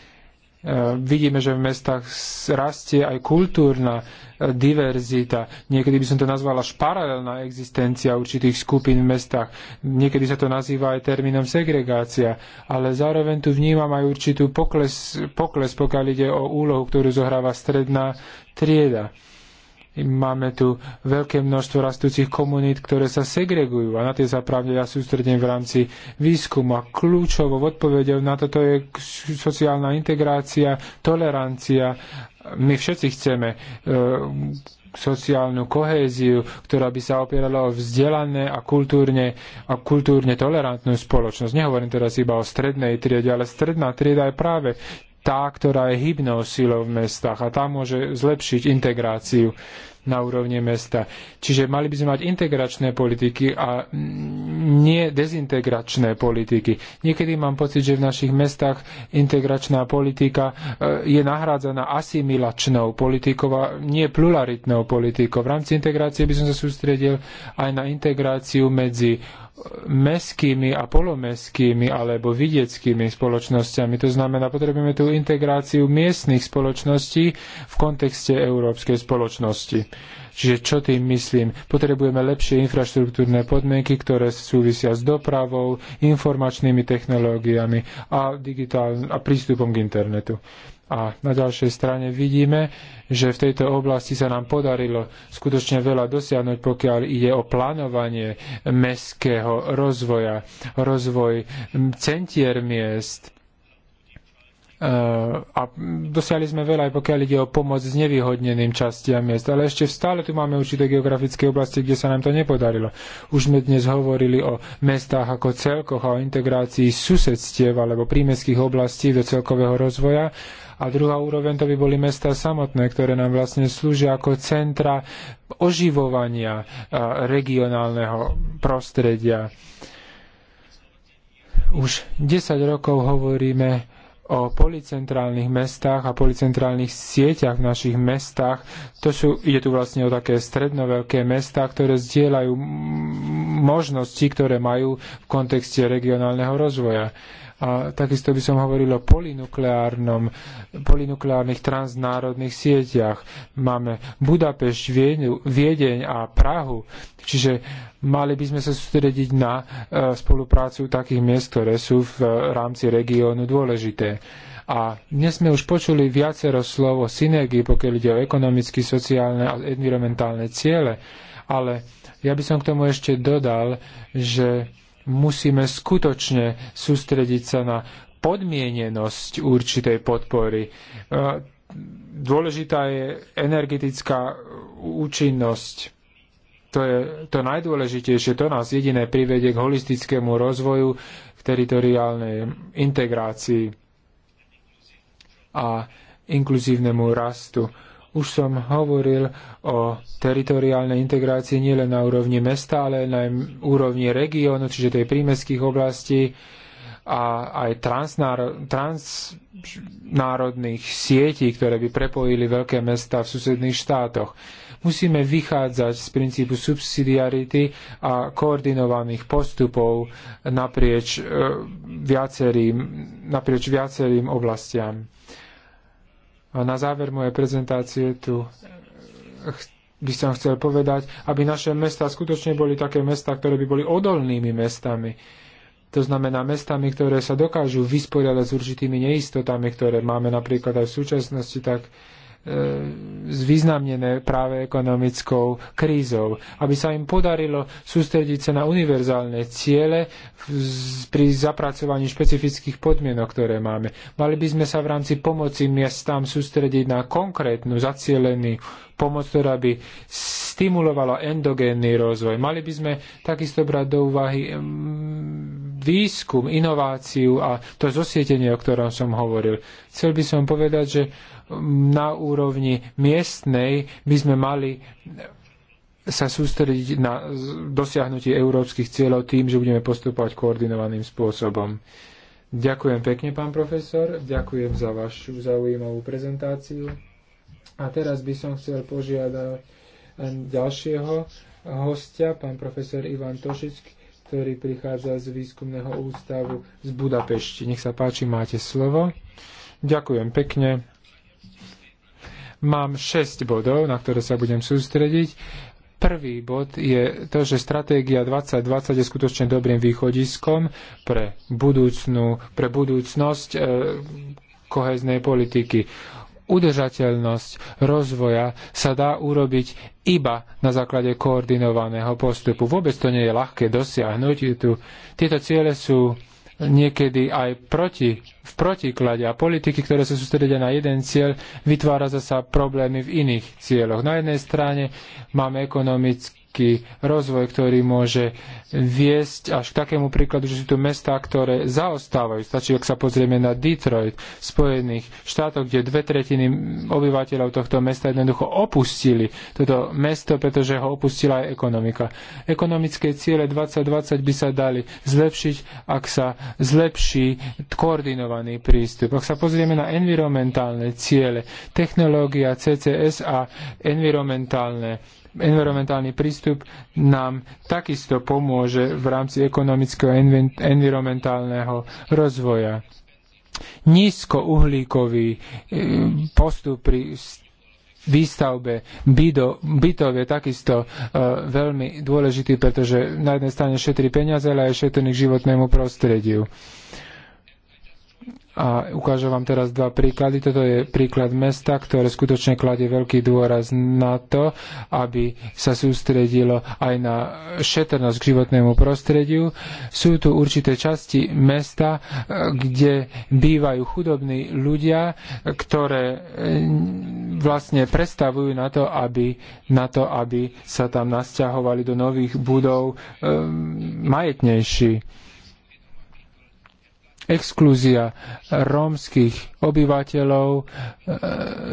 [SPEAKER 2] vidíme, že v mestách rastie aj kultúrna e, diverzita. Niekedy by som to nazvala až paralelná existencia určitých skupín v mestách. Niekedy sa to nazýva aj termínom segregácia. Ale zároveň tu vnímam aj určitú pokles, pokles pokiaľ ide o úlohu, ktorú zohráva stredná trieda Máme tu veľké množstvo rastúcich komunít, ktoré sa segregujú a na tie sa pravde ja sústredím v rámci výskumu. A Kľúčovou odpovedou na toto je sociálna integrácia, tolerancia. My všetci chceme e, sociálnu kohéziu, ktorá by sa opierala o vzdelané a kultúrne, a kultúrne tolerantnú spoločnosť. Nehovorím teraz iba o strednej triede, ale stredná trieda je práve tá, ktorá je hybnou silou v mestách a tá môže zlepšiť integráciu na úrovni mesta. Čiže mali by sme mať integračné politiky a nie dezintegračné politiky. Niekedy mám pocit, že v našich mestách integračná politika eh, je nahrádzaná asimilačnou politikou a nie pluralitnou politikou. V rámci integrácie by som sa sústredil aj na integráciu medzi meskými a polomeskými alebo vidieckými spoločnosťami. To znamená, potrebujeme tú integráciu miestnych spoločností v kontexte európskej spoločnosti. Čiže čo tým myslím? Potrebujeme lepšie infraštruktúrne podmienky, ktoré súvisia s dopravou, informačnými technológiami a, digitál- a prístupom k internetu. A na ďalšej strane vidíme, že v tejto oblasti sa nám podarilo skutočne veľa dosiahnuť, pokiaľ ide o plánovanie mestského rozvoja, rozvoj centier miest, e, a dosiahli sme veľa, aj pokiaľ ide o pomoc s nevyhodneným častiam miest. Ale ešte stále tu máme určité geografické oblasti, kde sa nám to nepodarilo. Už sme dnes hovorili o mestách ako celkoch a o integrácii susedstiev alebo prímeských oblastí do celkového rozvoja a druhá úroveň to by boli mesta samotné, ktoré nám vlastne slúžia ako centra oživovania regionálneho prostredia. Už 10 rokov hovoríme o policentrálnych mestách a policentrálnych sieťach v našich mestách. To sú, ide tu vlastne o také strednoveľké mestá, ktoré zdieľajú možnosti, ktoré majú v kontexte regionálneho rozvoja. A takisto by som hovoril o polinukleárnom, polinukleárnych transnárodných sieťach. Máme Budapešť, Viedeň a Prahu. Čiže mali by sme sa sústrediť na e, spoluprácu takých miest, ktoré sú v e, rámci regiónu dôležité. A dnes sme už počuli viacero slov o synergii, pokiaľ ide o ekonomicky, sociálne a environmentálne ciele, ale ja by som k tomu ešte dodal, že musíme skutočne sústrediť sa na podmienenosť určitej podpory. E, dôležitá je energetická účinnosť. To je to najdôležitejšie, to nás jediné privedie k holistickému rozvoju, k teritoriálnej integrácii a inkluzívnemu rastu. Už som hovoril o teritoriálnej integrácii nielen na úrovni mesta, ale na úrovni regiónu, čiže tej prímeských oblastí a aj transnárodných sietí, ktoré by prepojili veľké mesta v susedných štátoch. Musíme vychádzať z princípu subsidiarity a koordinovaných postupov naprieč, e, viacerým, naprieč viacerým oblastiam. A na záver mojej prezentácie tu eh, by som chcel povedať, aby naše mesta skutočne boli také mesta, ktoré by boli odolnými mestami. To znamená mestami, ktoré sa dokážu vysporiadať s určitými neistotami, ktoré máme napríklad aj v súčasnosti, tak E, zvýznamnené práve ekonomickou krízou. Aby sa im podarilo sústrediť sa na univerzálne ciele pri zapracovaní špecifických podmienok, ktoré máme. Mali by sme sa v rámci pomoci miestám sústrediť na konkrétnu, zacielenú pomoc, ktorá by stimulovala endogénny rozvoj. Mali by sme takisto brať do úvahy mm, výskum, inováciu a to zosietenie, o ktorom som hovoril. Chcel by som povedať, že na úrovni miestnej by sme mali sa sústrediť na dosiahnutie európskych cieľov tým, že budeme postupovať koordinovaným spôsobom. Ďakujem pekne, pán profesor. Ďakujem za vašu zaujímavú prezentáciu. A teraz by som chcel požiadať eh, ďalšieho hostia, pán profesor Ivan Tošický, ktorý prichádza z výskumného ústavu z Budapešti. Nech sa páči, máte slovo. Ďakujem pekne. Mám 6 bodov, na ktoré sa budem sústrediť. Prvý bod je to, že stratégia 2020 je skutočne dobrým východiskom pre, budúcnú, pre budúcnosť e, koheznej politiky udržateľnosť rozvoja sa dá urobiť iba na základe koordinovaného postupu. Vôbec to nie je ľahké dosiahnuť. Tieto ciele sú niekedy aj proti, v protiklade a politiky, ktoré sa sústredia na jeden cieľ, vytvára zasa problémy v iných cieľoch. Na jednej strane máme ekonomický prudký rozvoj, ktorý môže viesť až k takému príkladu, že sú tu mestá, ktoré zaostávajú. Stačí, ak sa pozrieme na Detroit v Spojených štátoch, kde dve tretiny obyvateľov tohto mesta jednoducho opustili toto mesto, pretože ho opustila aj ekonomika. Ekonomické ciele 2020 by sa dali zlepšiť, ak sa zlepší koordinovaný prístup. Ak sa pozrieme na environmentálne ciele, technológia CCS a environmentálne environmentálny prístup nám takisto pomôže v rámci ekonomického environmentálneho rozvoja. Nízkouhlíkový e, postup pri výstavbe bydo, bytov je takisto e, veľmi dôležitý, pretože na jednej strane šetrí peniaze, ale aj šetrí k životnému prostrediu. E, a ukážem vám teraz dva príklady. Toto je príklad mesta, ktoré skutočne kladie veľký dôraz na to, aby sa sústredilo aj na šetrnosť k životnému prostrediu. Sú tu určité časti mesta, e, kde bývajú chudobní ľudia, ktoré e, vlastne prestavujú na to, aby, na to, aby sa tam nasťahovali do nových budov e, majetnejší exklúzia rómskych obyvateľov e,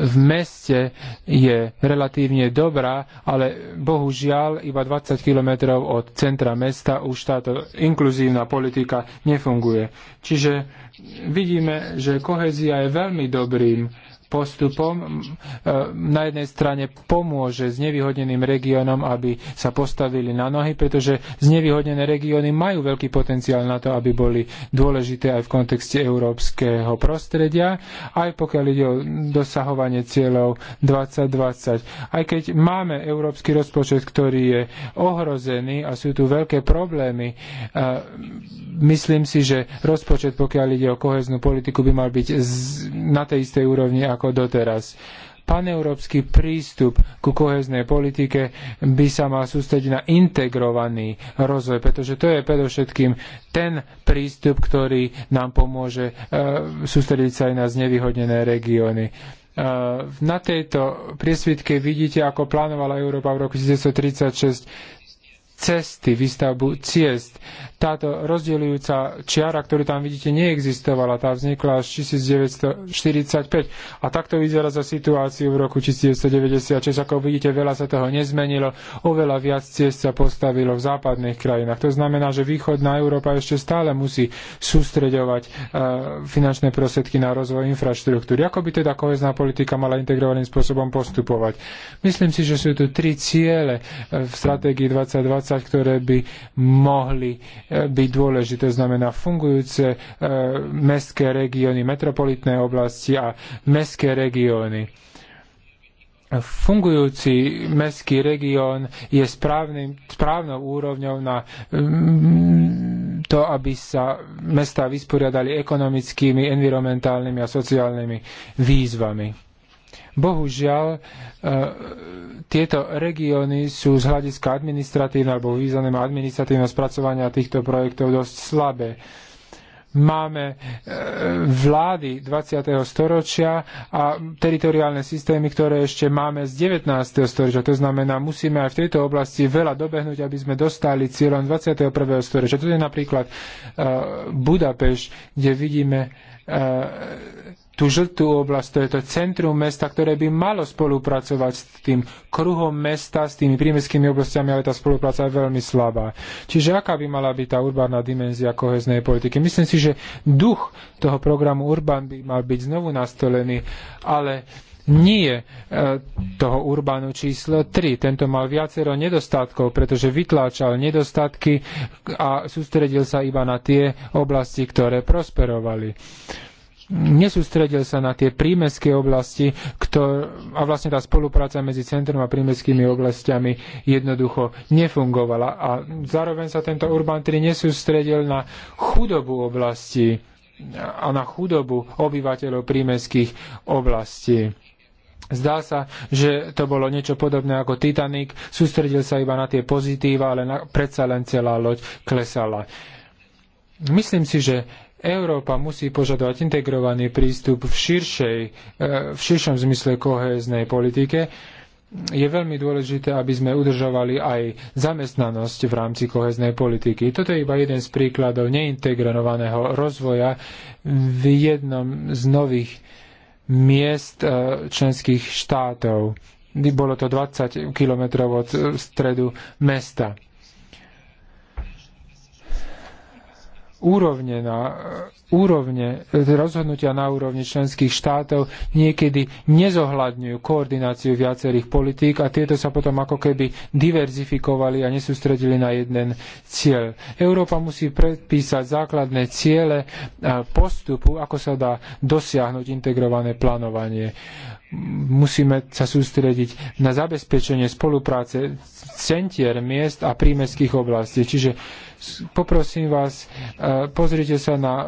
[SPEAKER 2] v meste je relatívne dobrá, ale bohužiaľ iba 20 kilometrov od centra mesta už táto inkluzívna politika nefunguje. Čiže vidíme, že kohezia je veľmi dobrým postupom e, na jednej strane pomôže znevýhodneným regiónom, aby sa postavili na nohy, pretože znevýhodnené regióny majú veľký potenciál na to, aby boli dôležité aj v kontexte európskeho prostredia, aj pokiaľ ide o dosahovanie cieľov 2020. Aj keď máme európsky rozpočet, ktorý je ohrozený a sú tu veľké problémy, e, myslím si, že rozpočet, pokiaľ ide o koheznú politiku, by mal byť na tej istej úrovni ako ako doteraz paneurópsky prístup ku koheznej politike by sa mal sústrediť na integrovaný rozvoj, pretože to je predovšetkým ten prístup, ktorý nám pomôže uh, sústrediť sa aj na znevýhodnené regióny. Uh, na tejto priesvitke vidíte, ako plánovala Európa v roku 1936 cesty, výstavbu ciest. Táto rozdeľujúca čiara, ktorú tam vidíte, neexistovala. Tá vznikla až 1945. A takto vyzerá za situáciu v roku 1996. Ako vidíte, veľa sa toho nezmenilo. Oveľa viac ciest sa postavilo v západných krajinách. To znamená, že východná Európa ešte stále musí sústreďovať e, finančné prosedky na rozvoj infraštruktúry. Ako by teda kohezná politika mala integrovaným spôsobom postupovať? Myslím si, že sú tu tri ciele v stratégii 2020 2020, ktoré by mohli e, byť dôležité. Znamená fungujúce e, mestské regióny, metropolitné oblasti a mestské regióny fungujúci mestský región je správnym, správnou úrovňou na mm, to, aby sa mesta vysporiadali ekonomickými, environmentálnymi a sociálnymi výzvami. Bohužiaľ, e, tieto regióny sú z hľadiska administratívneho alebo významného administratívneho spracovania týchto projektov dosť slabé máme e, vlády 20. storočia a teritoriálne systémy, ktoré ešte máme z 19. storočia. To znamená, musíme aj v tejto oblasti veľa dobehnúť, aby sme dostali cieľom 21. storočia. To je napríklad e, Budapešť, kde vidíme tú žltú oblasť, to je to centrum mesta, ktoré by malo spolupracovať s tým kruhom mesta, s tými prímeskými oblastiami, ale tá spolupráca je veľmi slabá. Čiže aká by mala byť tá urbánna dimenzia koheznej politiky? Myslím si, že duch toho programu Urban by mal byť znovu nastolený, ale nie e, toho Urbanu číslo 3. Tento mal viacero nedostatkov, pretože vytláčal nedostatky a sústredil sa iba na tie oblasti, ktoré prosperovali nesústredil sa na tie prímeské oblasti, ktor- a vlastne tá spolupráca medzi centrom a prímeskými oblastiami jednoducho nefungovala. A zároveň sa tento Urban 3 nesústredil na chudobu oblasti a na chudobu obyvateľov prímeských oblastí. Zdá sa, že to bolo niečo podobné ako Titanic, sústredil sa iba na tie pozitíva, ale na, predsa len celá loď klesala. Myslím si, že Európa musí požadovať integrovaný prístup v, širšej, e, v širšom zmysle kohéznej politike. Je veľmi dôležité, aby sme udržovali aj zamestnanosť v rámci koheznej politiky. Toto je iba jeden z príkladov neintegrovaného rozvoja v jednom z nových miest e, členských štátov. Bolo to 20 kilometrov od e, stredu mesta. úrovne na úrovne, e, rozhodnutia na úrovni členských štátov niekedy nezohľadňujú koordináciu viacerých politík a tieto sa potom ako keby diverzifikovali a nesústredili na jeden cieľ. Európa musí predpísať základné ciele postupu, ako sa dá dosiahnuť integrované plánovanie. Musíme sa sústrediť na zabezpečenie spolupráce centier miest a prímestských oblastí. Čiže poprosím vás, e, pozrite sa na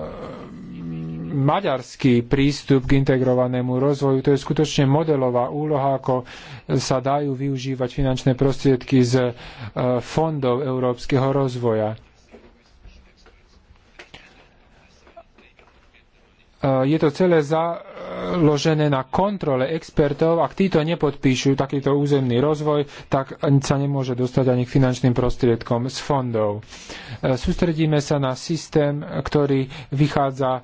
[SPEAKER 2] maďarský prístup k integrovanému rozvoju. To je skutočne modelová úloha, ako sa dajú využívať finančné prostriedky z e, fondov európskeho rozvoja. Eh, je to celé založené na kontrole expertov. Ak títo nepodpíšu takýto územný rozvoj, tak sa nemôže dostať ani k finančným prostriedkom z fondov. Eh, sústredíme sa na systém, ktorý vychádza eh,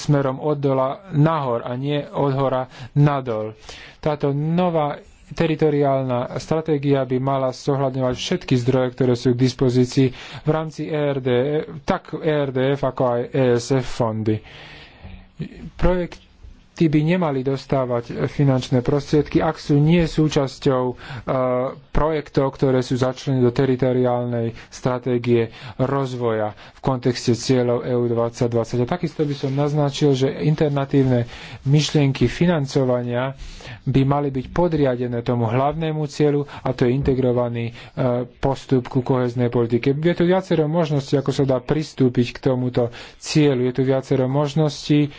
[SPEAKER 2] smerom od dola nahor a nie od hora nadol. Táto nová teritoriálna stratégia by mala zohľadňovať všetky zdroje, ktoré sú k dispozícii v rámci ERDF, e, tak ERDF ako aj ESF fondy. Uh, projekt tí by nemali dostávať e, finančné prostriedky, ak sú nie súčasťou e, projektov, ktoré sú začlené do teritoriálnej stratégie rozvoja v kontexte cieľov EU 2020. A takisto by som naznačil, že internatívne myšlienky financovania by mali byť podriadené tomu hlavnému cieľu a to je integrovaný e, postup ku koheznej politike. Je tu viacero možností, ako sa dá pristúpiť k tomuto cieľu. Je tu viacero možností,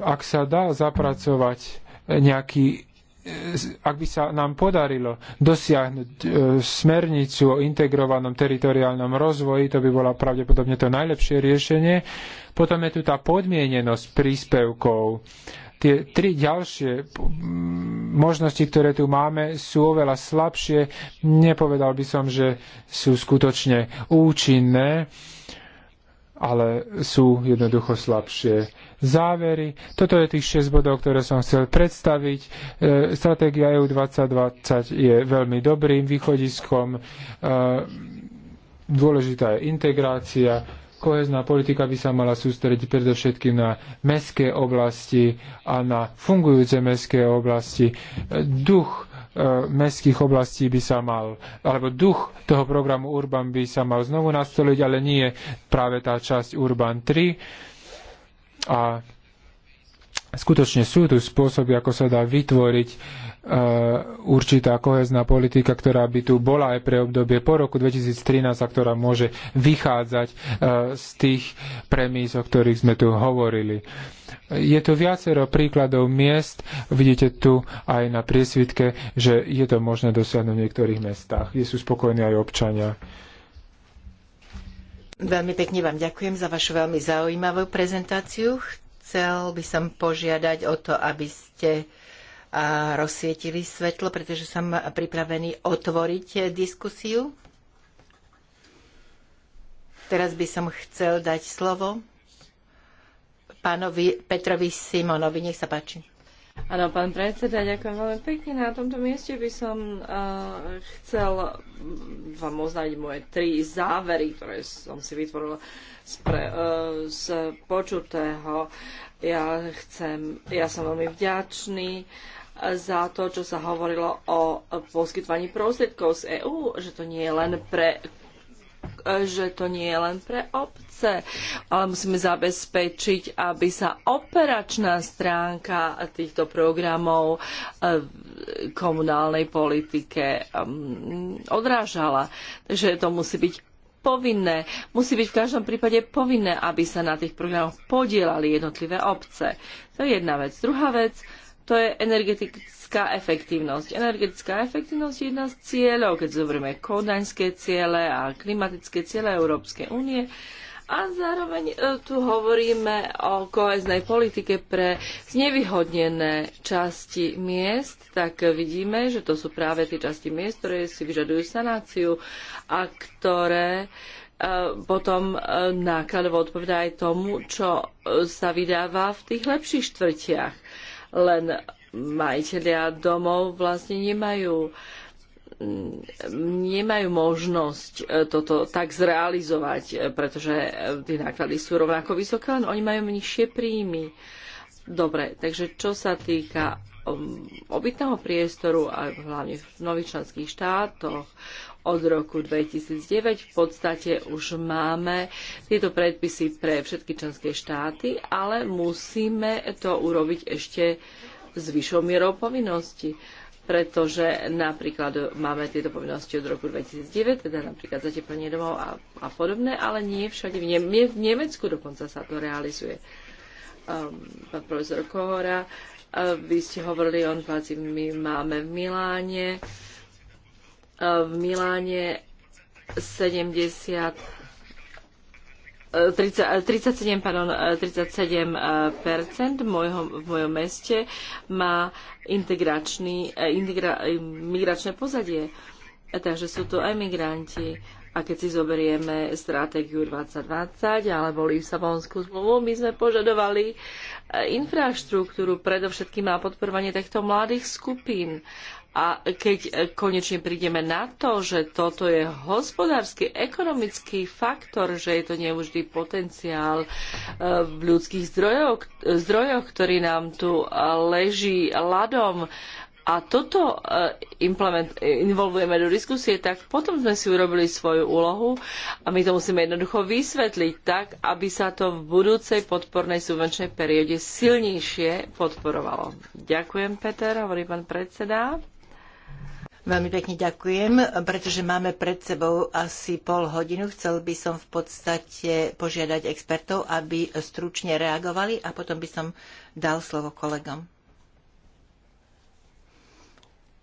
[SPEAKER 2] ak sa dá zapracovať nejaký e, ak by sa nám podarilo dosiahnuť e, smernicu o integrovanom teritoriálnom rozvoji, to by bola pravdepodobne to najlepšie riešenie. Potom je tu tá podmienenosť príspevkov. Tie tri ďalšie možnosti, ktoré tu máme, sú oveľa slabšie. Nepovedal by som, že sú skutočne účinné, ale sú jednoducho slabšie závery. Toto je tých 6 bodov, ktoré som chcel predstaviť. E, stratégia EU 2020 je veľmi dobrým východiskom. E, dôležitá je integrácia. Kohezná politika by sa mala sústrediť predovšetkým na mestské oblasti a na fungujúce mestské oblasti. E, duch mestských oblastí by sa mal, alebo duch toho programu Urban by sa mal znovu nastoliť, ale nie práve tá časť Urban 3 a skutočne sú tu spôsoby, ako sa dá vytvoriť eh, určitá kohezná politika, ktorá by tu bola aj pre obdobie po roku 2013 a ktorá môže vychádzať eh, z tých premís, o ktorých sme tu hovorili. Je tu viacero príkladov miest, vidíte tu aj na priesvitke, že je to možné dosiahnuť v niektorých mestách, kde sú spokojní aj občania.
[SPEAKER 3] Veľmi pekne vám ďakujem za vašu veľmi zaujímavú prezentáciu. Chcel by som požiadať o to, aby ste rozsvietili svetlo, pretože som pripravený otvoriť diskusiu. Teraz by som chcel dať slovo pánovi Petrovi Simonovi. Nech sa páči. Áno, pán predseda,
[SPEAKER 1] ďakujem veľmi pekne. Na tomto mieste by som uh, chcel vám oznámiť moje tri závery, ktoré som si vytvorila z, pre, uh, z počutého. Ja, chcem, ja som veľmi vďačný za to, čo sa hovorilo o poskytovaní prostriedkov z EÚ, že to nie je len pre E, že to nie je len pre obce, ale musíme zabezpečiť, aby sa operačná stránka týchto programov e, komunálnej politike odrážala. Takže to musí byť povinné, musí byť v každom prípade povinné, aby sa na tých programoch podielali jednotlivé obce. To je jedna vec. Druhá vec, to je energetická efektívnosť. Energetická efektívnosť je jedna z cieľov, keď zoberieme kodaňské ciele a klimatické ciele Európskej únie. A zároveň e, tu hovoríme o koheznej politike pre znevýhodnené časti miest, tak vidíme, že to sú práve tie časti miest, ktoré si vyžadujú sanáciu a ktoré e, potom e, nákladovo odpovedá aj tomu, čo sa vydáva v tých lepších štvrtiach len majiteľia domov vlastne nemajú mm, nemajú možnosť e, toto tak zrealizovať, e, pretože e, tie náklady sú rovnako vysoké, len oni majú nižšie príjmy. Dobre, takže čo sa týka mm, obytného priestoru a hlavne v nových členských štátoch, od roku 2009. V podstate už máme tieto predpisy pre všetky členské štáty, ale musíme to urobiť ešte s vyššou mierou povinnosti pretože napríklad máme tieto povinnosti od roku 2009, teda napríklad zateplenie domov a, a podobné, ale nie všade. V, ne, v Nemecku dokonca sa to realizuje. Um, pán profesor Kohora, uh, vy ste hovorili o inflácii, my máme v Miláne, uh, v Miláne 70 30, 37, pardon, 37 eh, eh, môjho, v mojom meste má integračný, eh, integra, migračné pozadie. Takže sú to aj migranti. A keď si zoberieme stratégiu 2020 alebo Lisabonskú zmluvu, my sme požadovali infraštruktúru, predovšetkým a podporovanie týchto mladých skupín. A keď e, konečne prídeme na to, že toto je hospodársky, ekonomický faktor, že je to nevždy potenciál e, v ľudských zdrojoch, e, zdrojoch ktorý nám tu leží ľadom, a toto involvujeme do diskusie, tak potom sme si urobili svoju úlohu a my to musíme jednoducho vysvetliť tak, aby sa to v budúcej podpornej subvenčnej periode silnejšie podporovalo.
[SPEAKER 3] Ďakujem, Peter, hovorí pán predseda. Veľmi pekne ďakujem, pretože máme pred sebou asi pol hodinu. Chcel by som v podstate požiadať expertov, aby stručne reagovali a potom by som dal slovo kolegom.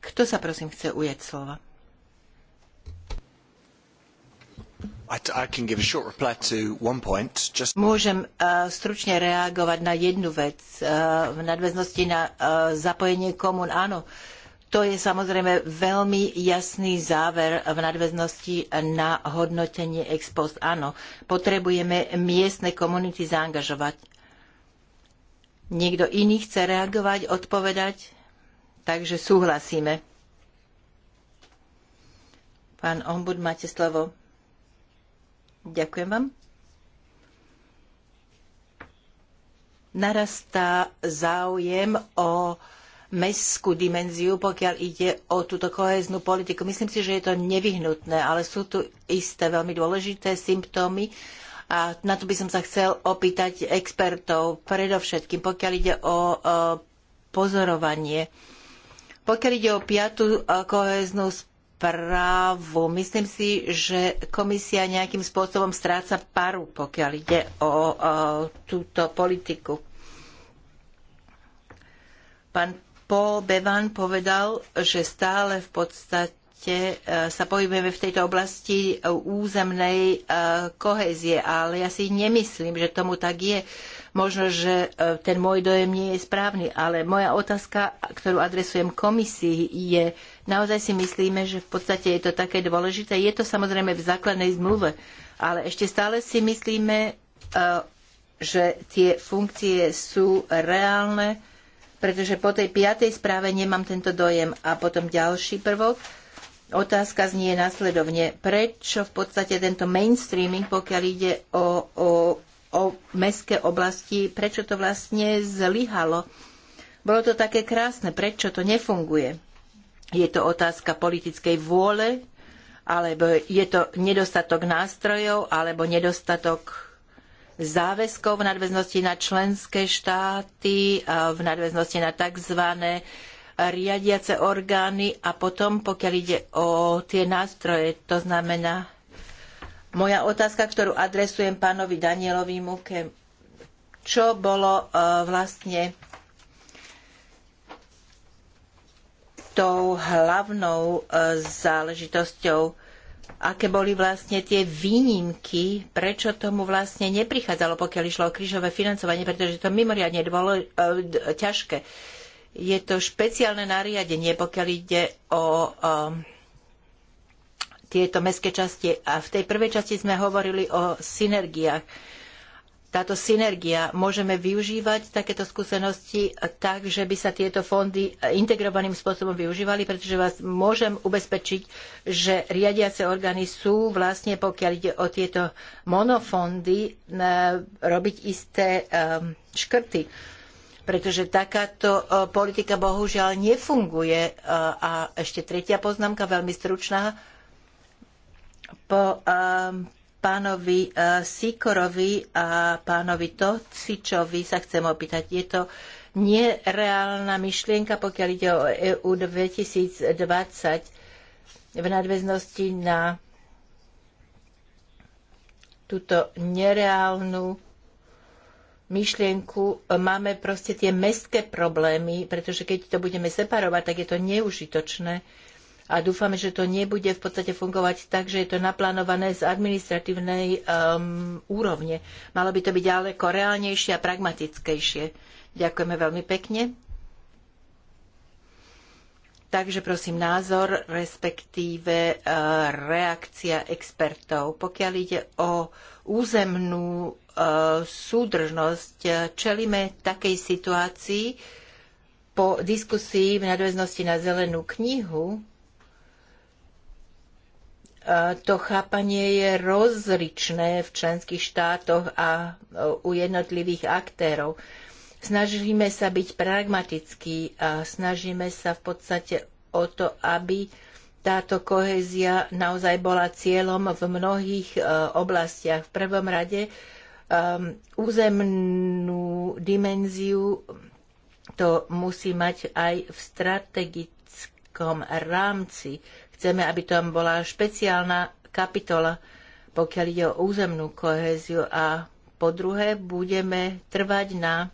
[SPEAKER 3] Kto sa prosím chce ujať slova? Môžem eh, stručne reagovať na jednu vec eh, v nadväznosti na eh, zapojenie komún. Áno, to je samozrejme veľmi jasný záver v nadväznosti na hodnotenie ex post. Áno, potrebujeme miestne komunity zaangažovať. Niekto iný chce reagovať, odpovedať? Takže súhlasíme. Pán ombud, máte slovo. Ďakujem vám. Narastá záujem o mestskú dimenziu, pokiaľ ide o túto kohéznú politiku. Myslím si, že je to nevyhnutné, ale sú tu isté veľmi dôležité symptómy, a na to by som sa chcel opýtať expertov, predovšetkým pokiaľ ide o pozorovanie. Pokiaľ ide o piatu e, koheznú správu, myslím si, že komisia nejakým spôsobom stráca paru, pokiaľ ide o túto politiku. Pán po Bevan povedal, že stále v podstate e, sa pohybujeme v tejto oblasti e, územnej e, kohézie, ale ja si nemyslím, že tomu tak je. Možno, že ten môj dojem nie je správny, ale moja otázka, ktorú adresujem komisii, je, naozaj si myslíme, že v podstate je to také dôležité. Je to samozrejme v základnej zmluve, ale ešte stále si myslíme, že tie funkcie sú reálne, pretože po tej piatej správe nemám tento dojem. A potom ďalší prvok. Otázka znie následovne. Prečo v podstate tento mainstreaming, pokiaľ ide o, o, o mestské oblasti, prečo to vlastne zlyhalo? Bolo to také krásne, prečo to nefunguje? Je to otázka politickej vôle, alebo je to nedostatok nástrojov, alebo nedostatok záväzkov v nadväznosti na členské štáty, v nadväznosti na tzv. riadiace orgány a potom, pokiaľ ide o tie nástroje, to znamená moja otázka, ktorú adresujem pánovi Danielovi Muke, čo bolo e, vlastne tou hlavnou e, záležitosťou aké boli vlastne tie výnimky, prečo tomu vlastne neprichádzalo, pokiaľ išlo o krížové financovanie, pretože to mimoriadne bolo e, ťažké. Je to špeciálne nariadenie, pokiaľ ide o, o e, tieto mestské časti. A v tej prvej časti sme hovorili o synergiách táto synergia. Môžeme využívať takéto skúsenosti tak, že by sa tieto fondy integrovaným spôsobom využívali, pretože vás môžem ubezpečiť, že riadiace orgány sú vlastne, pokiaľ ide o tieto monofondy, e, robiť isté e, škrty. Pretože takáto e, politika bohužiaľ nefunguje. A ešte tretia poznámka, veľmi stručná. Po pánovi e, Sikorovi a pánovi Tocičovi sa chcem opýtať. Je to nereálna myšlienka, pokiaľ ide o EU 2020 v nadväznosti na túto nereálnu myšlienku. Máme proste tie mestské problémy, pretože keď to budeme separovať, tak je to neužitočné a dúfame, že to nebude v podstate fungovať tak, že je to naplánované z administratívnej um, úrovne. Malo by to byť ďaleko reálnejšie a pragmatickejšie. Ďakujeme veľmi pekne. Takže prosím názor, respektíve uh, reakcia expertov. Pokiaľ ide o územnú uh, súdržnosť, uh, čelíme takej situácii po diskusii v nadväznosti na zelenú knihu, to chápanie je rozličné v členských štátoch a e, u jednotlivých aktérov. Snažíme sa byť pragmatickí a snažíme sa v podstate o to, aby táto kohézia naozaj bola cieľom v mnohých e, oblastiach. V prvom rade e, územnú dimenziu to musí mať aj v strategickom rámci, Chceme, aby tam bola špeciálna kapitola, pokiaľ ide o územnú kohéziu a po druhé budeme trvať na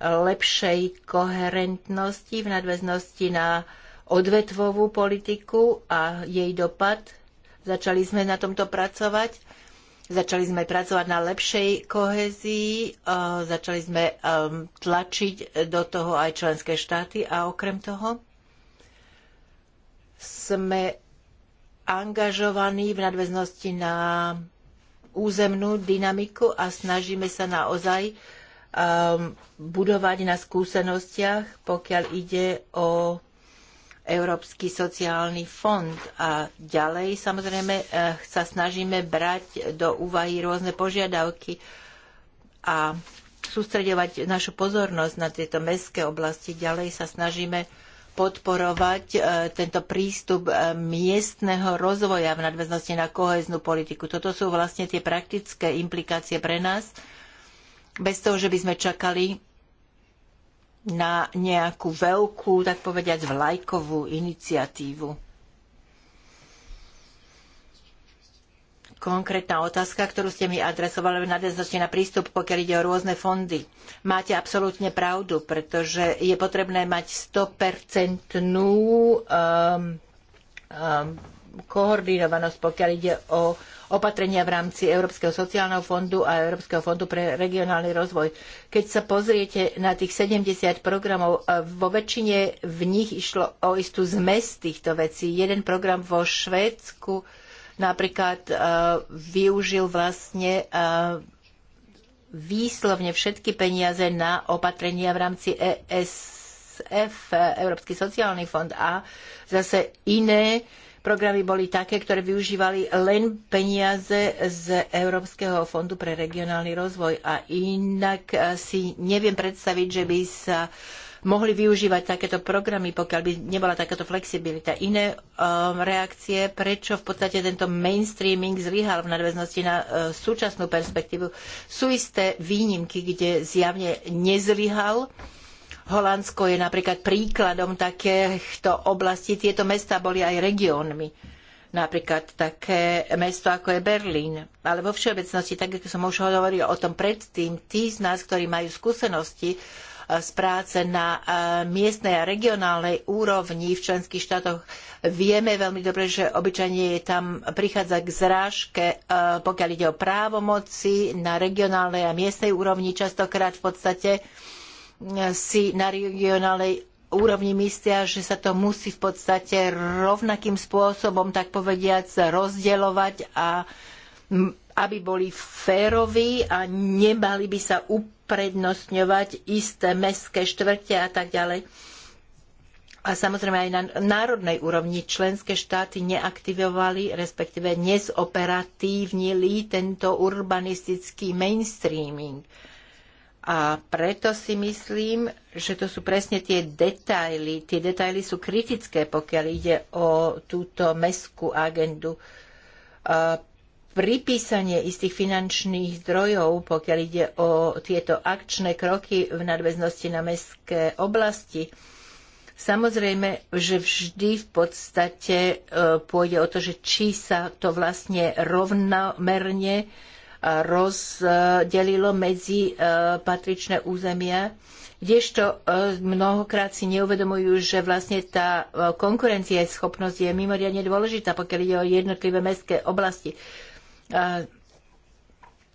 [SPEAKER 3] lepšej koherentnosti v nadväznosti na odvetvovú politiku a jej dopad. Začali sme na tomto pracovať. Začali sme pracovať na lepšej kohezii, začali sme ehm, tlačiť do toho aj členské štáty a okrem toho sme angažovaní v nadväznosti na územnú dynamiku a snažíme sa naozaj um, budovať na skúsenostiach, pokiaľ ide o Európsky sociálny fond. A ďalej samozrejme eh, sa snažíme brať do úvahy rôzne požiadavky a sústredovať našu pozornosť na tieto mestské oblasti. Ďalej sa snažíme podporovať e, tento prístup e, miestneho rozvoja v nadväznosti na kohéznu politiku. Toto sú vlastne tie praktické implikácie pre nás, bez toho, že by sme čakali na nejakú veľkú, tak povediať, vlajkovú iniciatívu. konkrétna otázka, ktorú ste mi adresovali nadväznosti na prístup, pokiaľ ide o rôzne fondy. Máte absolútne pravdu, pretože je potrebné mať 100% um, um koordinovanosť, pokiaľ ide o opatrenia v rámci Európskeho sociálneho fondu a Európskeho fondu pre regionálny rozvoj. Keď sa pozriete na tých 70 programov, uh, vo väčšine v nich išlo o istú zmes týchto vecí. Jeden program vo Švédsku napríklad e, využil vlastne e, výslovne všetky peniaze na opatrenia v rámci ESF, Európsky sociálny fond a zase iné programy boli také, ktoré využívali len peniaze z Európskeho fondu pre regionálny rozvoj a inak e, si neviem predstaviť, že by sa uh, mohli využívať takéto programy, pokiaľ by nebola takáto flexibilita. Iné um, reakcie, prečo v podstate tento mainstreaming zlyhal v nadväznosti na uh, súčasnú perspektívu, sú isté výnimky, kde zjavne nezlyhal. Holandsko je napríklad príkladom takéchto oblastí. Tieto mesta boli aj regiónmi napríklad také mesto ako je Berlín. Ale vo všeobecnosti, tak ako som už hovoril o tom predtým, tí z nás, ktorí majú skúsenosti z práce na e, miestnej a regionálnej úrovni v členských štátoch vieme veľmi dobre, že obyčajne tam prichádza k zrážke, e, pokiaľ ide o právomoci na regionálnej a miestnej úrovni, častokrát v podstate e, si na regionálnej úrovni myslia, že sa to musí v podstate rovnakým spôsobom, tak povediac, rozdielovať a aby boli féroví a nemali by sa úplne uprednostňovať isté mestské štvrte a tak ďalej. A samozrejme aj na národnej úrovni členské štáty neaktivovali, respektíve nezoperatívnili tento urbanistický mainstreaming. A preto si myslím, že to sú presne tie detaily. Tie detaily sú kritické, pokiaľ ide o túto mestskú agendu pripísanie istých finančných zdrojov, pokiaľ ide o tieto akčné kroky v nadväznosti na mestské oblasti. Samozrejme, že vždy v podstate e, pôjde o to, že či sa to vlastne rovnomerne e, rozdelilo medzi e, patričné územia, kdežto mnohokrát si neuvedomujú, že vlastne tá konkurencia schopnosť je mimoriadne dôležitá, pokiaľ ide o jednotlivé mestské oblasti.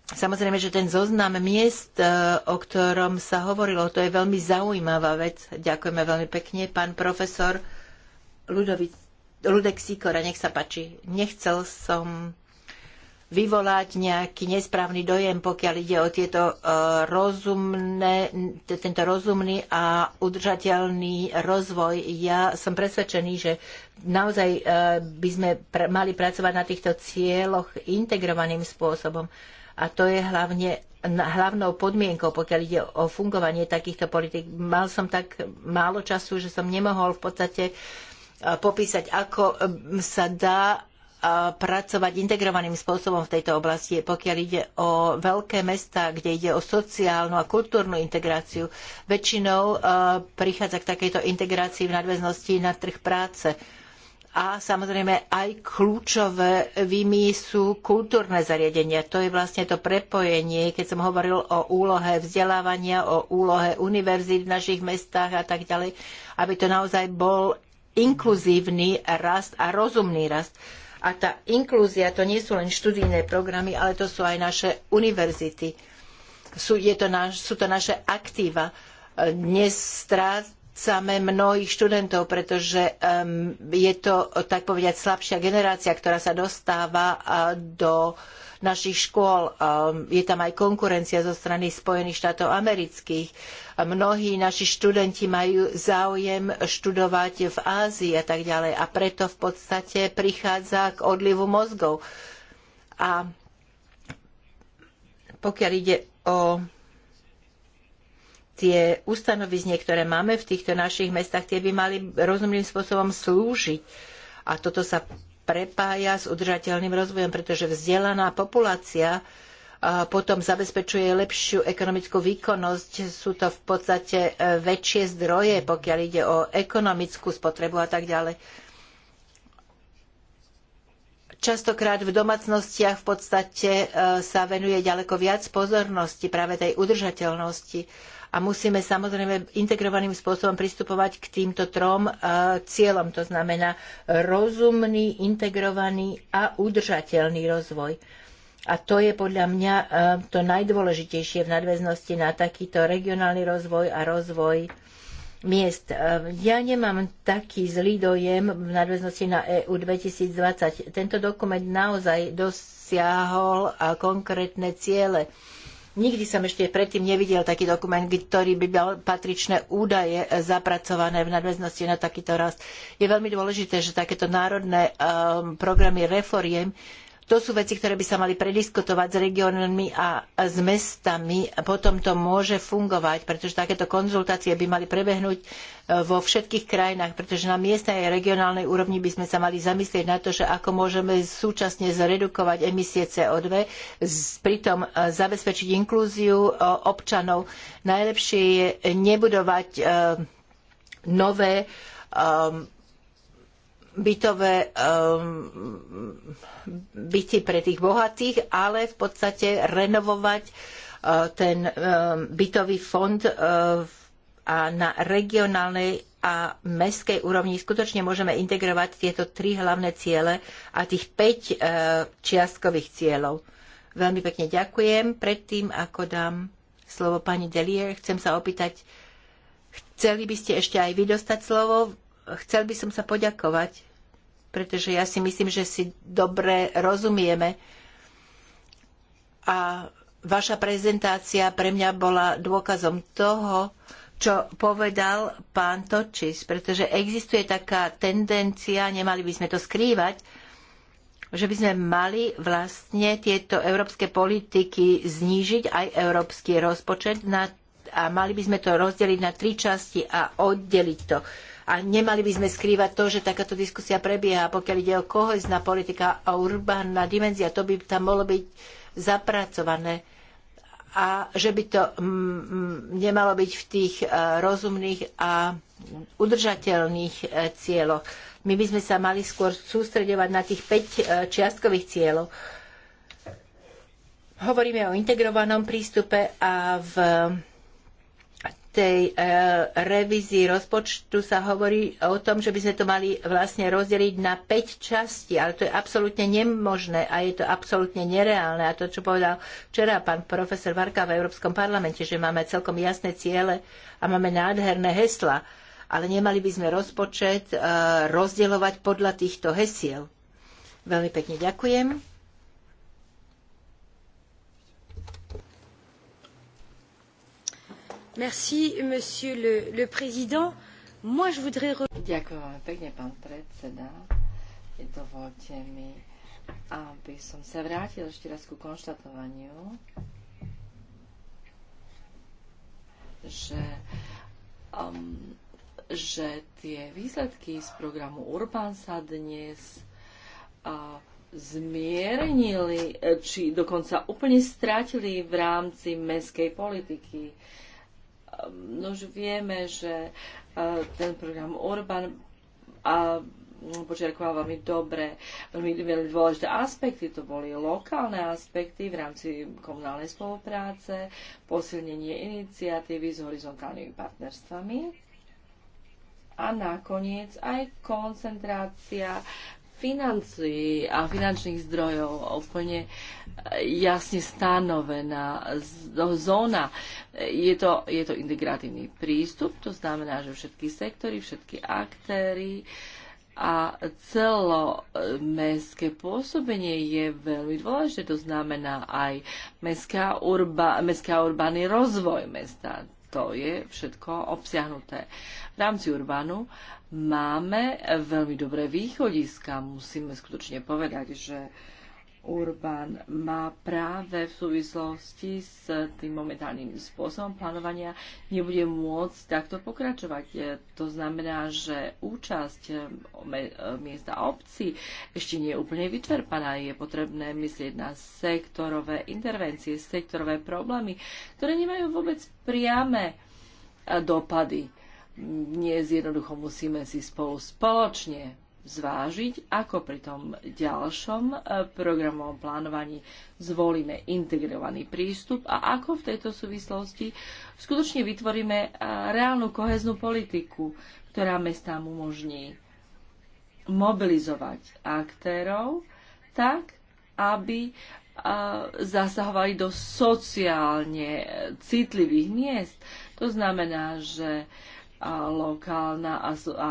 [SPEAKER 3] Samozrejme, že ten zoznam miest, e, o ktorom sa hovorilo, to je veľmi zaujímavá vec. Ďakujeme veľmi pekne. Pán profesor Ludovic, Ludek Sikora, nech sa páči. Nechcel som vyvolať nejaký nesprávny dojem, pokiaľ ide o tieto e, rozumné, tento rozumný a udržateľný rozvoj. Ja som presvedčený, že naozaj e, by sme pr mali pracovať na týchto cieľoch integrovaným spôsobom. A to je hlavne hlavnou podmienkou, pokiaľ ide o fungovanie takýchto politik. Mal som tak málo času, že som nemohol v podstate e, popísať, ako sa dá pracovať integrovaným spôsobom v tejto oblasti, pokiaľ ide o veľké mestá, kde ide o sociálnu a kultúrnu integráciu. Väčšinou e, prichádza k takejto integrácii v nadväznosti na trh práce. A samozrejme aj kľúčové výmy sú kultúrne zariadenia. To je vlastne to prepojenie, keď som hovoril o úlohe vzdelávania, o úlohe univerzít v našich mestách a tak ďalej, aby to naozaj bol inkluzívny rast a rozumný rast. A tá inklúzia to nie sú len študijné programy, ale to sú aj naše univerzity. Sú, je to naš, sú to naše aktíva. E, dnes strácame mnohých študentov, pretože um, je to, tak povediať, slabšia generácia, ktorá sa dostáva do uh, našich škôl. Ehm, je tam aj konkurencia zo strany Spojených štátov amerických. Mnohí naši študenti majú záujem študovať v Ázii a tak ďalej a preto v podstate prichádza k odlivu mozgov. A pokiaľ ide o tie ustanovizne, ktoré máme v týchto našich mestách, tie by mali rozumným spôsobom slúžiť. A toto sa prepája s udržateľným rozvojom, pretože vzdelaná populácia potom zabezpečuje lepšiu ekonomickú výkonnosť. Sú to v podstate e, väčšie zdroje, pokiaľ ide o ekonomickú spotrebu a tak ďalej. Častokrát v domácnostiach v podstate e, sa venuje ďaleko viac pozornosti práve tej udržateľnosti a musíme samozrejme integrovaným spôsobom pristupovať k týmto trom e, cieľom, to znamená rozumný, integrovaný a udržateľný rozvoj. A to je podľa mňa e, to najdôležitejšie v nadväznosti na takýto regionálny rozvoj a rozvoj miest. E, ja nemám taký zlý dojem v nadväznosti na EU 2020. Tento dokument naozaj dosiahol konkrétne ciele Nikdy som ešte predtým nevidel taký dokument, ktorý by mal patričné údaje zapracované v nadväznosti na takýto rast. Je veľmi dôležité, že takéto národné um, programy reforiem to sú veci, ktoré by sa mali prediskutovať s regiónmi a s mestami. Potom to môže fungovať, pretože takéto konzultácie by mali prebehnúť e, vo všetkých krajinách, pretože na miestnej a regionálnej úrovni by sme sa mali zamyslieť na to, že ako môžeme súčasne zredukovať emisie CO2, pritom e, zabezpečiť inklúziu e, občanov. Najlepšie je nebudovať nové bytové um, byty pre tých bohatých, ale v podstate renovovať uh, ten um, bytový fond uh, a na regionálnej a mestskej úrovni skutočne môžeme integrovať tieto tri hlavné ciele a tých 5 uh, čiastkových cieľov. Veľmi pekne ďakujem. Predtým, ako dám slovo pani Delier, chcem sa opýtať, chceli by ste ešte aj vy dostať slovo? Chcel by som sa poďakovať pretože ja si myslím, že si dobre rozumieme. A vaša prezentácia pre mňa bola dôkazom toho, čo povedal pán Točis, pretože existuje taká tendencia, nemali by sme to skrývať, že by sme mali vlastne tieto európske politiky znížiť, aj európsky rozpočet, na, a mali by sme to rozdeliť na tri časti a oddeliť to a nemali by sme skrývať to, že takáto diskusia prebieha. Pokiaľ ide o kohezná politika a urbánna dimenzia, to by tam mohlo byť zapracované a že by to mm, mm, nemalo byť v tých e, rozumných a udržateľných e, cieľoch. My by sme sa mali skôr sústredovať na tých 5 e, čiastkových cieľov. Hovoríme o integrovanom prístupe a v tej e, revízii rozpočtu sa hovorí o tom, že by sme to mali vlastne rozdeliť na 5 častí, ale to je absolútne nemožné a je to absolútne nereálne. A to, čo povedal včera pán profesor Varka v Európskom parlamente, že máme celkom jasné ciele a máme nádherné hesla, ale nemali by sme rozpočet e, rozdielovať podľa týchto hesiel. Veľmi pekne ďakujem. monsieur le,
[SPEAKER 1] président. Moi, je voudrais... Ďakujem pekne, pán predseda. Dovolte mi, aby som vrátil ešte raz ku konštatovaniu, že, um, tie výsledky z programu sa dnes zmiernili, e, či dokonca úplne strátili v rámci meskej politiky. Ehm, no že vieme, že e, ten program Urban a no, počiarkoval veľmi dobre, veľmi dôležité aspekty. To boli lokálne aspekty v rámci komunálnej spolupráce, posilnenie iniciatívy s horizontálnymi partnerstvami a nakoniec aj koncentrácia financií a finančných zdrojov úplne jasne stanovená zóna. Je to, je to integratívny prístup, to znamená, že všetky sektory, všetky aktéry a celomestské pôsobenie je veľmi dôležité. To znamená aj mestská, urba, mestská urbaný rozvoj mesta, to je všetko obsiahnuté. V rámci Urbanu máme veľmi dobré východiska. Musíme skutočne povedať, že Urban má práve v súvislosti s tým momentálnym spôsobom plánovania nebude môcť takto pokračovať. To znamená, že účasť eh, eh, miesta obcí ešte nie je úplne vyčerpaná. Je potrebné myslieť na sektorové intervencie, sektorové problémy, ktoré nemajú vôbec priame eh, dopady. Dnes jednoducho musíme si spolu spoločne zvážiť, ako pri tom ďalšom e, programovom plánovaní zvolíme integrovaný prístup a ako v tejto súvislosti skutočne vytvoríme e, reálnu koheznú politiku, ktorá mestám umožní mobilizovať aktérov tak, aby e, zasahovali do sociálne citlivých miest. To znamená, že lokálna a, a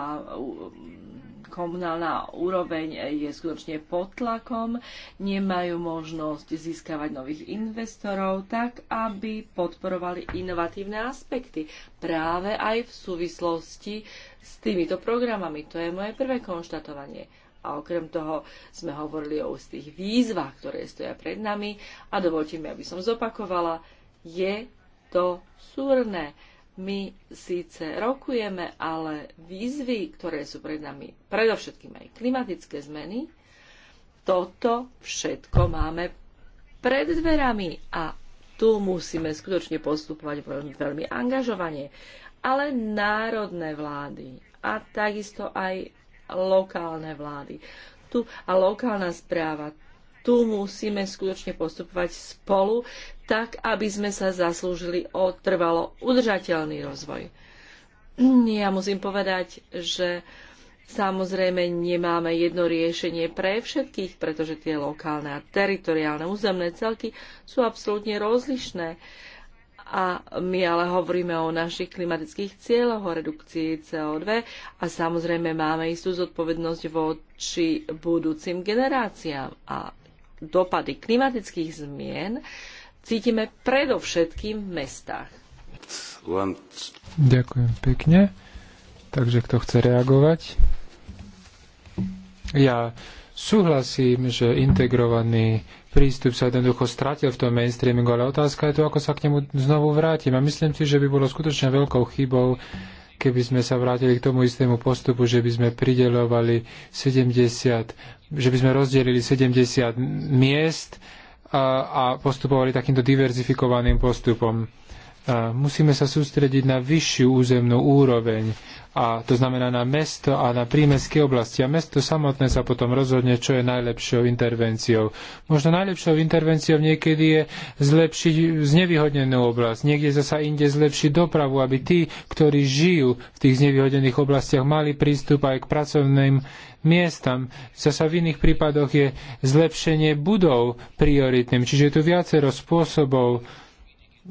[SPEAKER 1] komunálna úroveň je skutočne pod tlakom, nemajú možnosť získavať nových investorov tak, aby podporovali inovatívne aspekty práve aj v súvislosti s týmito programami. To je moje prvé konštatovanie. A okrem toho sme hovorili o tých výzvach, ktoré stoja pred nami. A dovolte mi, aby som zopakovala, je to súrne my síce rokujeme, ale výzvy, ktoré sú pred nami, predovšetkým aj klimatické zmeny, toto všetko máme pred dverami a tu musíme skutočne postupovať veľmi, veľmi angažovanie. Ale národné vlády a takisto aj lokálne vlády. Tu a lokálna správa, tu musíme skutočne postupovať spolu, tak aby sme sa zaslúžili o trvalo udržateľný rozvoj. Ja musím povedať, že samozrejme nemáme jedno riešenie pre všetkých, pretože tie lokálne a teritoriálne územné celky sú absolútne rozlišné. A my ale hovoríme o našich klimatických cieľoch, o redukcii CO2 a samozrejme máme istú zodpovednosť voči budúcim generáciám a dopady klimatických zmien cítime predovšetkým v mestách.
[SPEAKER 2] Ďakujem pekne. Takže kto chce reagovať? Ja súhlasím, že integrovaný prístup sa jednoducho stratil v tom mainstreamingu, ale otázka je to, ako sa k nemu znovu vrátim. A myslím si, že by bolo skutočne veľkou chybou keby sme sa vrátili k tomu istému postupu, že by sme pridelovali 70, že by sme rozdelili 70 miest a, a postupovali takýmto diverzifikovaným postupom musíme sa sústrediť na vyššiu územnú úroveň, a to znamená na mesto a na prímestské oblasti. A mesto samotné sa potom rozhodne, čo je najlepšou intervenciou. Možno najlepšou intervenciou niekedy je zlepšiť znevýhodnenú oblasť. Niekde zasa inde zlepšiť dopravu, aby tí, ktorí žijú v tých znevýhodnených oblastiach, mali prístup aj k pracovným miestam. Zasa v iných prípadoch je zlepšenie budov prioritným. Čiže je tu viacero spôsobov,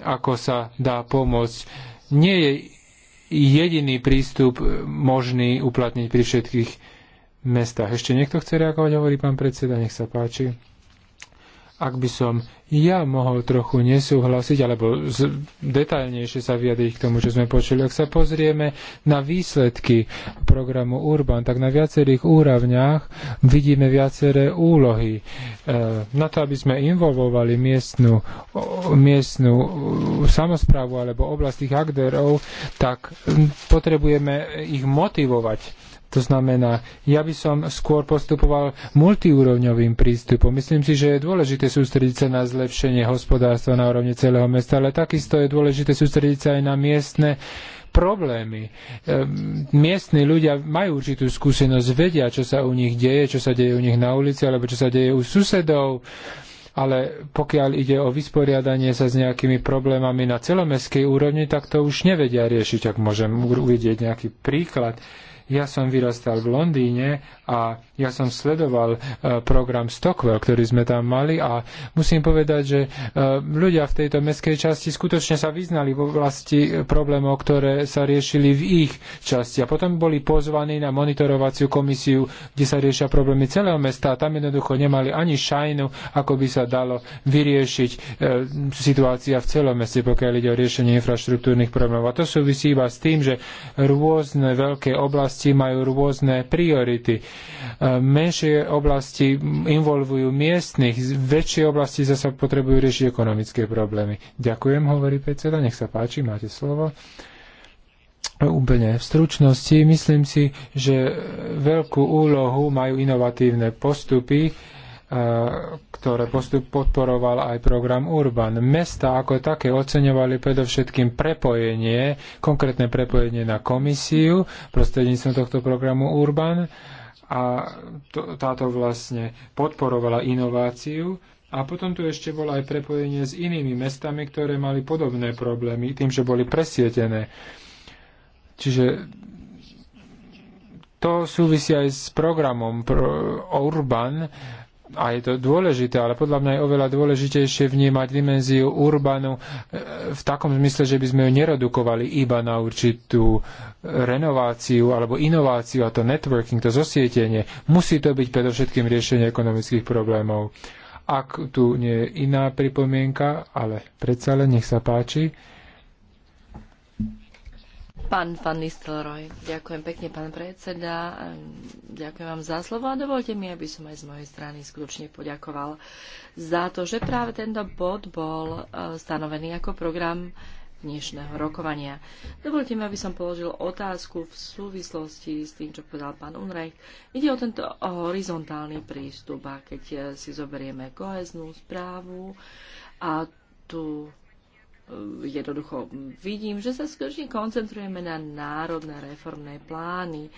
[SPEAKER 2] ako sa dá pomôcť. Nie je jediný prístup možný uplatniť pri všetkých mestách. Ešte niekto chce reagovať, hovorí pán predseda, nech sa páči ak by som ja mohol trochu nesúhlasiť, alebo detailnejšie sa vyjadriť k tomu, čo sme počuli, ak sa pozrieme na výsledky programu Urban, tak na viacerých úrovniach vidíme viaceré úlohy. E, na to, aby sme involvovali miestnu, miestnu e, samozprávu alebo oblastných aktérov, tak potrebujeme ich motivovať to znamená, ja by som skôr postupoval multiúrovňovým prístupom. Myslím si, že je dôležité sústrediť sa na zlepšenie hospodárstva na úrovni celého mesta, ale takisto je dôležité sústrediť sa aj na miestne problémy. Ehm, miestni ľudia majú určitú skúsenosť, vedia, čo sa u nich deje, čo sa deje u nich na ulici, alebo čo sa deje u susedov. Ale pokiaľ ide o vysporiadanie sa s nejakými problémami na celomestskej úrovni, tak to už nevedia riešiť. Ak môžem uvidieť nejaký príklad. Ja som vyrastal v Londýne a ja som sledoval e, program Stockwell, ktorý sme tam mali a musím povedať, že e, ľudia v tejto mestskej časti skutočne sa vyznali v oblasti problémov, ktoré sa riešili v ich časti. A potom boli pozvaní na monitorovaciu komisiu, kde sa riešia problémy celého mesta a tam jednoducho nemali ani šajnu, ako by sa dalo vyriešiť e, situácia v celom meste, pokiaľ ide o riešenie infraštruktúrnych problémov. A to súvisí iba s tým, že rôzne veľké oblasti majú rôzne priority Menšie oblasti involvujú miestnych, väčšie oblasti zase potrebujú riešiť ekonomické problémy. Ďakujem, hovorí predseda, nech sa páči, máte slovo. Úplne v stručnosti myslím si, že veľkú úlohu majú inovatívne postupy, ktoré postup podporoval aj program Urban. Mesta ako také oceňovali predovšetkým prepojenie, konkrétne prepojenie na komisiu prostredníctvom tohto programu Urban a to, táto vlastne podporovala inováciu. A potom tu ešte bolo aj prepojenie s inými mestami, ktoré mali podobné problémy tým, že boli presietené. Čiže to súvisí aj s programom Urban, a je to dôležité, ale podľa mňa je oveľa dôležitejšie vnímať dimenziu urbanu e, v takom zmysle, že by sme ju neredukovali iba na určitú e, renováciu alebo inováciu a to networking, to zosietenie. Musí to byť predovšetkým riešenie ekonomických problémov. Ak tu nie je iná pripomienka, ale predsa len nech sa páči.
[SPEAKER 1] Pán Van Nistelrooy, ďakujem pekne, pán predseda. Ďakujem vám za slovo a dovolte mi, aby som aj z mojej strany skutočne poďakoval za to, že práve tento bod bol e, stanovený ako program dnešného rokovania. Dovolte mi, aby som položil otázku v súvislosti s tým, čo povedal pán Unrecht. Ide o tento horizontálny prístup a keď e, si zoberieme koheznú správu a tu jednoducho vidím, že sa skutočne koncentrujeme na národné reformné plány.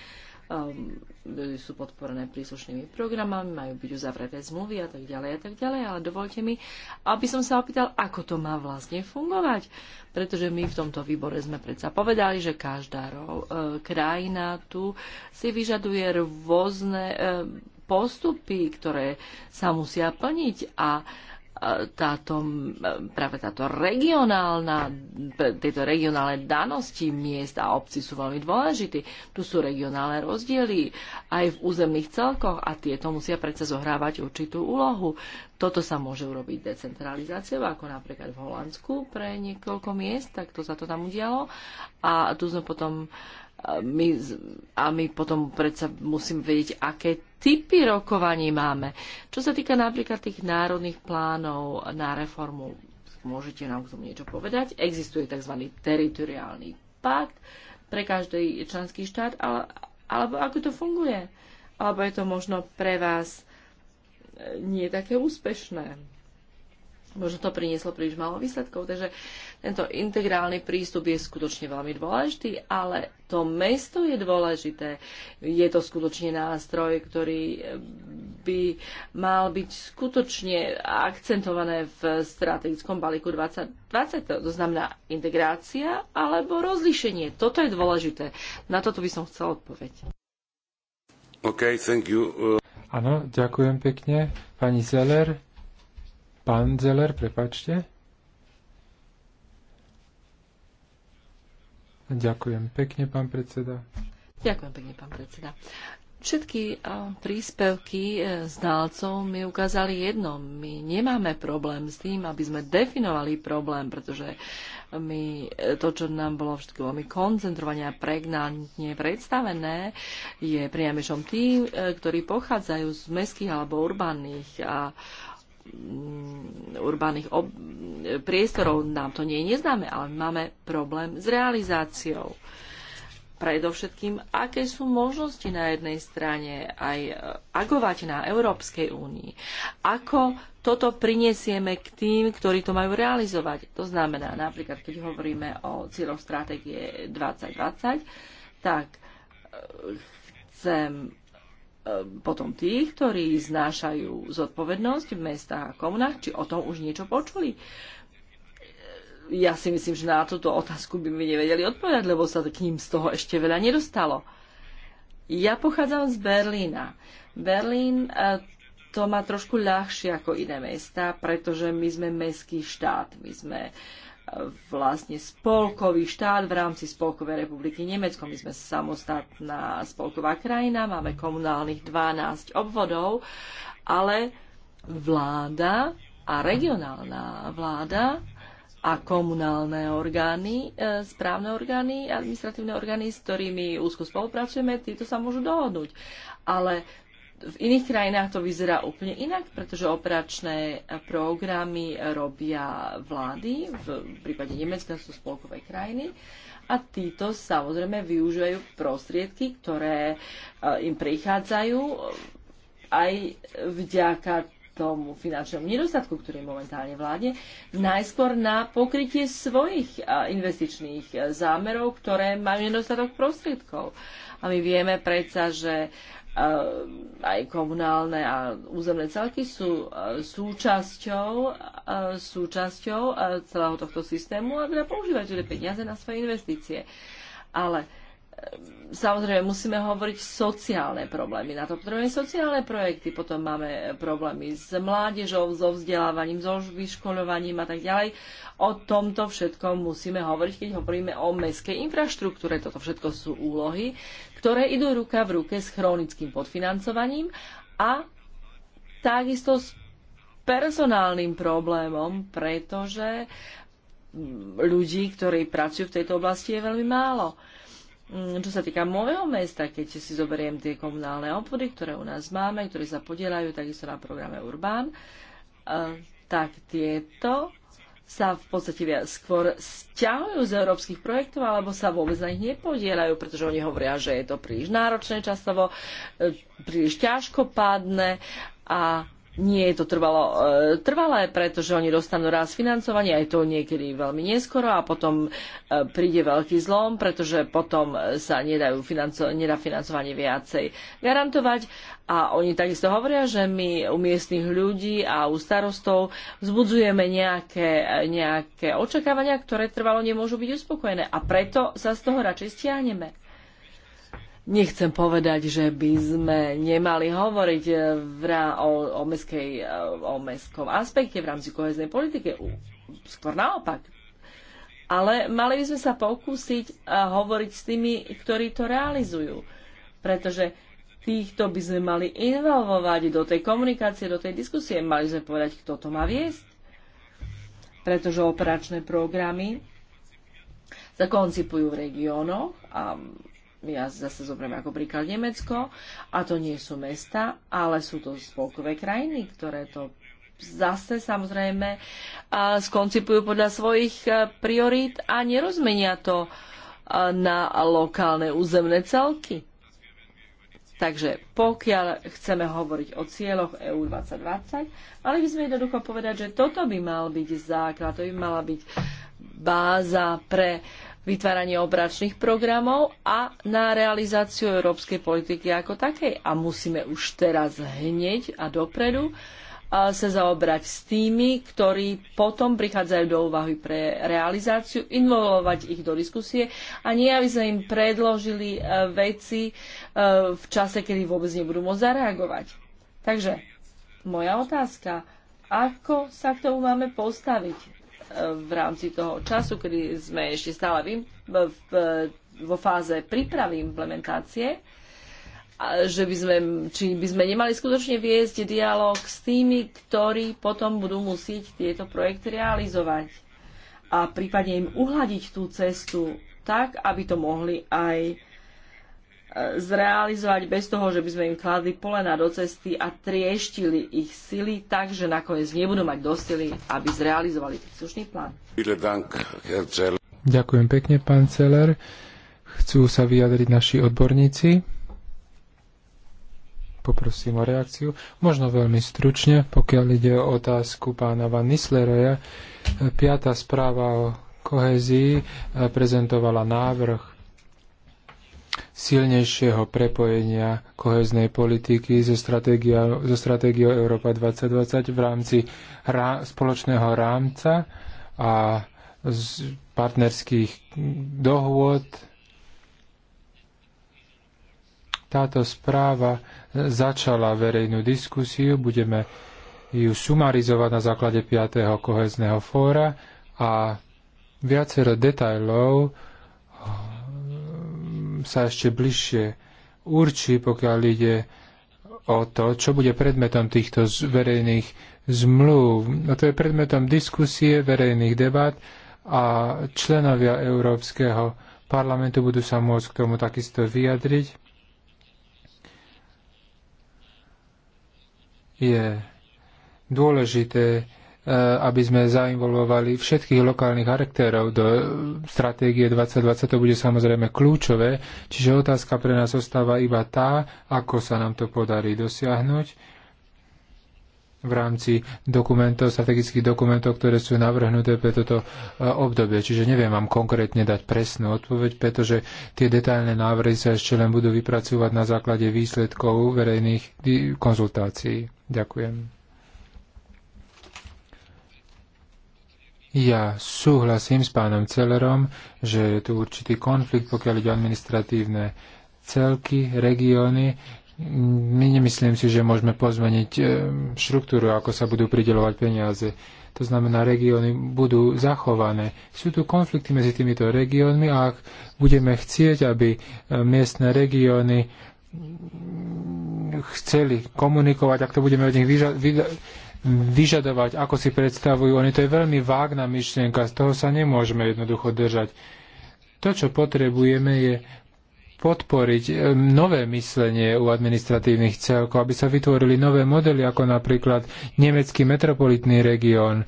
[SPEAKER 1] Um, sú podporené príslušnými programami, majú byť uzavreté zmluvy a tak ďalej a tak ďalej, ale dovolte mi, aby som sa opýtal, ako to má vlastne fungovať. Pretože my v tomto výbore sme predsa povedali, že každá ro- uh, krajina tu si vyžaduje rôzne uh, postupy, ktoré sa musia plniť a táto, práve táto regionálna, tieto regionálne danosti miest a obci sú veľmi dôležité. Tu sú regionálne rozdiely aj v územných celkoch a tieto musia predsa zohrávať určitú úlohu. Toto sa môže urobiť decentralizáciou, ako napríklad v Holandsku pre niekoľko miest, tak to sa to tam udialo. A tu sme potom uh, my, a my potom predsa musíme vedieť, aké typy rokovaní máme. Čo sa týka napríklad tých národných plánov na reformu, môžete nám k tomu niečo povedať. Existuje tzv. teritoriálny pakt pre každý členský štát, ale, alebo ako to funguje? Alebo je to možno pre vás eh, nie také úspešné? možno to prinieslo príliš malo výsledkov, takže tento integrálny prístup je skutočne veľmi dôležitý, ale to mesto je dôležité. Je to skutočne nástroj, ktorý by mal byť skutočne akcentované v strategickom balíku 2020, to znamená integrácia alebo rozlíšenie. Toto je dôležité. Na toto by som chcel odpoveď.
[SPEAKER 2] Okay, thank you. Áno, ďakujem pekne. Pani Zeller, Pán Zeller, prepačte. Ďakujem pekne, pán predseda.
[SPEAKER 1] Ďakujem pekne, pán predseda. Všetky eh, príspevky s eh, dálcov mi ukázali jedno. My nemáme problém s tým, aby sme definovali problém, pretože my, eh, to, čo nám bolo všetko veľmi koncentrované a pregnantne predstavené, je priamešom tým, ktorí pochádzajú z mestských alebo urbánnych a Mm, urbánnych ob- priestorov. Nám to nie je neznáme, ale máme problém s realizáciou. Predovšetkým, aké sú možnosti na jednej strane aj e, agovať na Európskej únii? Ako toto prinesieme k tým, ktorí to majú realizovať? To znamená, napríklad, keď hovoríme o cieľoch stratégie 2020, tak e, chcem Ehm, potom tých, ktorí znášajú zodpovednosť v mestách a komunách, či o tom už niečo počuli. Ehm, ja si myslím, že na túto otázku by mi nevedeli odpovedať, lebo sa k ním z toho ešte veľa nedostalo. Ja pochádzam z Berlína. Berlín ehm, to má trošku ľahšie ako iné mesta, pretože my sme mestský štát. My sme uh, vlastne spolkový štát v rámci Spolkovej republiky Nemecko. My sme samostatná spolková krajina, máme komunálnych 12 obvodov, ale vláda a regionálna vláda a komunálne orgány, e, správne orgány, administratívne orgány, s ktorými úzko spolupracujeme, títo sa môžu dohodnúť. Ale v iných krajinách to vyzerá úplne inak, pretože operačné programy robia vlády, v prípade Nemecka sú spolkové krajiny a títo samozrejme využívajú prostriedky, ktoré eh, im prichádzajú aj vďaka tomu finančnému nedostatku, ktorý momentálne vládne, najskôr na pokrytie svojich eh, investičných eh, zámerov, ktoré majú nedostatok prostriedkov. A my vieme predsa, že aj komunálne a územné celky sú súčasťou, súčasťou celého tohto systému a teda používajú teda peniaze na svoje investície. Ale uh, samozrejme musíme hovoriť sociálne problémy. Na to potrebujeme sociálne projekty, potom máme problémy s mládežou, so vzdelávaním, so vyškoľovaním a tak ďalej. O tomto všetkom musíme hovoriť, keď hovoríme o mestskej infraštruktúre. Toto všetko sú úlohy, ktoré idú ruka v ruke s chronickým podfinancovaním a takisto s personálnym problémom, pretože ľudí, ktorí pracujú v tejto oblasti, je veľmi málo. Uh, Mm, čo sa týka môjho mesta, keď si zoberiem tie komunálne obvody, ktoré u nás máme, ktoré sa podielajú takisto na programe Urbán, e, tak tieto sa v podstate viac skôr stiahujú z európskych projektov alebo sa vôbec na nich nepodielajú, pretože oni hovoria, že je to príliš náročné časovo, e, príliš ťažkopádne a nie je to trvalo, e, trvalé, pretože oni dostanú raz financovanie, aj to niekedy veľmi neskoro a potom e, príde veľký zlom, pretože potom e, sa nedajú financo- nedá financovanie viacej garantovať. A oni takisto hovoria, že my u miestnych ľudí a u starostov vzbudzujeme nejaké, e, nejaké očakávania, ktoré trvalo nemôžu byť uspokojené. A preto sa z toho radšej stiahneme. Nechcem povedať, že by sme nemali hovoriť eh, v, o, o, meskej, eh, o mestskom aspekte v rámci koheznej politiky. Skôr naopak. Ale mali by sme sa pokúsiť eh, hovoriť s tými, ktorí to realizujú. Pretože týchto by sme mali involvovať do tej komunikácie, do tej diskusie. Mali sme povedať, kto to má viesť. Pretože operačné programy sa koncipujú v regiónoch a ja zase zoberiem ako príklad Nemecko, a to nie sú mesta, ale sú to spolkové krajiny, ktoré to zase samozrejme skoncipujú podľa svojich e, priorít a nerozmenia to na lokálne územné celky. Takže pokiaľ chceme hovoriť o cieľoch EU 2020, mali by sme jednoducho povedať, že toto by mal byť základ, to by mala byť báza pre uh, vytváranie obračných programov a na realizáciu európskej politiky ako takej. A musíme už teraz hneď a dopredu sa zaobrať s tými, ktorí potom prichádzajú do úvahy pre realizáciu, involovať ich do diskusie a nie, aby sme im predložili e, veci e, v čase, kedy vôbec nebudú môcť zareagovať. Takže moja otázka, ako sa k tomu máme postaviť? v rámci toho času, kedy sme ešte stále v, v, vo fáze prípravy implementácie, a že by sme, či by sme nemali skutočne viesť dialog s tými, ktorí potom budú musieť tieto projekty realizovať a prípadne im uhladiť tú cestu tak, aby to mohli aj zrealizovať bez toho, že by sme im kladli polena do cesty a trieštili ich sily tak, že nakoniec nebudú mať dosily, aby zrealizovali slušný plán.
[SPEAKER 2] Ďakujem pekne, pán Celer. Chcú sa vyjadriť naši odborníci. Poprosím o reakciu. Možno veľmi stručne, pokiaľ ide o otázku pána Van Nisleroja. Piatá správa o kohézii eh, prezentovala návrh silnejšieho prepojenia koheznej politiky so stratégiou, so stratégiou Európa 2020 v rámci rá, spoločného rámca a z partnerských dohôd. Táto správa začala verejnú diskusiu, budeme ju sumarizovať na základe 5. kohezného fóra a viacero detajlov sa ešte bližšie určí, pokiaľ ide o to, čo bude predmetom týchto verejných zmluv. A to je predmetom diskusie, verejných debat a členovia Európskeho parlamentu budú sa môcť k tomu takisto vyjadriť. Je dôležité Eh, aby sme zainvolvovali všetkých lokálnych charakterov do stratégie 2020, to bude samozrejme kľúčové, čiže otázka pre nás ostáva iba tá, ako sa nám to podarí dosiahnuť v rámci dokumentov, strategických dokumentov, ktoré sú navrhnuté pre toto eh, obdobie. Čiže neviem vám konkrétne dať presnú odpoveď, pretože tie detailné návrhy sa ešte len budú vypracovať na základe výsledkov verejných konzultácií. Ďakujem. Ja súhlasím s pánom Celerom, že je tu určitý konflikt, pokiaľ ide administratívne celky, regióny. My nemyslím si, že môžeme pozmeniť e, štruktúru, ako sa budú pridelovať peniaze. To znamená, regióny budú zachované. Sú tu konflikty medzi týmito regiónmi a ak budeme chcieť, aby e, miestne regióny chceli komunikovať, ak to budeme od nich vyžadovať, vyžadovať, ako si predstavujú oni. To je veľmi vágna myšlienka, z toho sa nemôžeme jednoducho držať. To, čo potrebujeme, je podporiť e, nové myslenie u administratívnych celkov, aby sa vytvorili nové modely, ako napríklad nemecký metropolitný región,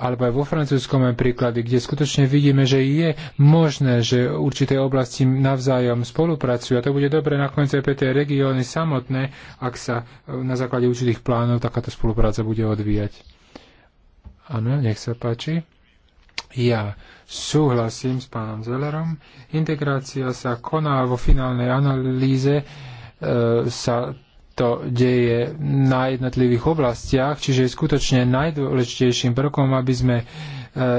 [SPEAKER 2] alebo aj vo francúzskom aj príklady, kde skutočne vidíme, že je možné, že určité oblasti navzájom spolupracujú a to bude dobre nakoniec aj pre tie regióny samotné, ak sa e, na základe určitých plánov takáto spolupráca bude odvíjať. Áno, nech sa páči. Ja súhlasím s pánom Zellerom. Integrácia sa koná vo finálnej analýze, e, sa to deje na jednotlivých oblastiach, čiže je skutočne najdôležitejším prvkom, aby sme e,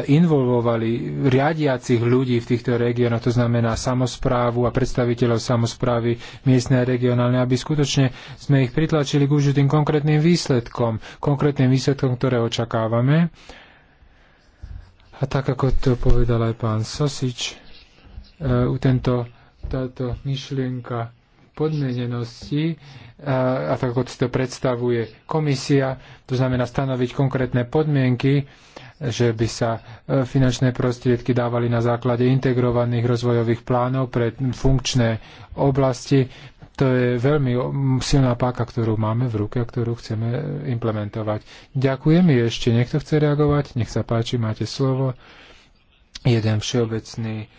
[SPEAKER 2] involvovali riadiacich ľudí v týchto regiónoch, to znamená samozprávu a predstaviteľov samozprávy miestne a regionálne, aby skutočne sme ich pritlačili k už tým konkrétnym výsledkom, konkrétnym výsledkom, ktoré očakávame. A tak, ako to povedal aj pán Sosič, e, tento, táto myšlienka podmenenosti, a tak ako si to predstavuje komisia, to znamená stanoviť konkrétne podmienky, že by sa e, finančné prostriedky dávali na základe integrovaných rozvojových plánov pre funkčné oblasti. To je veľmi silná páka, ktorú máme v ruke a ktorú chceme e, implementovať. Ďakujem. Ešte niekto chce reagovať? Nech sa páči, máte slovo. Jeden všeobecný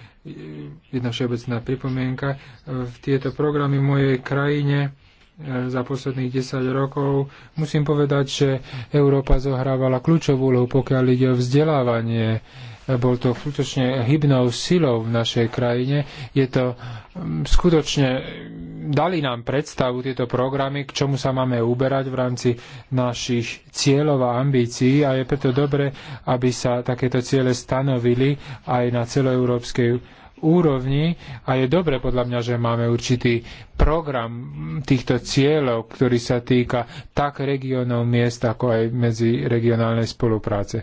[SPEAKER 2] jedna všeobecná pripomienka. V tieto programy v mojej krajine e, za posledných 10 rokov musím povedať, že Európa zohrávala kľúčovú úlohu, pokiaľ ide o vzdelávanie bol to skutočne hybnou silou v našej krajine. Je to mm, skutočne, dali nám predstavu tieto programy, k čomu sa máme uberať v rámci našich cieľov a ambícií a je preto dobre, aby sa takéto ciele stanovili aj na celoeurópskej úrovni a je dobre podľa mňa, že máme určitý program týchto cieľov, ktorý sa týka tak regionov miest, ako aj medzi regionálnej spolupráce.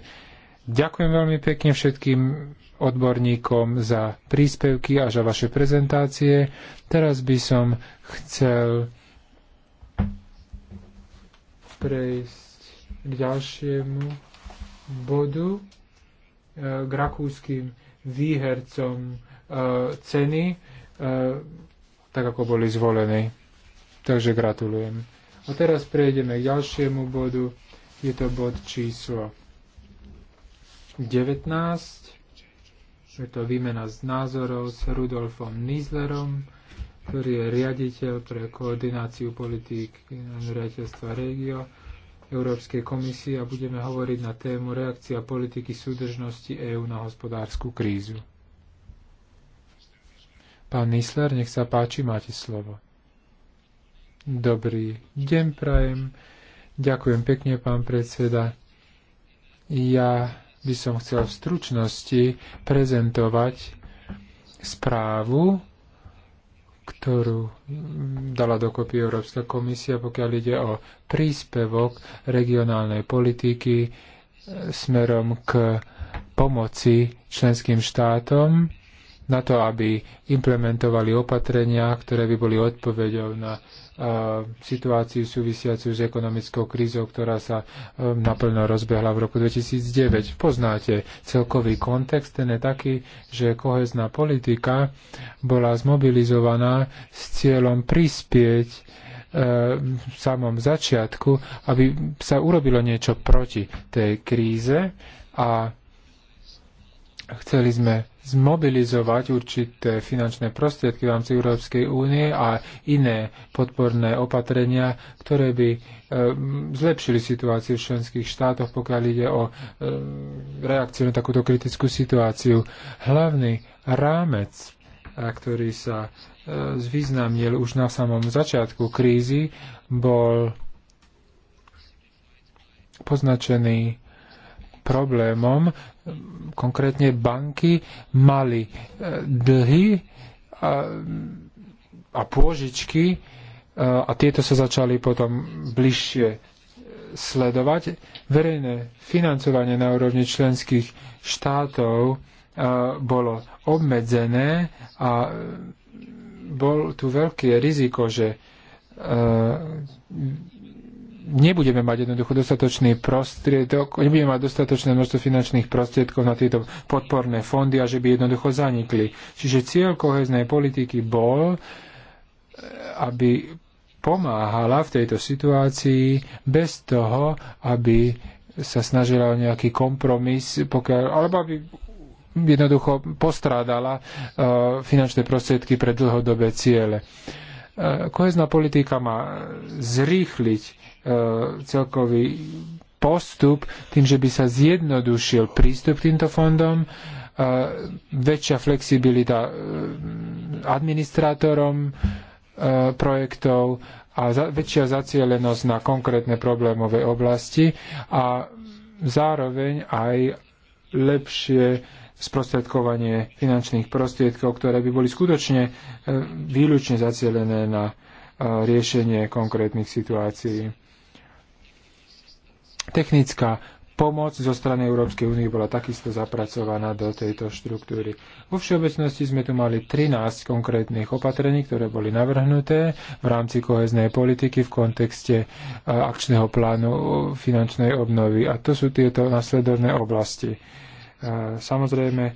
[SPEAKER 2] Ďakujem veľmi pekne všetkým odborníkom za príspevky a za vaše prezentácie. Teraz by som chcel prejsť k ďalšiemu bodu, e, k rakúskym výhercom e, ceny, e, tak ako boli zvolení. Takže gratulujem. A teraz prejdeme k ďalšiemu bodu. Je to bod číslo 19. Je to výmena z názorov s Rudolfom Nizlerom, ktorý je riaditeľ pre koordináciu politík riaditeľstva Regio Európskej komisie a budeme hovoriť na tému reakcia politiky súdržnosti EÚ na hospodárskú krízu. Pán Nisler, nech sa páči, máte slovo. Dobrý deň prajem. Ďakujem pekne, pán predseda. Ja by som chcel v stručnosti prezentovať správu, ktorú dala dokopy Európska komisia, pokiaľ ide o príspevok regionálnej politiky e, smerom k pomoci členským štátom na to, aby implementovali opatrenia, ktoré by boli odpovedou na situáciu súvisiacu s ekonomickou krízou, ktorá sa e, naplno rozbehla v roku 2009. Poznáte celkový kontext, ten je taký, že kohezná politika bola zmobilizovaná s cieľom prispieť e, v samom začiatku, aby sa urobilo niečo proti tej kríze a chceli sme zmobilizovať určité finančné prostriedky v rámci Európskej únie a iné podporné opatrenia, ktoré by e, zlepšili situáciu v členských štátoch, pokiaľ ide o e, reakciu na takúto kritickú situáciu. Hlavný rámec, ktorý sa e, zvýznamnil už na samom začiatku krízy, bol poznačený problémom, konkrétne banky mali e, dlhy a, e, a pôžičky a, e, a tieto sa začali potom bližšie sledovať. Verejné financovanie na úrovni členských štátov bolo obmedzené a bol tu veľké riziko, že nebudeme mať jednoducho dostatočný prostriedok, nebudeme mať dostatočné množstvo finančných prostriedkov na tieto podporné fondy a že by jednoducho zanikli. Čiže cieľ koheznej politiky bol, e, aby pomáhala v tejto situácii bez toho, aby sa snažila o nejaký kompromis, pokiaľ, alebo aby jednoducho postrádala uh, finančné prostriedky pre dlhodobé ciele. Uh, E, kohezná politika má zrýchliť e, celkový postup tým, že by sa zjednodušil prístup k týmto fondom, e, väčšia flexibilita administrátorom projektov a väčšia zacielenosť na konkrétne problémové oblasti a zároveň aj lepšie sprostredkovanie finančných prostriedkov, ktoré by boli skutočne e, výlučne zacielené na e, riešenie konkrétnych situácií. Technická pomoc zo strany Európskej únie bola takisto zapracovaná do tejto štruktúry. Vo všeobecnosti sme tu mali 13 konkrétnych opatrení, ktoré boli navrhnuté v rámci koheznej politiky v kontekste e, akčného plánu finančnej obnovy. A to sú tieto nasledovné oblasti Samozrejme, e,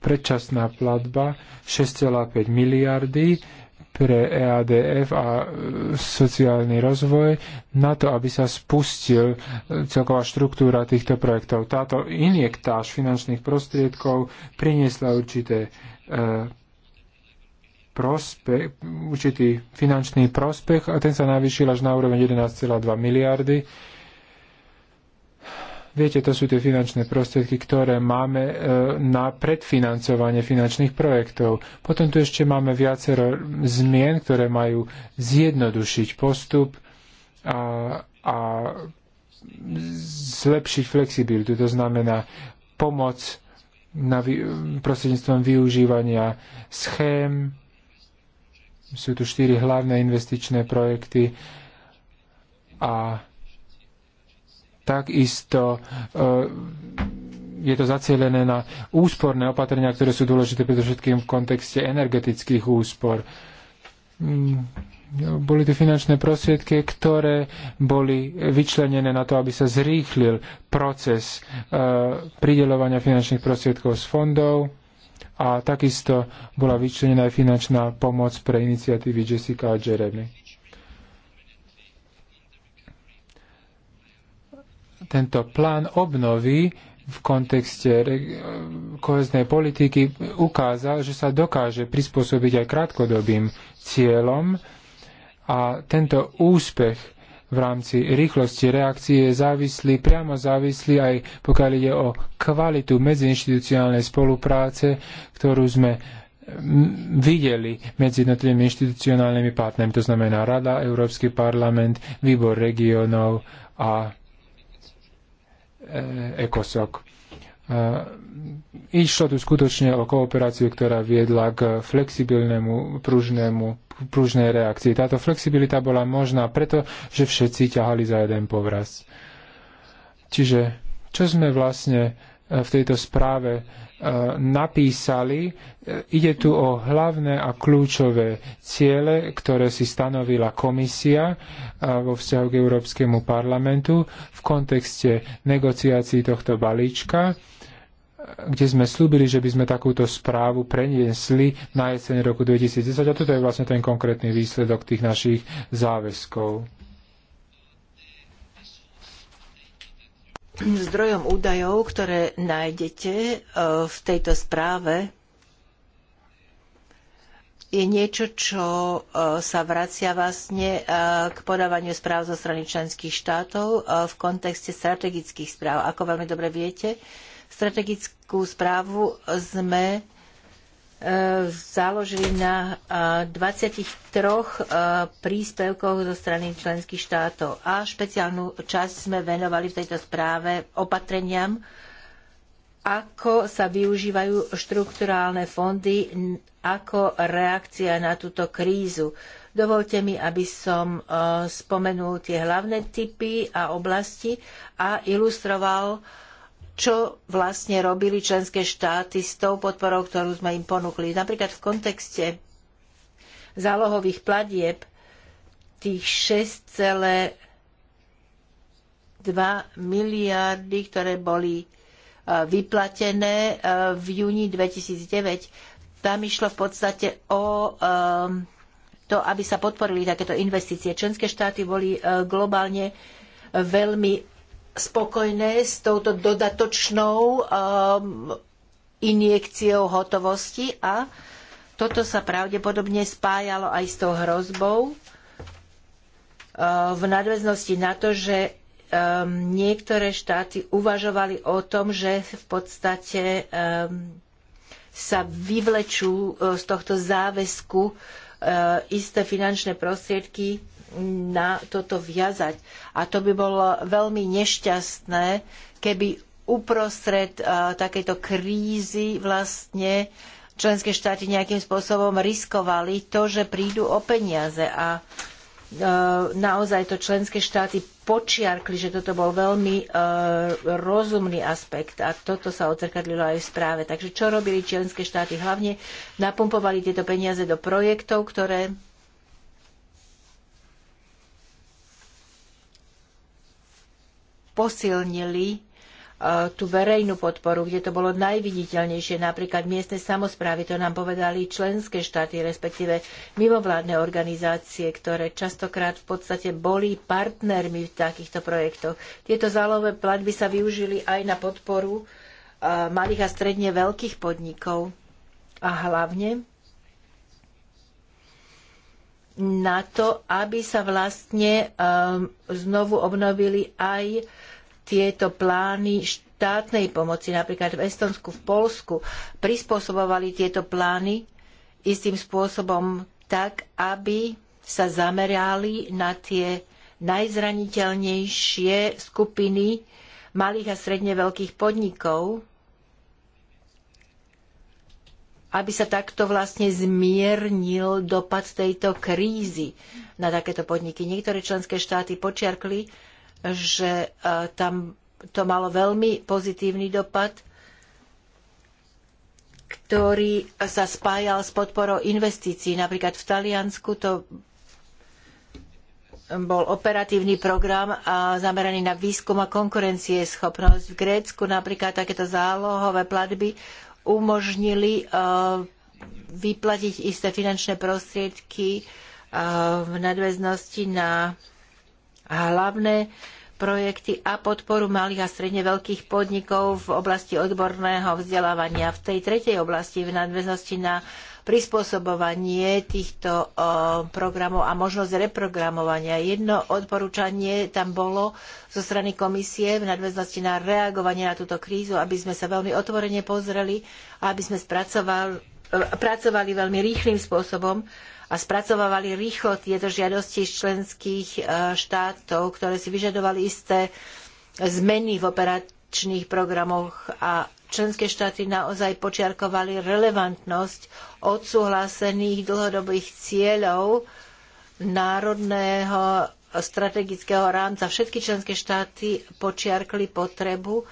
[SPEAKER 2] predčasná platba 6,5 miliardy pre EADF a e, sociálny rozvoj na to, aby sa spustil e, celková štruktúra týchto projektov. Táto injektáž finančných prostriedkov priniesla určité prospech, určitý finančný prospech a ten sa navýšil až na úroveň 11,2 miliardy Viete, to sú tie finančné prostriedky, ktoré máme e, na predfinancovanie finančných projektov. Potom tu ešte máme viacero zmien, ktoré majú zjednodušiť postup a, a zlepšiť flexibilitu. To znamená pomoc na vy, prostredníctvom využívania schém. Sú tu štyri hlavné investičné projekty a Takisto e, je to zacielené na úsporné opatrenia, ktoré sú dôležité predovšetkým v kontexte energetických úspor mm, boli to finančné prostriedky, ktoré boli vyčlenené na to, aby sa zrýchlil proces e, prideľovania finančných prostriedkov z fondov a takisto bola vyčlenená aj finančná pomoc pre iniciatívy Jessica a Jeremy. tento plán obnovy v kontexte koheznej politiky ukázal, že sa dokáže prispôsobiť aj krátkodobým cieľom a tento úspech v rámci rýchlosti reakcie je závislý, priamo závislý aj pokiaľ ide o kvalitu medziinstitucionálnej spolupráce, ktorú sme videli medzi jednotlivými inštitucionálnymi partnermi, to znamená Rada, Európsky parlament, Výbor regionov a ECOSOC. E, išlo tu skutočne o kooperáciu, ktorá viedla k flexibilnému, pružnému, pružnej reakcii. Táto flexibilita bola možná preto, že všetci ťahali za jeden povraz. Čiže čo sme vlastne e, v tejto správe E, napísali. E, ide tu o hlavné a kľúčové ciele, ktoré si stanovila komisia e, vo vzťahu k Európskemu parlamentu v kontexte negociácií tohto balíčka kde sme slúbili, že by sme takúto správu preniesli na jeseň roku 2010 a toto je vlastne ten konkrétny výsledok tých našich záväzkov.
[SPEAKER 3] Zdrojom údajov, ktoré nájdete e, v tejto správe, je niečo, čo e, sa vracia vlastne e, k podávaniu správ zo strany členských štátov v kontexte strategických správ. Ako veľmi dobre viete, strategickú správu sme založili na 23 príspevkoch zo strany členských štátov a špeciálnu časť sme venovali v tejto správe opatreniam, ako sa využívajú štrukturálne fondy ako reakcia na túto krízu. Dovolte mi, aby som spomenul tie hlavné typy a oblasti a ilustroval čo vlastne robili členské štáty s tou podporou, ktorú sme im ponúkli. Napríklad v kontexte zálohových platieb tých 6,2 miliardy, ktoré boli e, vyplatené e, v júni 2009. Tam išlo v podstate o e, to, aby sa podporili takéto investície. Členské štáty boli globálne veľmi spokojné s touto dodatočnou um, injekciou hotovosti a toto sa pravdepodobne spájalo aj s tou hrozbou uh, v nadväznosti na to, že um, niektoré štáty uvažovali o tom, že v podstate um, sa vyvlečú uh, z tohto záväzku uh, isté finančné prostriedky na toto viazať. A to by bolo veľmi nešťastné, keby uprostred uh, takejto krízy vlastne členské štáty nejakým spôsobom riskovali to, že prídu o peniaze. A uh, naozaj to členské štáty počiarkli, že toto bol veľmi uh, rozumný aspekt a toto sa odzrkadlilo aj v správe. Takže čo robili členské štáty? Hlavne napumpovali tieto peniaze do projektov, ktoré posilnili e, tú verejnú podporu, kde to bolo najviditeľnejšie, napríklad miestne samozprávy, to nám povedali členské štáty, respektíve mimovládne organizácie, ktoré častokrát v podstate boli partnermi v takýchto projektoch. Tieto zálové platby sa využili aj na podporu e, malých a stredne veľkých podnikov a hlavne na to, aby sa vlastne um, znovu obnovili aj tieto plány štátnej pomoci, napríklad v Estonsku, v Polsku, prispôsobovali tieto plány istým spôsobom tak, aby sa zamerali na tie najzraniteľnejšie skupiny malých a stredne veľkých podnikov, aby sa takto vlastne zmiernil dopad tejto krízy na takéto podniky. Niektoré členské štáty počiarkli, že e, tam to malo veľmi pozitívny dopad, ktorý sa spájal s podporou investícií. Napríklad v Taliansku to bol operatívny program zameraný na výskum a schopnosť. V Grécku napríklad takéto zálohové platby umožnili eh, vyplatiť isté finančné prostriedky eh, v nadväznosti na hlavné projekty a podporu malých a stredne veľkých podnikov v oblasti odborného vzdelávania. V tej tretej oblasti v nadväznosti na prispôsobovanie týchto programov a možnosť reprogramovania. Jedno odporúčanie tam bolo zo strany komisie v nadväznosti na reagovanie na túto krízu, aby sme sa veľmi otvorene pozreli a aby sme pracovali veľmi rýchlým spôsobom a spracovávali rýchlo tieto žiadosti z členských e, štátov, ktoré si vyžadovali isté zmeny v operačných programoch a členské štáty naozaj počiarkovali relevantnosť odsúhlasených dlhodobých cieľov národného strategického rámca. Všetky členské štáty počiarkli potrebu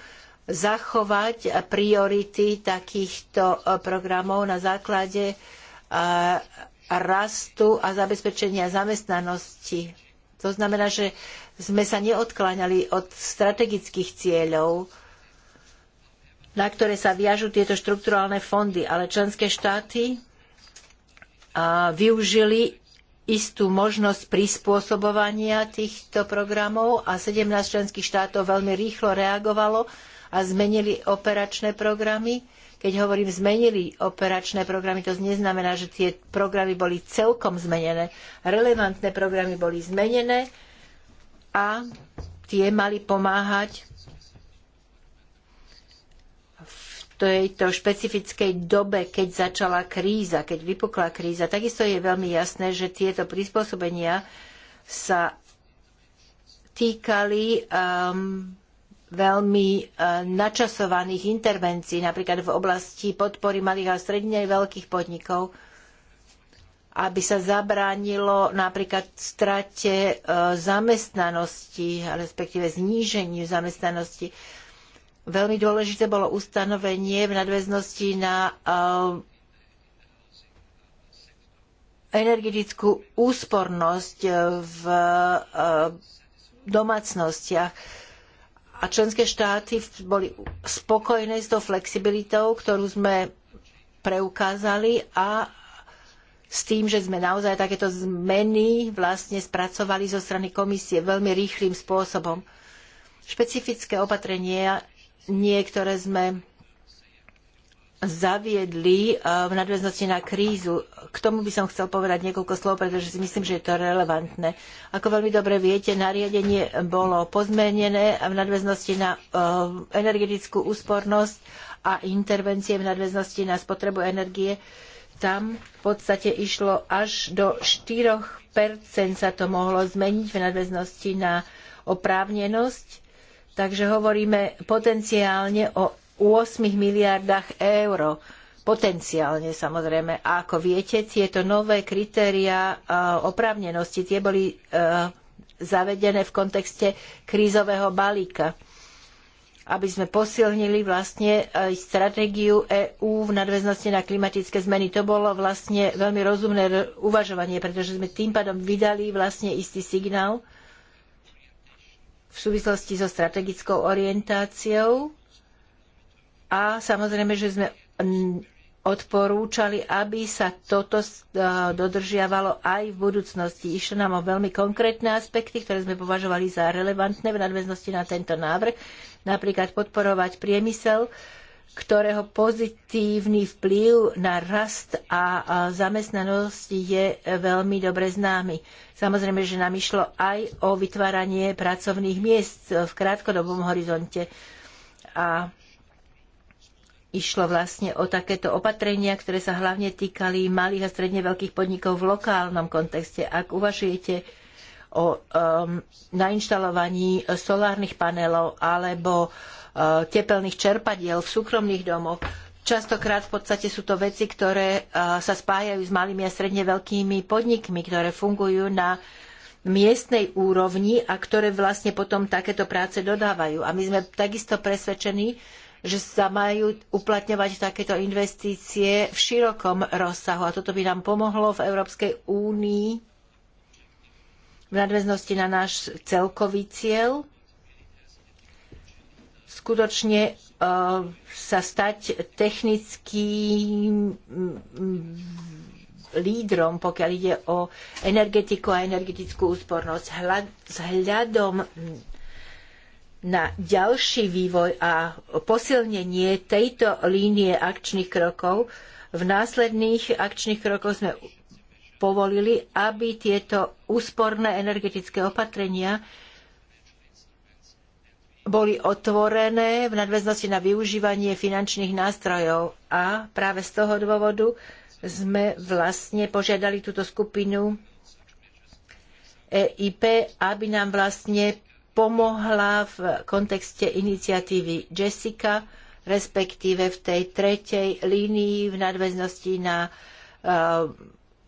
[SPEAKER 3] zachovať priority takýchto e, programov na základe e, rastu a zabezpečenia zamestnanosti. To znamená, že sme sa neodkláňali od strategických cieľov, na ktoré sa viažú tieto štrukturálne fondy, ale členské štáty využili istú možnosť prispôsobovania týchto programov a 17 členských štátov veľmi rýchlo reagovalo a zmenili operačné programy. Keď hovorím zmenili operačné programy, to neznamená, že tie programy boli celkom zmenené. Relevantné programy boli zmenené a tie mali pomáhať tejto špecifickej dobe, keď začala kríza, keď vypukla kríza. Takisto je veľmi jasné, že tieto prispôsobenia sa týkali um, veľmi uh, načasovaných intervencií, napríklad v oblasti podpory malých a stredne veľkých podnikov, aby sa zabránilo napríklad strate uh, zamestnanosti, respektíve zníženiu zamestnanosti. Uh, Veľmi dôležité bolo ustanovenie v nadväznosti na eh, energetickú úspornosť eh, v eh, domácnostiach. A členské štáty boli spokojné s tou flexibilitou, ktorú sme preukázali a s tým, že sme naozaj takéto zmeny vlastne spracovali zo strany komisie veľmi rýchlým spôsobom. Špecifické opatrenia Niektoré sme zaviedli eh, v nadväznosti na krízu. K tomu by som chcel povedať niekoľko slov, pretože si myslím, že je to relevantné. Ako veľmi dobre viete, nariadenie bolo pozmenené v nadväznosti na eh, energetickú úspornosť a intervencie v nadväznosti na spotrebu energie. Tam v podstate išlo až do 4 sa to mohlo zmeniť v nadväznosti na oprávnenosť Takže hovoríme potenciálne o 8 miliardách eur. Potenciálne samozrejme. A ako viete, tieto nové kritéria e, oprávnenosti, tie boli e, zavedené v kontexte krízového balíka aby sme posilnili vlastne e, stratégiu EÚ v nadväznosti na klimatické zmeny. To bolo vlastne veľmi rozumné uvažovanie, pretože sme tým pádom vydali vlastne istý signál, v súvislosti so strategickou orientáciou a samozrejme, že sme odporúčali, aby sa toto dodržiavalo aj v budúcnosti. Išlo nám o veľmi konkrétne aspekty, ktoré sme považovali za relevantné v nadväznosti na tento návrh, napríklad podporovať priemysel, ktorého pozitívny vplyv na rast a zamestnanosť je veľmi dobre známy. Samozrejme, že nám išlo aj o vytváranie pracovných miest v krátkodobom horizonte. A išlo vlastne o takéto opatrenia, ktoré sa hlavne týkali malých a stredne veľkých podnikov v lokálnom kontexte. Ak uvažujete o um, nainštalovaní solárnych panelov alebo uh, tepelných čerpadiel v súkromných domoch. Častokrát v podstate sú to veci, ktoré uh, sa spájajú s malými a stredne veľkými podnikmi, ktoré fungujú na miestnej úrovni a ktoré vlastne potom takéto práce dodávajú. A my sme takisto presvedčení, že sa majú uplatňovať takéto investície v širokom rozsahu. A toto by nám pomohlo v Európskej únii v nadväznosti na náš celkový cieľ skutočne e, sa stať technickým mm, lídrom, pokiaľ ide o energetiku a energetickú úspornosť. S hľadom na ďalší vývoj a posilnenie tejto línie akčných krokov v následných akčných krokoch sme povolili, aby tieto úsporné energetické opatrenia boli otvorené v nadväznosti na využívanie finančných nástrojov. A práve z toho dôvodu sme vlastne požiadali túto skupinu EIP, aby nám vlastne pomohla v kontexte iniciatívy Jessica, respektíve v tej tretej línii v nadväznosti na uh,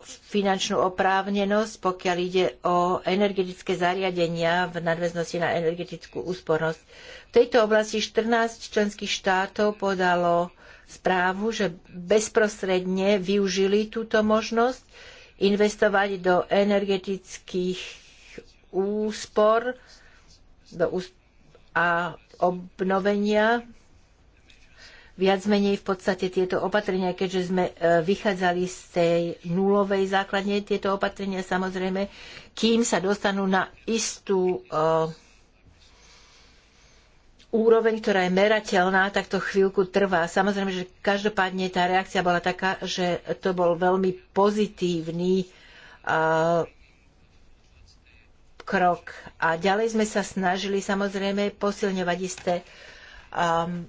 [SPEAKER 3] finančnú oprávnenosť, pokiaľ ide o energetické zariadenia v nadväznosti na energetickú úspornosť. V tejto oblasti 14 členských štátov podalo správu, že bezprostredne využili túto možnosť investovať do energetických úspor do a obnovenia viac menej v podstate tieto opatrenia, keďže sme e, vychádzali z tej nulovej základne, tieto opatrenia samozrejme, kým sa dostanú na istú e, úroveň, ktorá je merateľná, tak to chvíľku trvá. Samozrejme, že každopádne tá reakcia bola taká, že to bol veľmi pozitívny uh, krok. A ďalej sme sa snažili samozrejme posilňovať isté um,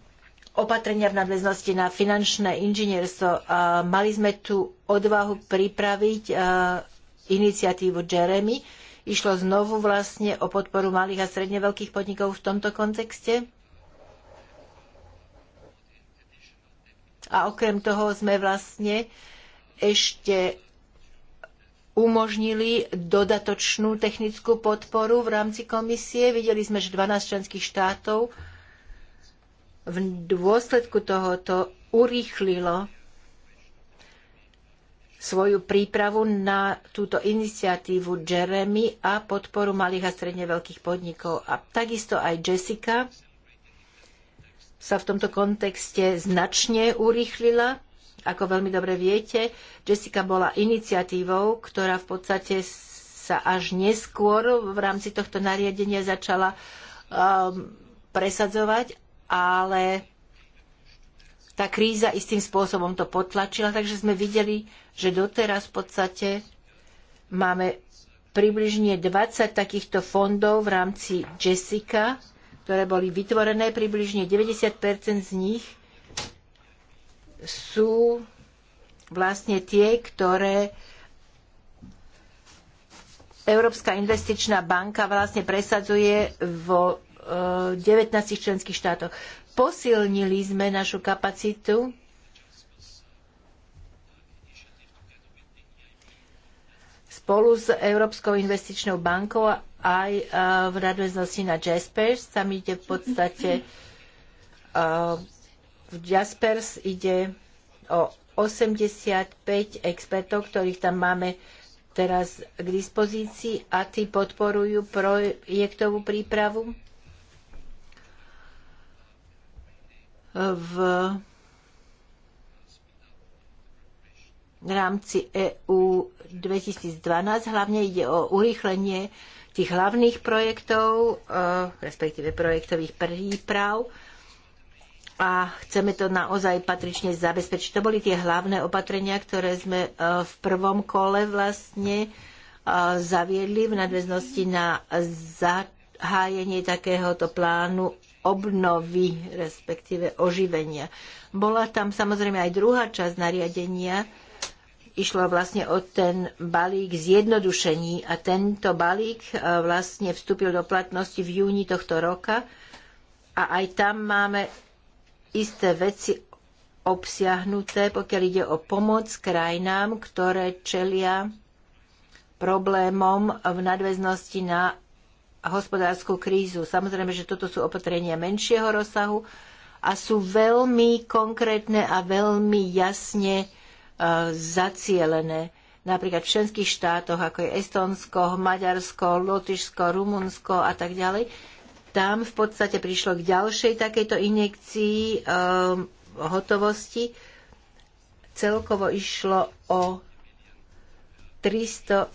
[SPEAKER 3] opatrenia v nadväznosti na finančné inžinierstvo. Mali sme tu odvahu pripraviť iniciatívu Jeremy. Išlo znovu vlastne o podporu malých a stredne veľkých podnikov v tomto kontexte. A okrem toho sme vlastne ešte umožnili dodatočnú technickú podporu v rámci komisie. Videli sme, že 12 členských štátov v dôsledku tohoto urýchlilo svoju prípravu na túto iniciatívu Jeremy a podporu malých a stredne veľkých podnikov. A takisto aj Jessica sa v tomto kontexte značne urýchlila. Ako veľmi dobre viete, Jessica bola iniciatívou, ktorá v podstate sa až neskôr v rámci tohto nariadenia začala um, presadzovať ale tá kríza istým spôsobom to potlačila, takže sme videli, že doteraz v podstate máme približne 20 takýchto fondov v rámci Jessica, ktoré boli vytvorené, približne 90% z nich sú vlastne tie, ktoré Európska investičná banka vlastne presadzuje vo 19 členských štátoch. Posilnili sme našu kapacitu spolu s Európskou investičnou bankou aj e, v nadväznosti na Jaspers. Tam ide v podstate e, v Jaspers ide o 85 expertov, ktorých tam máme teraz k dispozícii a tí podporujú projektovú prípravu. v rámci EU 2012. Hlavne ide o urýchlenie tých hlavných projektov, e, respektíve projektových príprav a chceme to naozaj patrične zabezpečiť. To boli tie hlavné opatrenia, ktoré sme e, v prvom kole vlastne e, zaviedli v nadväznosti na zahájenie takéhoto plánu obnovy, respektíve oživenia. Bola tam samozrejme aj druhá časť nariadenia, išlo vlastne o ten balík zjednodušení a tento balík e, vlastne vstúpil do platnosti v júni tohto roka a aj tam máme isté veci obsiahnuté, pokiaľ ide o pomoc krajinám, ktoré čelia problémom v nadväznosti na hospodárskú krízu. Samozrejme, že toto sú opatrenia menšieho rozsahu a sú veľmi konkrétne a veľmi jasne e, zacielené. Napríklad v členských štátoch, ako je Estonsko, Maďarsko, Lotyšsko, Rumunsko a tak ďalej, tam v podstate prišlo k ďalšej takejto injekcii uh, hotovosti. Celkovo išlo o 370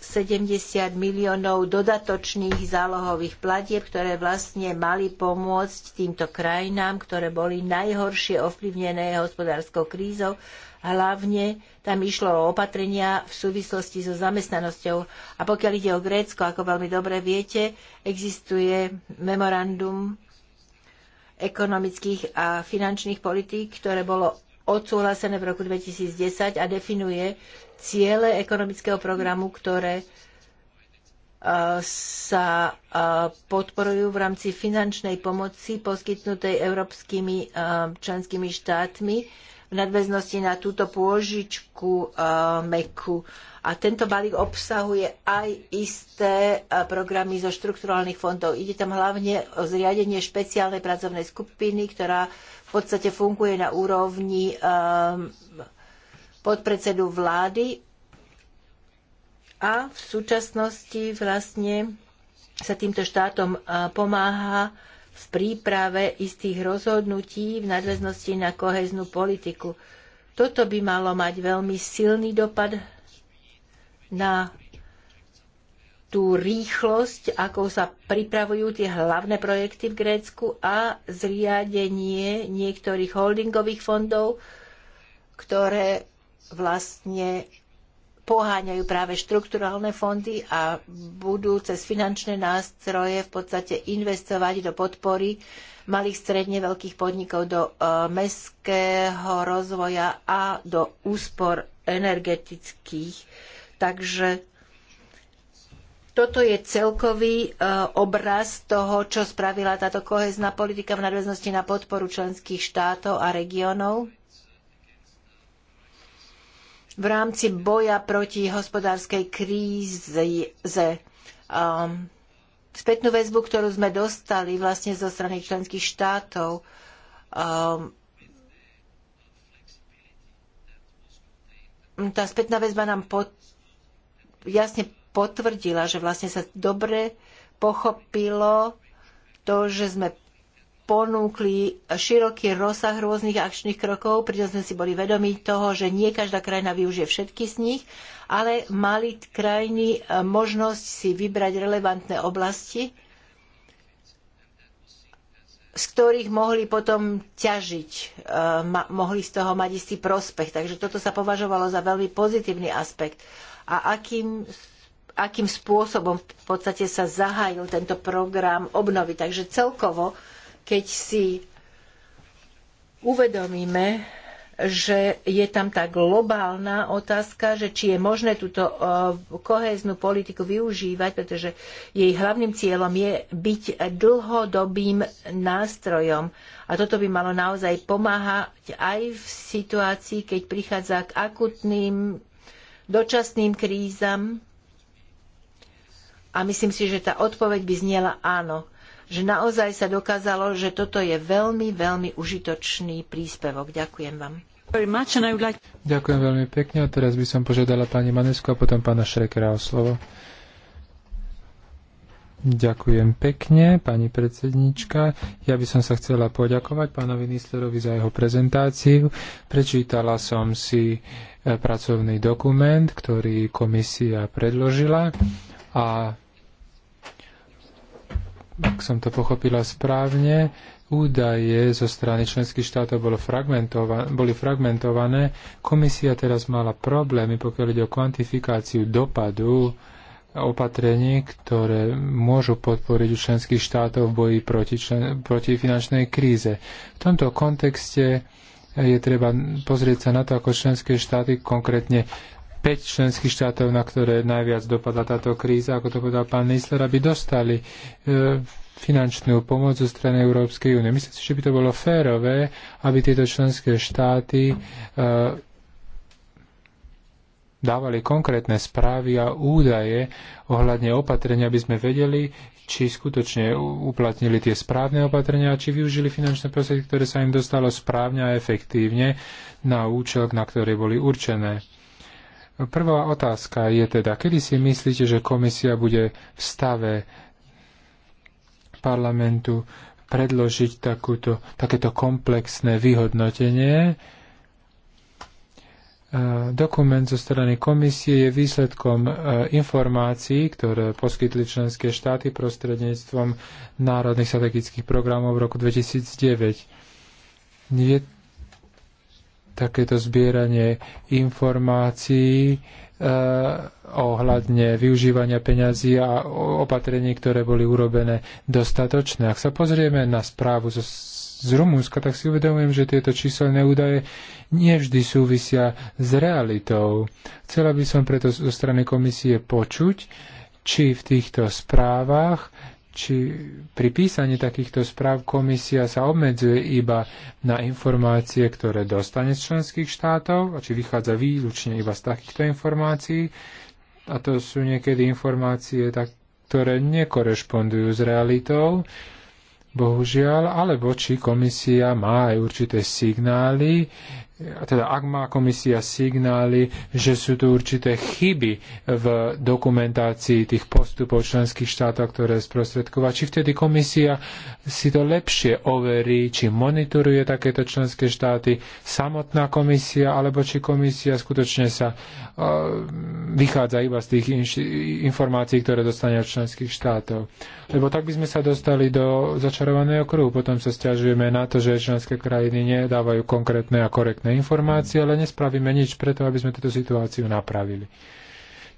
[SPEAKER 3] miliónov dodatočných zálohových platieb, ktoré vlastne mali pomôcť týmto krajinám, ktoré boli najhoršie ovplyvnené hospodárskou krízou. Hlavne tam išlo o opatrenia v súvislosti so zamestnanosťou. A pokiaľ ide o Grécko, ako veľmi dobre viete, existuje memorandum ekonomických a finančných politík, ktoré bolo odsúhlasené v roku 2010 a definuje, ciele ekonomického programu, ktoré e, sa e, podporujú v rámci finančnej pomoci poskytnutej európskymi e, členskými štátmi v nadväznosti na túto pôžičku MEKu. A tento balík obsahuje aj isté programy zo štrukturálnych fondov. Ide tam hlavne o zriadenie špeciálnej pracovnej skupiny, ktorá v podstate funguje na úrovni um, podpredsedu vlády a v súčasnosti vlastne sa týmto štátom pomáha v príprave istých rozhodnutí v nadväznosti na koheznú politiku. Toto by malo mať veľmi silný dopad na tú rýchlosť, ako sa pripravujú tie hlavné projekty v Grécku a zriadenie niektorých holdingových fondov, ktoré vlastne poháňajú práve štrukturálne fondy a budú cez finančné nástroje v podstate investovať do podpory malých stredne veľkých podnikov do e, mestského rozvoja a do úspor energetických. Takže toto je celkový e, obraz toho, čo spravila táto kohezná politika v nadväznosti na podporu členských štátov a regiónov v rámci boja proti hospodárskej kríze. Um, spätnú väzbu, ktorú sme dostali vlastne zo strany členských štátov, um, tá spätná väzba nám pot, jasne potvrdila, že vlastne sa dobre pochopilo to, že sme ponúkli široký rozsah rôznych akčných krokov, pričom sme si boli vedomi toho, že nie každá krajina využije všetky z nich, ale mali krajiny e, možnosť si vybrať relevantné oblasti, z ktorých mohli potom ťažiť, e, mohli z toho mať istý prospech. Takže toto sa považovalo za veľmi pozitívny aspekt. A akým akým spôsobom v podstate sa zahájil tento program obnovy. Takže celkovo keď si uvedomíme, že je tam tá globálna otázka, že či je možné túto eh, kohéznu politiku využívať, pretože jej hlavným cieľom je byť dlhodobým nástrojom. A toto by malo naozaj pomáhať aj v situácii, keď prichádza k akutným dočasným krízam. A myslím si, že tá odpoveď by zniela áno že naozaj sa dokázalo, že toto je veľmi, veľmi užitočný príspevok. Ďakujem vám.
[SPEAKER 2] Ďakujem veľmi pekne a teraz by som požiadala pani Manesku a potom pána Šrekera o slovo. Ďakujem pekne, pani predsednička. Ja by som sa chcela poďakovať pánovi Nistlerovi za jeho prezentáciu. Prečítala som si eh, pracovný dokument, ktorý komisia predložila a ak som to pochopila správne, údaje zo strany členských štátov bolo fragmentova- boli fragmentované. Komisia teraz mala problémy, pokiaľ ide o kvantifikáciu dopadu opatrení, ktoré môžu podporiť členských štátov v boji proti, člen, proti finančnej kríze. V tomto kontexte je treba pozrieť sa na to, ako členské štáty konkrétne 5 členských štátov, na ktoré najviac dopadla táto kríza, ako to povedal pán Nisler, aby dostali e, finančnú pomoc zo strany Európskej únie. Myslím si, že by to bolo férové, aby tieto členské štáty e, dávali konkrétne správy a údaje ohľadne opatrenia, aby sme vedeli, či skutočne uplatnili tie správne opatrenia, či využili finančné prostriedky, ktoré sa im dostalo správne a efektívne na účel, na ktorý boli určené. Prvá otázka je teda, kedy si myslíte, že komisia bude v stave parlamentu predložiť takúto, takéto komplexné vyhodnotenie? E, dokument zo strany komisie je výsledkom e, informácií, ktoré poskytli členské štáty prostredníctvom národných strategických programov v roku 2009. Je takéto zbieranie informácií e, ohľadne využívania peňazí a opatrení, ktoré boli urobené dostatočné. Ak sa pozrieme na správu zo, z Rumúnska, tak si uvedomujem, že tieto číselné údaje nevždy súvisia s realitou. Chcela by som preto zo strany komisie počuť, či v týchto správach či pri písaní takýchto správ komisia sa obmedzuje iba na informácie, ktoré dostane z členských štátov, a či vychádza výlučne iba z takýchto informácií. A to sú niekedy informácie, tak, ktoré nekorešpondujú s realitou, bohužiaľ, alebo či komisia má aj určité signály, teda ak má komisia signály, že sú tu určité chyby v dokumentácii tých postupov členských štátov, ktoré sprostredkova, či vtedy komisia si to lepšie overí, či monitoruje takéto členské štáty samotná komisia, alebo či komisia skutočne sa uh, vychádza iba z tých inš- informácií, ktoré dostane od členských štátov. Lebo tak by sme sa dostali do začarovaného kruhu. Potom sa stiažujeme na to, že členské krajiny nedávajú konkrétne a korektné dostupné informácie, ale nespravíme nič preto, aby sme túto situáciu napravili.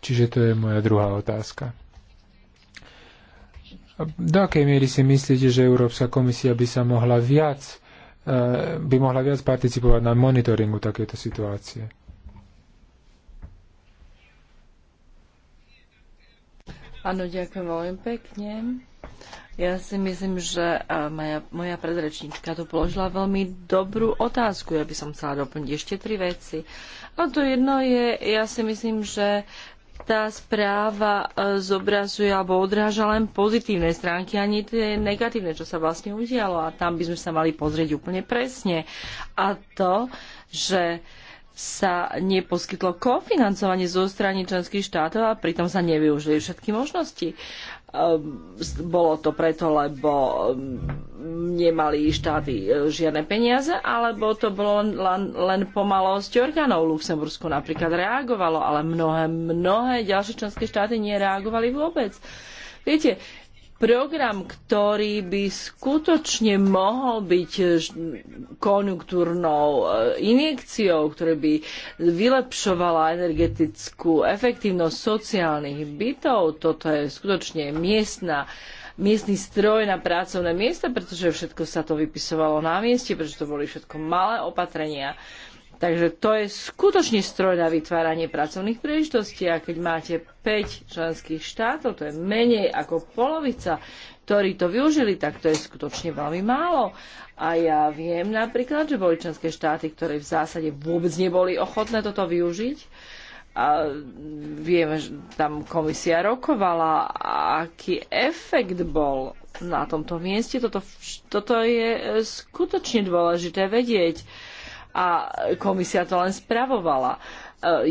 [SPEAKER 2] Čiže to je moja druhá otázka. Do akej miery si myslíte, že Európska komisia by sa mohla viac, e, by mohla viac participovať na monitoringu takéto situácie?
[SPEAKER 1] Áno, ďakujem veľmi pekne. Ja si myslím, že moja, moja predrečníčka tu položila veľmi dobrú otázku. Ja by som chcela doplniť ešte tri veci. A to jedno je, ja si myslím, že tá správa e, zobrazuje alebo odráža len pozitívne stránky a nie tie negatívne, čo sa vlastne udialo. A tam by sme sa mali pozrieť úplne presne. A to, že sa neposkytlo kofinancovanie zo strany členských štátov a pritom sa nevyužili všetky možnosti. Ehm, bolo to preto, lebo ehm, nemali štáty e, žiadne peniaze, alebo to bolo len, len pomalosť orgánov. Luxembursko napríklad reagovalo, ale mnohé, mnohé ďalšie členské štáty nereagovali vôbec. Viete, program, ktorý by skutočne mohol byť e, konjunktúrnou e, injekciou, ktorá by vylepšovala energetickú efektívnosť sociálnych bytov. Toto je skutočne miestna miestny stroj na pracovné miesta, pretože všetko sa to vypisovalo na mieste, pretože to boli všetko malé opatrenia. Takže to je skutočný stroj na vytváranie pracovných príležitostí a keď máte 5 členských štátov, to je menej ako polovica, ktorí to využili, tak to je skutočne veľmi málo. A ja viem napríklad, že boli členské štáty, ktoré v zásade vôbec neboli ochotné toto využiť. A vieme, že tam komisia rokovala, aký efekt bol na tomto mieste. Toto, toto je skutočne dôležité vedieť a komisia to len spravovala. E,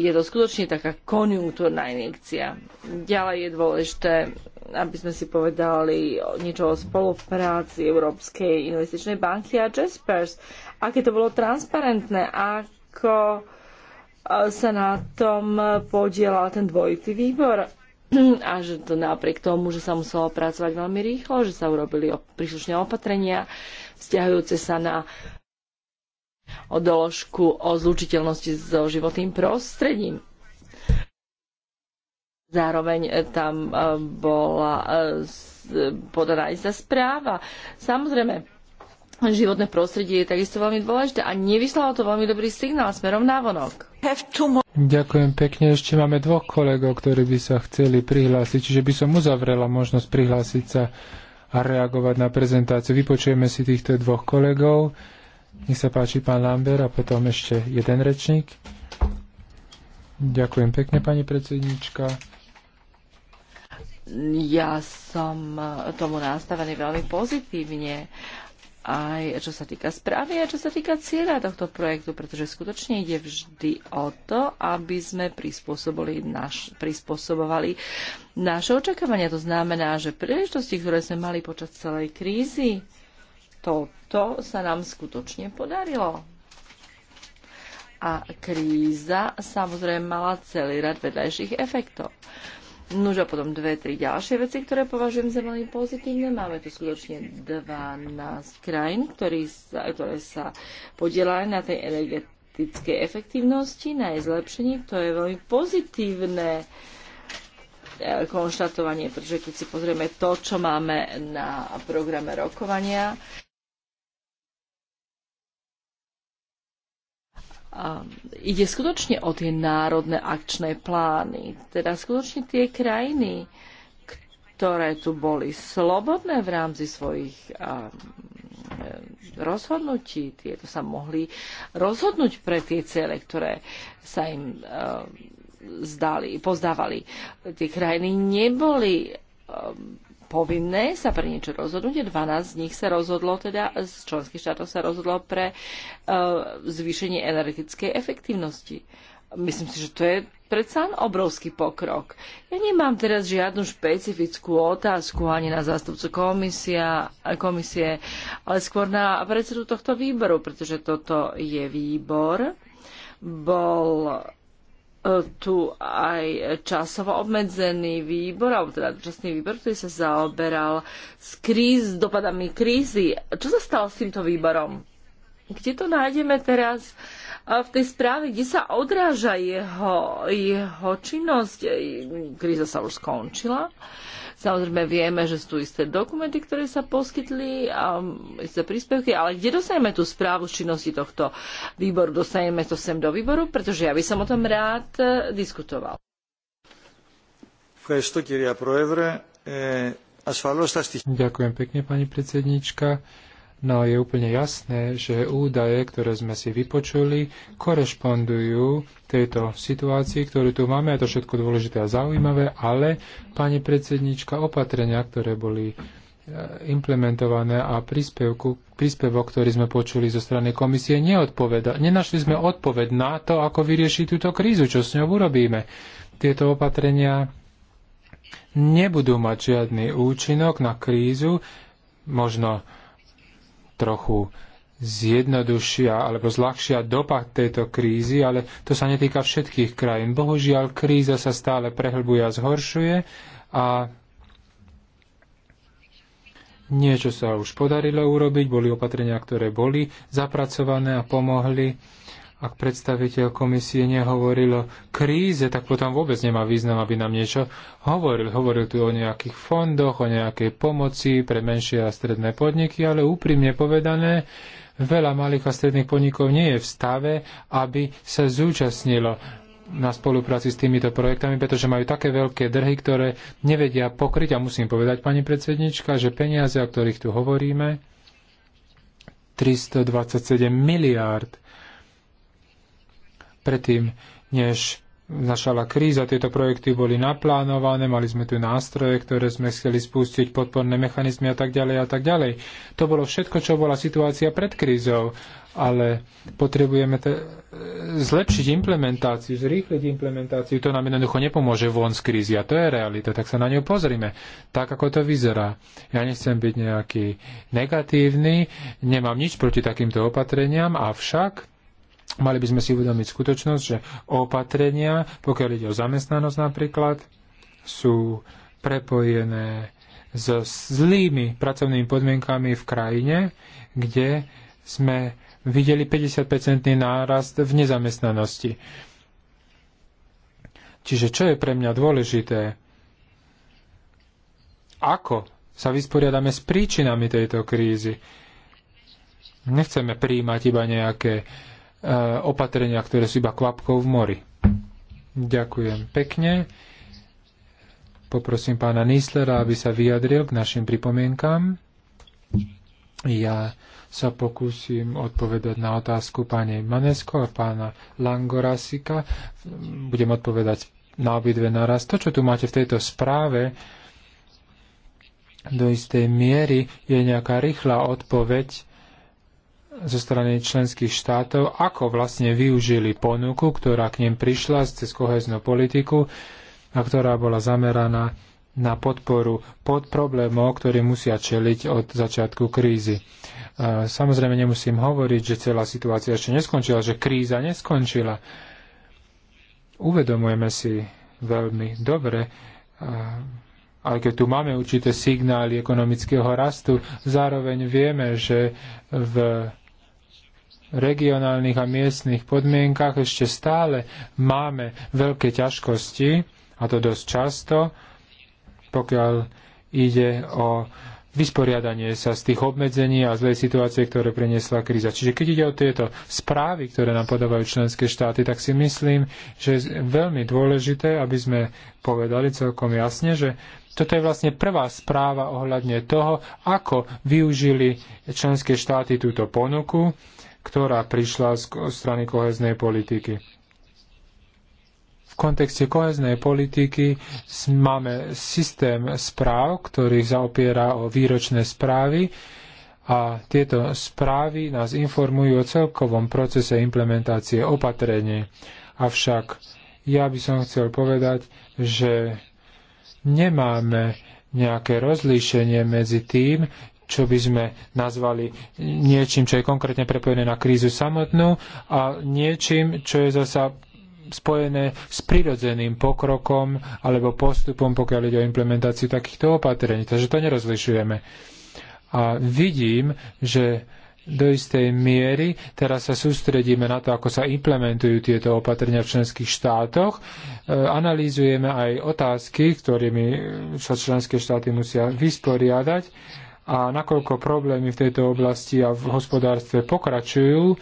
[SPEAKER 1] je to skutočne taká konjunktúrna injekcia. Ďalej je dôležité, aby sme si povedali niečo o spolupráci Európskej investičnej banky a Jaspers. Aké to bolo transparentné, ako e, sa na tom podielal ten dvojitý výbor a že to napriek tomu, že sa muselo pracovať veľmi rýchlo, že sa urobili príslušné opatrenia vzťahujúce sa na o doložku o zlučiteľnosti so životným prostredím. Zároveň eh, tam eh, bola eh, podaná sa správa. Samozrejme, životné prostredie je takisto veľmi dôležité a nevyslalo to veľmi dobrý signál smerom na vonok.
[SPEAKER 2] Ďakujem pekne. Ešte máme dvoch kolegov, ktorí by sa chceli prihlásiť, čiže by som uzavrela možnosť prihlásiť sa a reagovať na prezentáciu. Vypočujeme si týchto dvoch kolegov. Nech sa páči pán Lambert a potom ešte jeden rečník. Ďakujem pekne, pani predsednička.
[SPEAKER 1] Ja som tomu nastavený veľmi pozitívne aj čo sa týka správy a čo sa týka cieľa tohto projektu, pretože skutočne ide vždy o to, aby sme prispôsobili naš, prispôsobovali naše očakávania. To znamená, že príležitosti, ktoré sme mali počas celej krízy, toto sa nám skutočne podarilo. A kríza samozrejme mala celý rad vedľajších efektov. Nož a potom dve, tri ďalšie veci, ktoré považujem za veľmi pozitívne. Máme tu skutočne 12 krajín, sa, ktoré sa podielajú na tej energetickej efektívnosti, na jej zlepšení. To je veľmi pozitívne e, konštatovanie, pretože keď si pozrieme to, čo máme na programe rokovania, ide skutočne o tie národné akčné plány. Teda skutočne tie krajiny, ktoré tu boli slobodné v rámci svojich um, e, rozhodnutí, tieto sa mohli rozhodnúť pre tie cele, ktoré sa im e, zdali, pozdávali. Tie krajiny neboli um, povinné sa pre niečo rozhodnúť. 12 z nich sa rozhodlo, teda z členských štátov sa rozhodlo pre uh, zvýšenie energetickej efektívnosti. Myslím si, že to je predsa obrovský pokrok. Ja nemám teraz žiadnu špecifickú otázku ani na zástupcu komisia, komisie, ale skôr na predsedu tohto výboru, pretože toto je výbor, bol E, tu aj časovo obmedzený výbor, alebo teda časný výbor, ktorý sa zaoberal s kríz, dopadami krízy. Čo sa stalo s týmto výborom? Kde to nájdeme teraz e, v tej správe, kde sa odráža jeho, jeho činnosť? E, kríza sa už skončila. Uh, Samozrejme vieme, že sú isté dokumenty, ktoré sa poskytli, a isté príspevky, ale kde dostaneme tú správu z činnosti tohto výboru? Dostaneme to sem do výboru, pretože ja by som o tom rád e, diskutoval.
[SPEAKER 2] Ďakujem pekne, pani predsednička. No je úplne jasné, že údaje, ktoré sme si vypočuli, korešpondujú tejto situácii, ktorú tu máme. Je to všetko dôležité a zaujímavé, ale pani predsednička, opatrenia, ktoré boli e, implementované a príspevku, príspevok, ktorý sme počuli zo strany komisie, neodpoveda. Nenašli sme odpoveď na to, ako vyriešiť túto krízu, čo s ňou urobíme. Tieto opatrenia nebudú mať žiadny účinok na krízu, možno trochu zjednodušia alebo zľahšia dopad tejto krízy, ale to sa netýka všetkých krajín. Bohužiaľ, kríza sa stále prehlbuje a zhoršuje a niečo sa už podarilo urobiť, boli opatrenia, ktoré boli zapracované a pomohli ak predstaviteľ komisie nehovoril o kríze, tak potom vôbec nemá význam, aby nám niečo hovoril. Hovoril tu o nejakých fondoch, o nejakej pomoci pre menšie a stredné podniky, ale úprimne povedané, veľa malých a stredných podnikov nie je v stave, aby sa zúčastnilo na spolupráci s týmito projektami, pretože majú také veľké drhy, ktoré nevedia pokryť. A musím povedať, pani predsednička, že peniaze, o ktorých tu hovoríme, 327 miliárd Predtým, než našala kríza, tieto projekty boli naplánované, mali sme tu nástroje, ktoré sme chceli spustiť, podporné mechanizmy a tak ďalej a tak ďalej. To bolo všetko, čo bola situácia pred krízou, ale potrebujeme te- zlepšiť implementáciu, zrýchliť implementáciu, to nám jednoducho nepomôže von z krízy a to je realita, tak sa na ňu pozrime, tak ako to vyzerá. Ja nechcem byť nejaký negatívny, nemám nič proti takýmto opatreniam, avšak Mali by sme si uvedomiť skutočnosť, že opatrenia, pokiaľ ide o zamestnanosť napríklad, sú prepojené so zlými pracovnými podmienkami v krajine, kde sme videli 50-percentný nárast v nezamestnanosti. Čiže čo je pre mňa dôležité? Ako sa vysporiadame s príčinami tejto krízy? Nechceme príjmať iba nejaké uh, Eh, opatrenia, ktoré sú iba kvapkou v mori. Ďakujem pekne. Poprosím pána Nislera, aby sa vyjadril k našim pripomienkám. Ja sa pokúsim odpovedať na otázku pani Manesko a pána Langorasika. Budem odpovedať na obidve naraz. To, čo tu máte v tejto správe, do istej miery je nejaká rýchla odpoveď zo strany členských štátov, ako vlastne využili ponuku, ktorá k ním prišla cez koheznú politiku a ktorá bola zameraná na podporu pod problémov, ktoré musia čeliť od začiatku krízy. E, samozrejme nemusím hovoriť, že celá situácia ešte neskončila, že kríza neskončila. Uvedomujeme si veľmi dobre, e, aj keď tu máme určité signály ekonomického rastu, zároveň vieme, že v regionálnych a miestnych podmienkach ešte stále máme veľké ťažkosti, a to dosť často, pokiaľ ide o vysporiadanie sa z tých obmedzení a zlej situácie, ktoré priniesla kríza. Čiže keď ide o tieto správy, ktoré nám podávajú členské štáty, tak si myslím, že je veľmi dôležité, aby sme povedali celkom jasne, že toto je vlastne prvá správa ohľadne toho, ako využili členské štáty túto ponuku ktorá prišla z strany koheznej politiky. V kontexte koheznej politiky máme systém správ, ktorý zaopiera o výročné správy a tieto správy nás informujú o celkovom procese implementácie opatrení. Avšak ja by som chcel povedať, že nemáme nejaké rozlíšenie medzi tým, čo by sme nazvali niečím, čo je konkrétne prepojené na krízu samotnú a niečím, čo je zasa spojené s prirodzeným pokrokom alebo postupom, pokiaľ ide o implementáciu takýchto opatrení. Takže to nerozlišujeme. A vidím, že do istej miery. Teraz sa sústredíme na to, ako sa implementujú tieto opatrenia v členských štátoch. E, analýzujeme aj otázky, ktorými sa členské štáty musia vysporiadať a nakoľko problémy v tejto oblasti a v hospodárstve pokračujú,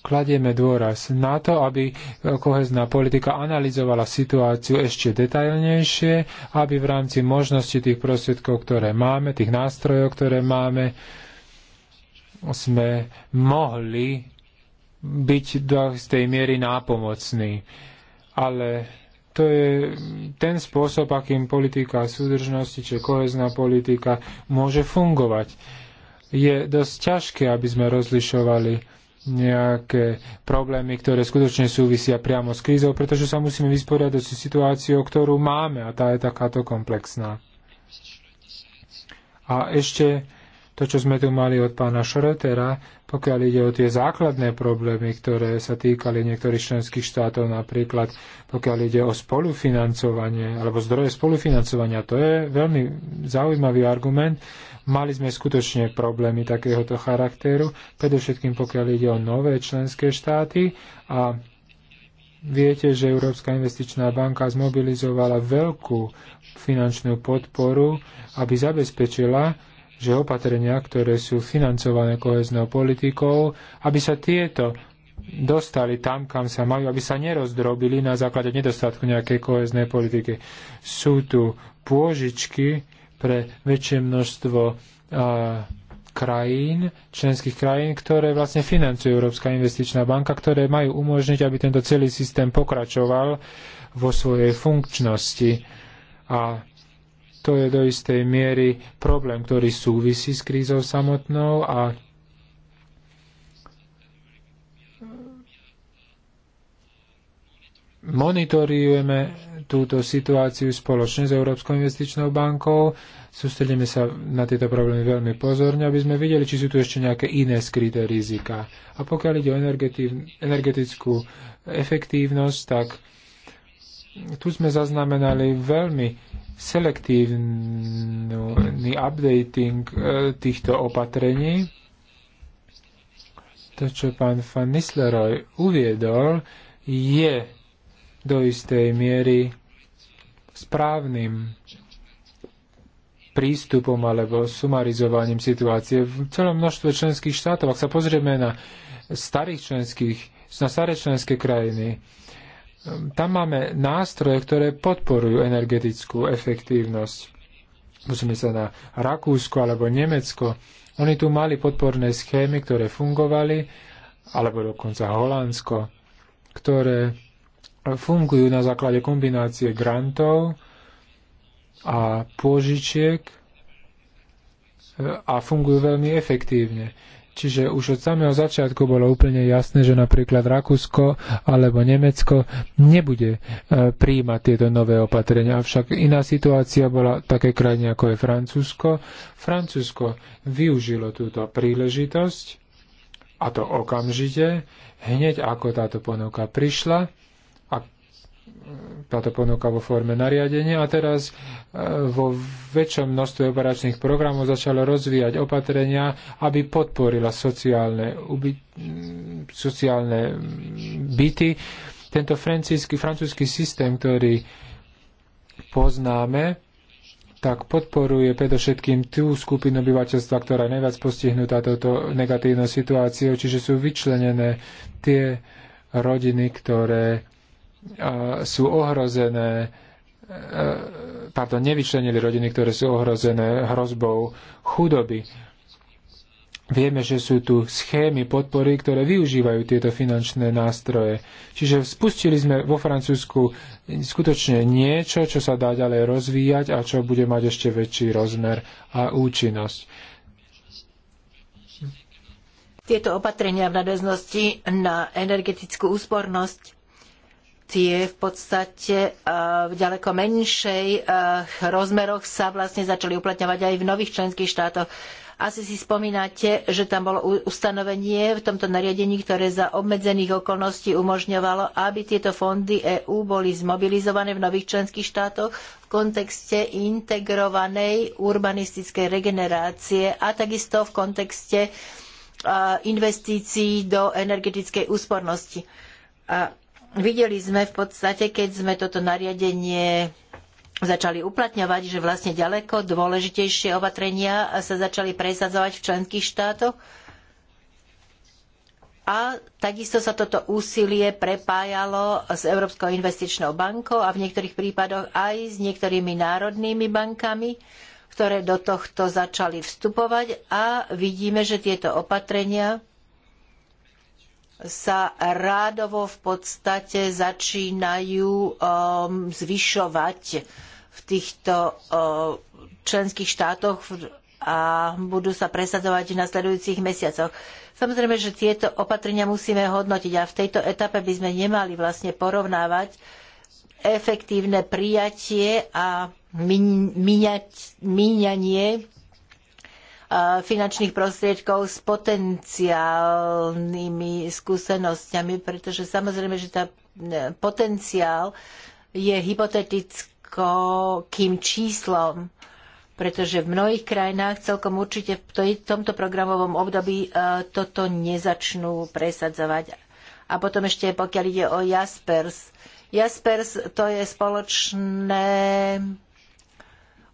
[SPEAKER 2] kladieme dôraz na to, aby e, kohezná politika analyzovala situáciu ešte detailnejšie, aby v rámci možnosti tých prostriedkov, ktoré máme, tých nástrojov, ktoré máme, sme mohli byť do tej miery nápomocní. Ale to je ten spôsob, akým politika súdržnosti, či kohezná politika môže fungovať. Je dosť ťažké, aby sme rozlišovali nejaké problémy, ktoré skutočne súvisia priamo s krízou, pretože sa musíme vysporiadať s situáciou, ktorú máme a tá je takáto komplexná. A ešte to, čo sme tu mali od pána Šrotera, pokiaľ ide o tie základné problémy, ktoré sa týkali niektorých členských štátov, napríklad pokiaľ ide o spolufinancovanie alebo zdroje spolufinancovania, to je veľmi zaujímavý argument. Mali sme skutočne problémy takéhoto charakteru, predovšetkým pokiaľ ide o nové členské štáty a Viete, že Európska investičná banka zmobilizovala veľkú finančnú podporu, aby zabezpečila, že opatrenia, ktoré sú financované koheznou politikou, aby sa tieto dostali tam, kam sa majú, aby sa nerozdrobili na základe nedostatku nejakej koheznej politiky. Sú tu pôžičky pre väčšie množstvo a, krajín, členských krajín, ktoré vlastne financuje Európska investičná banka, ktoré majú umožniť, aby tento celý systém pokračoval vo svojej funkčnosti. A to je do istej miery problém, ktorý súvisí s krízou samotnou a monitorujeme túto situáciu spoločne s Európskou investičnou bankou. Sústredíme sa na tieto problémy veľmi pozorne, aby sme videli, či sú tu ešte nejaké iné skryté rizika. A pokiaľ ide o energetickú efektívnosť, tak tu sme zaznamenali veľmi selektívny updating e, týchto opatrení. To, čo pán Van Nisleroy uviedol, je do istej miery správnym prístupom alebo sumarizovaním situácie v celom množstve členských štátov. Ak sa pozrieme na starých členských, na staré členské krajiny, Ehm, tam máme nástroje, ktoré podporujú energetickú efektívnosť. Musíme sa na Rakúsko alebo Nemecko. Oni tu mali podporné schémy, ktoré fungovali, alebo dokonca Holandsko, ktoré fungujú na základe kombinácie grantov a pôžičiek a fungujú veľmi efektívne. Čiže už od samého začiatku bolo úplne jasné, že napríklad Rakúsko alebo Nemecko nebude e, príjmať tieto nové opatrenia. Avšak iná situácia bola také krajine ako je Francúzsko. Francúzsko využilo túto príležitosť a to okamžite, hneď ako táto ponuka prišla táto ponuka vo forme nariadenia a teraz e, vo väčšom množstve operačných programov začalo rozvíjať opatrenia, aby podporila sociálne, uby, sociálne byty. Tento francúzsky, francúzsky systém, ktorý poznáme, tak podporuje predovšetkým tú skupinu obyvateľstva, ktorá je najviac postihnutá touto negatívnou situáciou, čiže sú vyčlenené tie rodiny, ktoré sú ohrozené, e, pardon, nevyčlenili rodiny, ktoré sú ohrozené hrozbou chudoby. Vieme, že sú tu schémy podpory, ktoré využívajú tieto finančné nástroje. Čiže spustili sme vo Francúzsku skutočne niečo, čo sa dá ďalej rozvíjať a čo bude mať ešte väčší rozmer a účinnosť.
[SPEAKER 3] Tieto opatrenia v nadväznosti na energetickú úspornosť tie v podstate eh, v ďaleko menšej eh, rozmeroch sa vlastne začali uplatňovať aj v nových členských štátoch. Asi si spomínate, že tam bolo ustanovenie v tomto nariadení, ktoré za obmedzených okolností umožňovalo, aby tieto fondy EÚ boli zmobilizované v nových členských štátoch v kontexte integrovanej urbanistickej regenerácie a takisto v kontexte eh, investícií do energetickej úspornosti. A videli sme v podstate, keď sme toto nariadenie začali uplatňovať, že vlastne ďaleko dôležitejšie opatrenia sa začali presadzovať v členských štátoch. A takisto sa toto úsilie prepájalo s Európskou investičnou bankou a v niektorých prípadoch aj s niektorými národnými bankami, ktoré do tohto začali vstupovať a vidíme, že tieto opatrenia sa rádovo v podstate začínajú um, zvyšovať v týchto uh, členských štátoch a budú sa presadzovať v nasledujúcich mesiacoch. Samozrejme, že tieto opatrenia musíme hodnotiť a v tejto etape by sme nemali vlastne porovnávať efektívne prijatie a míňanie Eh, finančných prostriedkov s potenciálnymi skúsenosťami, pretože samozrejme, že tá eh, potenciál je hypotetickým číslom, pretože v mnohých krajinách celkom určite v tomto programovom období eh, toto nezačnú presadzovať. A potom ešte, pokiaľ ide o Jaspers. Jaspers to je spoločné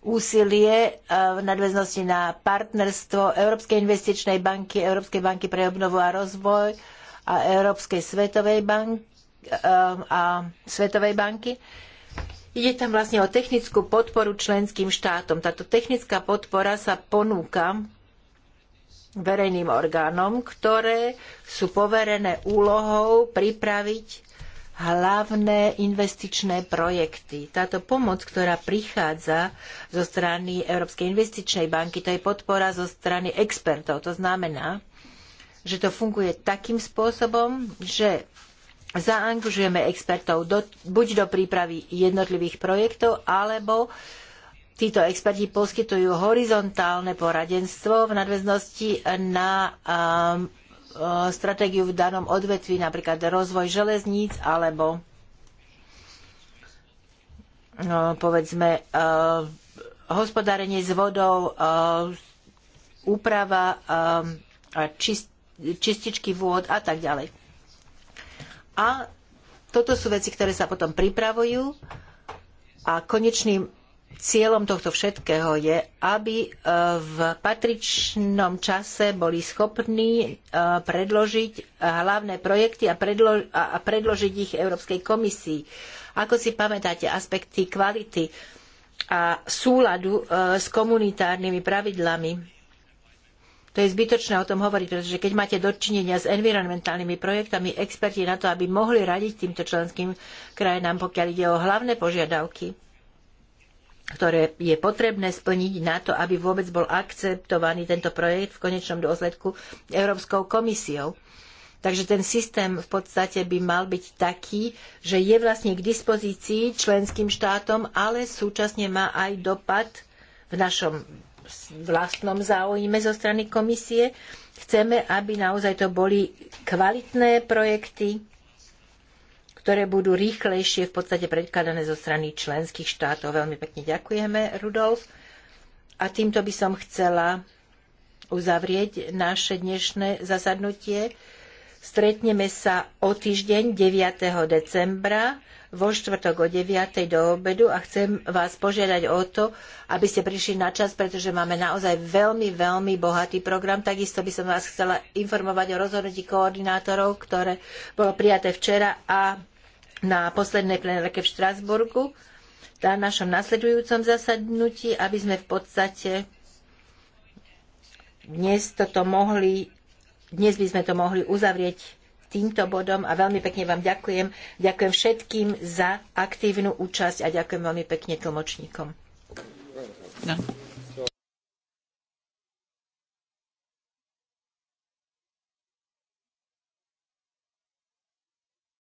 [SPEAKER 3] úsilie e, v nadväznosti na partnerstvo Európskej investičnej banky, Európskej banky pre obnovu a rozvoj a Európskej svetovej banky e, a Svetovej banky. Ide tam vlastne o technickú podporu členským štátom. Táto technická podpora sa ponúka verejným orgánom, ktoré sú poverené úlohou pripraviť hlavné investičné projekty. Táto pomoc, ktorá prichádza zo strany Európskej investičnej banky, to je podpora zo strany expertov. To znamená, že to funguje takým spôsobom, že zaangažujeme expertov do, buď do prípravy jednotlivých projektov, alebo títo experti poskytujú horizontálne poradenstvo v nadväznosti na um, Eh, stratégiu v danom odvetví, napríklad rozvoj železníc alebo eh, povedzme eh, hospodárenie s vodou, úprava a čističky vôd a tak ďalej. A toto sú veci, ktoré sa potom pripravujú a konečným cieľom tohto všetkého je, aby e, v patričnom čase boli schopní e, predložiť hlavné projekty a, predlo- a predložiť ich Európskej komisii. Ako si pamätáte, aspekty kvality a súladu e, s komunitárnymi pravidlami to je zbytočné o tom hovoriť, pretože keď máte dočinenia s environmentálnymi projektami, experti na to, aby mohli radiť týmto členským krajinám, pokiaľ ide o hlavné požiadavky ktoré je potrebné splniť na to, aby vôbec bol akceptovaný tento projekt v konečnom dôsledku Európskou komisiou. Takže ten systém v podstate by mal byť taký, že je vlastne k dispozícii členským štátom, ale súčasne má aj dopad v našom vlastnom záujme zo strany komisie. Chceme, aby naozaj to boli kvalitné projekty, ktoré budú rýchlejšie v podstate predkladané zo strany členských štátov. Veľmi pekne ďakujeme, Rudolf. A týmto by som chcela uzavrieť naše dnešné zasadnutie. Stretneme sa o týždeň 9. decembra vo štvrtok o 9. do obedu a chcem vás požiadať o to, aby ste prišli na čas, pretože máme naozaj veľmi, veľmi bohatý program. Takisto by som vás chcela informovať o rozhodnutí koordinátorov, ktoré bolo prijaté včera a na poslednej plenárke v Štrasburgu, na našom nasledujúcom zasadnutí, aby sme v podstate dnes toto mohli, dnes by sme to mohli uzavrieť týmto bodom a veľmi pekne vám ďakujem. Ďakujem všetkým za aktívnu účasť a ďakujem veľmi pekne tlmočníkom. No.